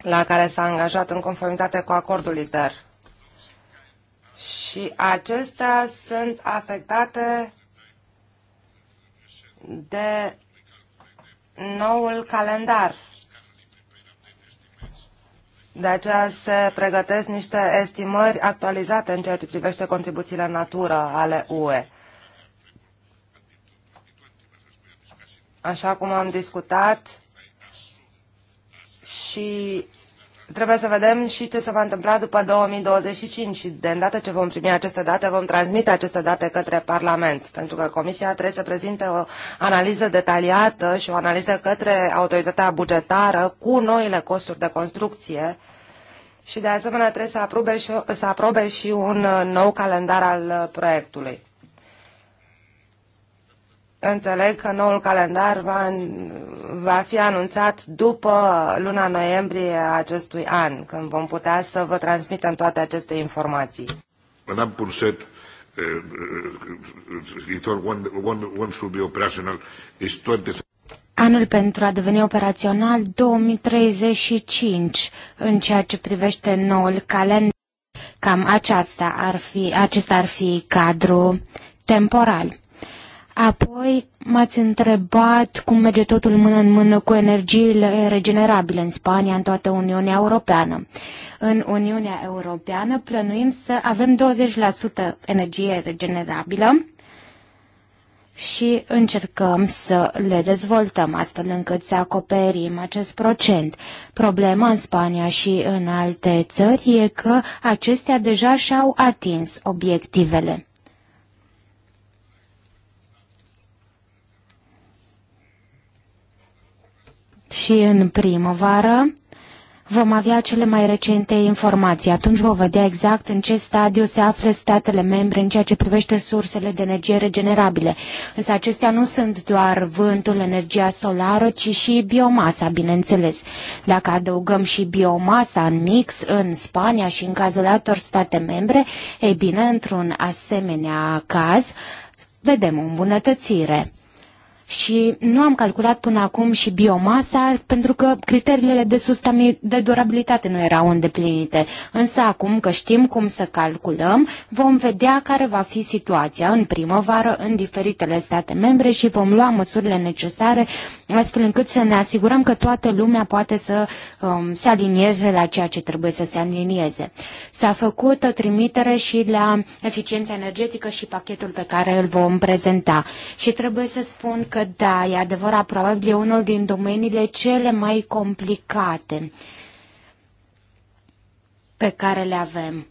la care s-a angajat în conformitate cu acordul ITER. Și acestea sunt afectate de noul calendar. De aceea se pregătesc niște estimări actualizate în ceea ce privește contribuțiile în natură ale UE. Așa cum am discutat, și trebuie să vedem și ce se va întâmpla după 2025 și de îndată ce vom primi aceste date, vom transmite aceste date către Parlament, pentru că Comisia trebuie să prezinte o analiză detaliată și o analiză către autoritatea bugetară cu noile costuri de construcție și de asemenea trebuie să aprobe și, să aprobe și un nou calendar al proiectului. Înțeleg că noul calendar va, va fi anunțat după luna noiembrie acestui an, când vom putea să vă transmitem toate aceste informații. Madame Purset, scriitor, eh, eh, should be operational, is 20... Anul pentru a deveni operațional 2035, în ceea ce privește noul calendar. Cam aceasta ar fi, acesta ar fi cadru temporal. Apoi m-ați întrebat cum merge totul mână în mână cu energiile regenerabile în Spania, în toată Uniunea Europeană. În Uniunea Europeană plănuim să avem 20% energie regenerabilă și încercăm să le dezvoltăm astfel încât să acoperim acest procent. Problema în Spania și în alte țări e că acestea deja și-au atins obiectivele. și în primăvară vom avea cele mai recente informații. Atunci vom vedea exact în ce stadiu se află statele membre în ceea ce privește sursele de energie regenerabile. Însă acestea nu sunt doar vântul, energia solară, ci și biomasa, bineînțeles. Dacă adăugăm și biomasa în mix în Spania și în cazul altor state membre, e bine, într-un asemenea caz, vedem o îmbunătățire și nu am calculat până acum și biomasa pentru că criteriile de, de durabilitate nu erau îndeplinite. Însă acum că știm cum să calculăm, vom vedea care va fi situația în primăvară în diferitele state membre și vom lua măsurile necesare astfel încât să ne asigurăm că toată lumea poate să um, se alinieze la ceea ce trebuie să se alinieze. S-a făcut o trimitere și la eficiența energetică și pachetul pe care îl vom prezenta. Și trebuie să spun că că da, e adevărat, probabil e unul din domeniile cele mai complicate pe care le avem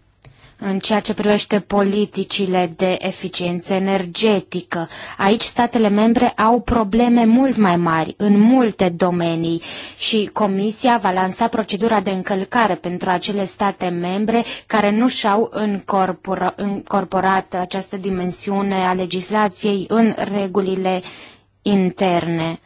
în ceea ce privește politicile de eficiență energetică. Aici statele membre au probleme mult mai mari în multe domenii și Comisia va lansa procedura de încălcare pentru acele state membre care nu și-au incorporat această dimensiune a legislației în regulile interne.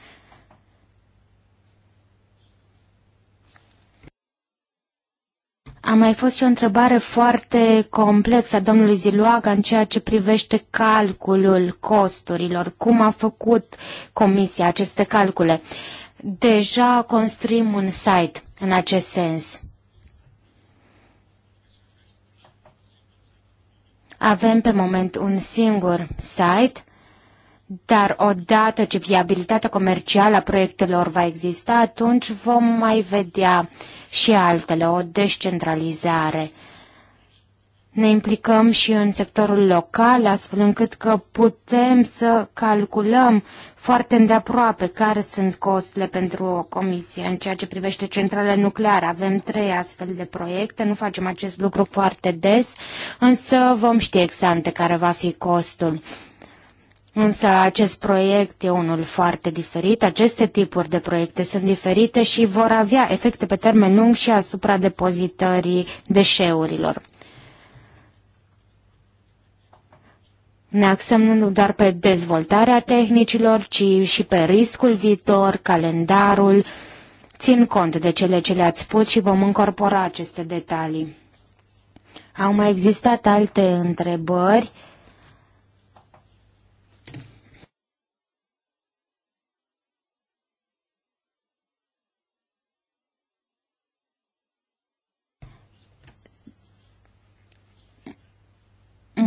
A mai fost și o întrebare foarte complexă a domnului Ziluaga în ceea ce privește calculul costurilor. Cum a făcut comisia aceste calcule? Deja construim un site în acest sens. Avem pe moment un singur site dar odată ce viabilitatea comercială a proiectelor va exista, atunci vom mai vedea și altele, o descentralizare. Ne implicăm și în sectorul local, astfel încât că putem să calculăm foarte îndeaproape care sunt costurile pentru o comisie. În ceea ce privește centrale nucleare, avem trei astfel de proiecte, nu facem acest lucru foarte des, însă vom ști exante care va fi costul. Însă acest proiect e unul foarte diferit, aceste tipuri de proiecte sunt diferite și vor avea efecte pe termen lung și asupra depozitării deșeurilor. Ne axăm nu doar pe dezvoltarea tehnicilor, ci și pe riscul viitor, calendarul. Țin cont de cele ce le-ați spus și vom incorpora aceste detalii. Au mai existat alte întrebări.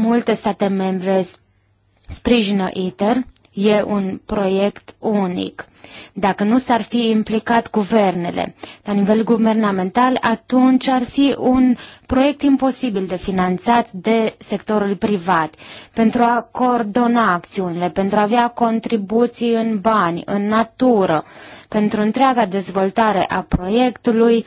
multe state membre sprijină ITER, e un proiect unic. Dacă nu s-ar fi implicat guvernele la nivel guvernamental, atunci ar fi un proiect imposibil de finanțat de sectorul privat pentru a coordona acțiunile, pentru a avea contribuții în bani, în natură, pentru întreaga dezvoltare a proiectului,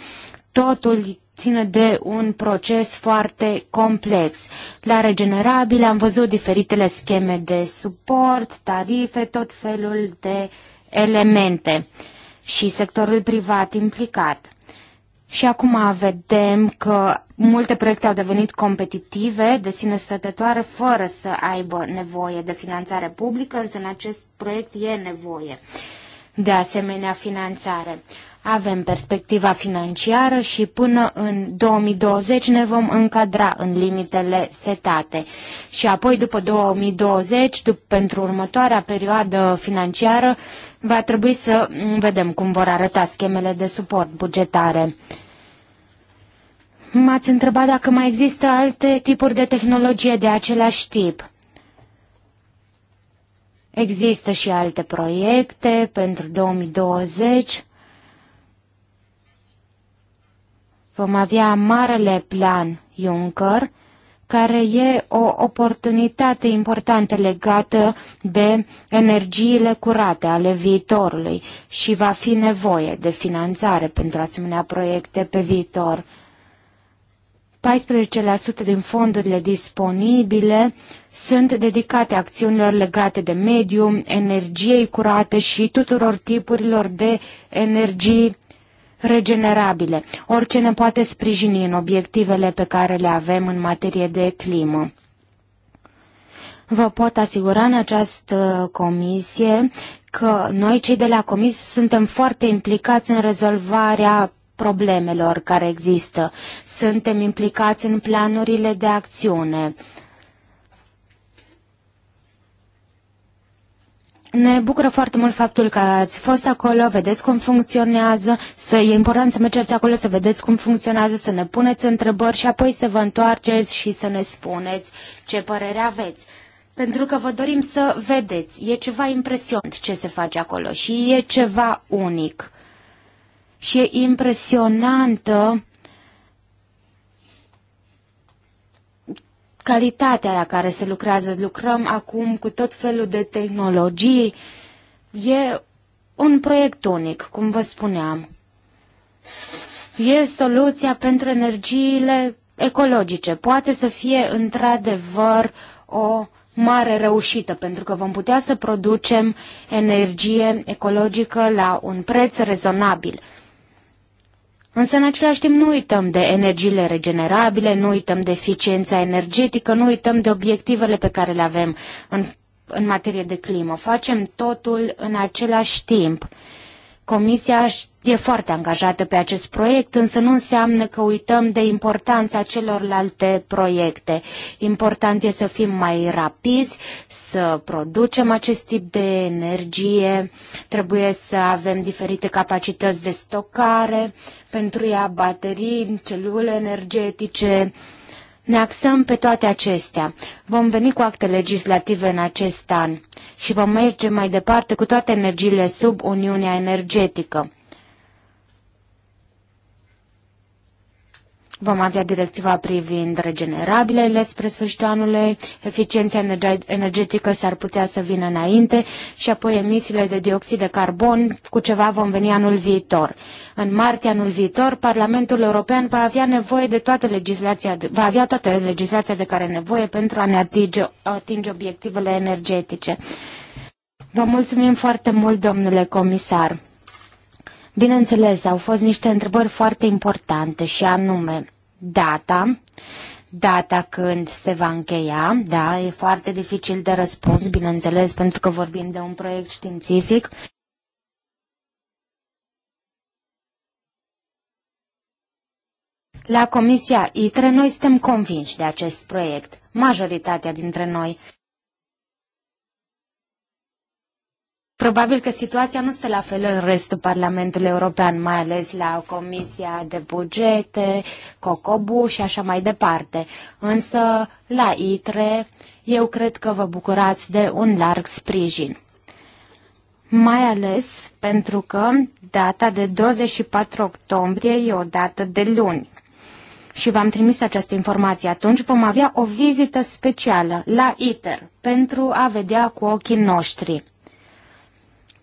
totul ține de un proces foarte complex. La regenerabil am văzut diferitele scheme de suport, tarife, tot felul de elemente și sectorul privat implicat. Și acum vedem că multe proiecte au devenit competitive, de sine stătătoare, fără să aibă nevoie de finanțare publică, însă în acest proiect e nevoie. Uh, de asemenea finanțare. Avem perspectiva financiară și până în 2020 ne vom încadra în limitele setate. Și apoi după 2020, dup- pentru următoarea perioadă financiară, va trebui să vedem cum vor arăta schemele de suport bugetare. M-ați întrebat dacă mai există alte tipuri de tehnologie de același tip. Există și alte proiecte pentru 2020. Vom avea marele plan Juncker, care e o oportunitate importantă legată de energiile curate ale viitorului și va fi nevoie de finanțare pentru asemenea proiecte pe viitor. 14% din fondurile disponibile sunt dedicate acțiunilor legate de mediu, energiei curate și tuturor tipurilor de energii regenerabile, orice ne poate sprijini în obiectivele pe care le avem în materie de climă. Vă pot asigura în această comisie că noi, cei de la comisie, suntem foarte implicați în rezolvarea problemelor care există. Suntem implicați în planurile de acțiune. Ne bucură foarte mult faptul că ați fost acolo, vedeți cum funcționează, să e important să mergeți acolo, să vedeți cum funcționează, să ne puneți întrebări și apoi să vă întoarceți și să ne spuneți ce părere aveți. Pentru că vă dorim să vedeți, e ceva impresionant ce se face acolo și e ceva unic și e impresionantă calitatea la care se lucrează. Lucrăm acum cu tot felul de tehnologii. E un proiect unic, cum vă spuneam. E soluția pentru energiile ecologice. Poate să fie într-adevăr o mare reușită, pentru că vom putea să producem energie ecologică la un preț rezonabil. Însă, în același timp, nu uităm de energiile regenerabile, nu uităm de eficiența energetică, nu uităm de obiectivele pe care le avem în, în materie de climă. Facem totul în același timp. Comisia e foarte angajată pe acest proiect, însă nu înseamnă că uităm de importanța celorlalte proiecte. Important e să fim mai rapizi, să producem acest tip de energie, trebuie să avem diferite capacități de stocare pentru ea, baterii, celule energetice, uh, ne axăm pe toate acestea. Vom veni cu acte legislative în acest an și vom merge mai departe cu toate energiile sub Uniunea Energetică. Vom avea directiva privind regenerabilele spre sfârșitul anului, eficiența energetică s-ar putea să vină înainte și apoi emisiile de dioxid de carbon cu ceva vom veni anul viitor. În martie anul viitor, Parlamentul European va avea nevoie de toată legislația, va avea toată legislația de care nevoie pentru a ne atinge, atinge obiectivele energetice. Vă mulțumim foarte mult, domnule comisar. Bineînțeles, au fost niște întrebări foarte importante și anume data, data când se va încheia, da, e foarte dificil de răspuns, bineînțeles, pentru că vorbim de un proiect științific. La Comisia ITRE noi suntem convinși de acest proiect, majoritatea dintre noi. Probabil că situația nu stă la fel în restul Parlamentului European, mai ales la Comisia de Bugete, COCOBU și așa mai departe. Însă, la ITRE, eu cred că vă bucurați de un larg sprijin. Mai ales pentru că data de 24 octombrie e o dată de luni. Și v-am trimis această informație. Atunci vom avea o vizită specială la ITER pentru a vedea cu ochii noștri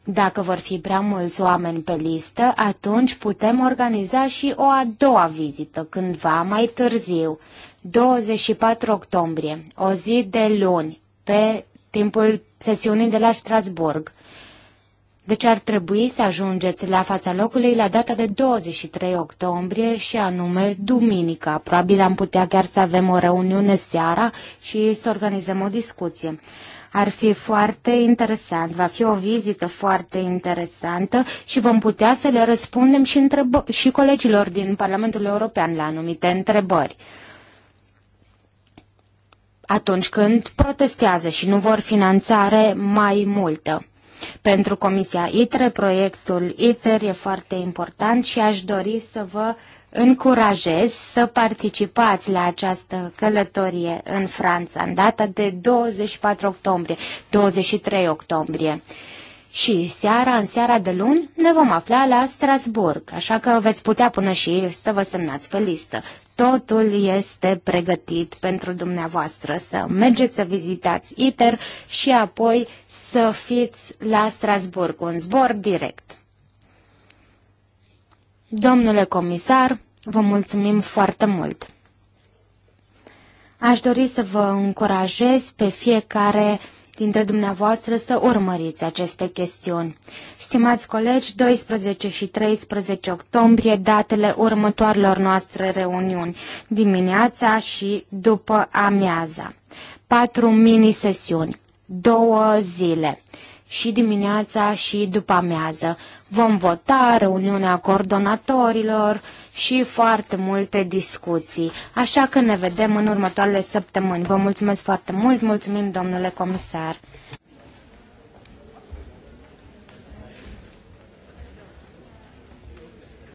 dacă vor fi prea mulți oameni pe listă, atunci putem organiza și o a doua vizită, cândva mai târziu, 24 octombrie, o zi de luni, pe timpul sesiunii de la Strasburg. Deci ar trebui să ajungeți la fața locului la data de 23 octombrie și anume duminica. Probabil am putea chiar să avem o reuniune seara și să organizăm o discuție. Ar fi foarte interesant, va fi o vizită foarte interesantă și vom putea să le răspundem și, întreb- și colegilor din Parlamentul European la anumite întrebări. Atunci când protestează și nu vor finanțare mai multă. Pentru Comisia ITRE, proiectul ITER e foarte important și aș dori să vă uh, încurajez să participați la această călătorie în Franța, în data de 24 octombrie, 23 octombrie. Și seara, în seara de luni, ne vom afla la Strasburg, așa că veți putea până și să vă semnați pe listă. Totul este pregătit pentru dumneavoastră să mergeți să vizitați ITER și apoi să fiți la Strasburg, un zbor direct. Domnule comisar, vă mulțumim foarte mult! Aș dori să vă încurajez pe fiecare dintre dumneavoastră să urmăriți aceste chestiuni. Stimați colegi, 12 și 13 octombrie, datele următoarelor noastre reuniuni, dimineața și după amiaza. Patru mini-sesiuni, două zile și dimineața și după amiază. Vom vota reuniunea coordonatorilor și foarte multe discuții. Așa că ne vedem în următoarele săptămâni. Vă mulțumesc foarte mult, mulțumim domnule comisar.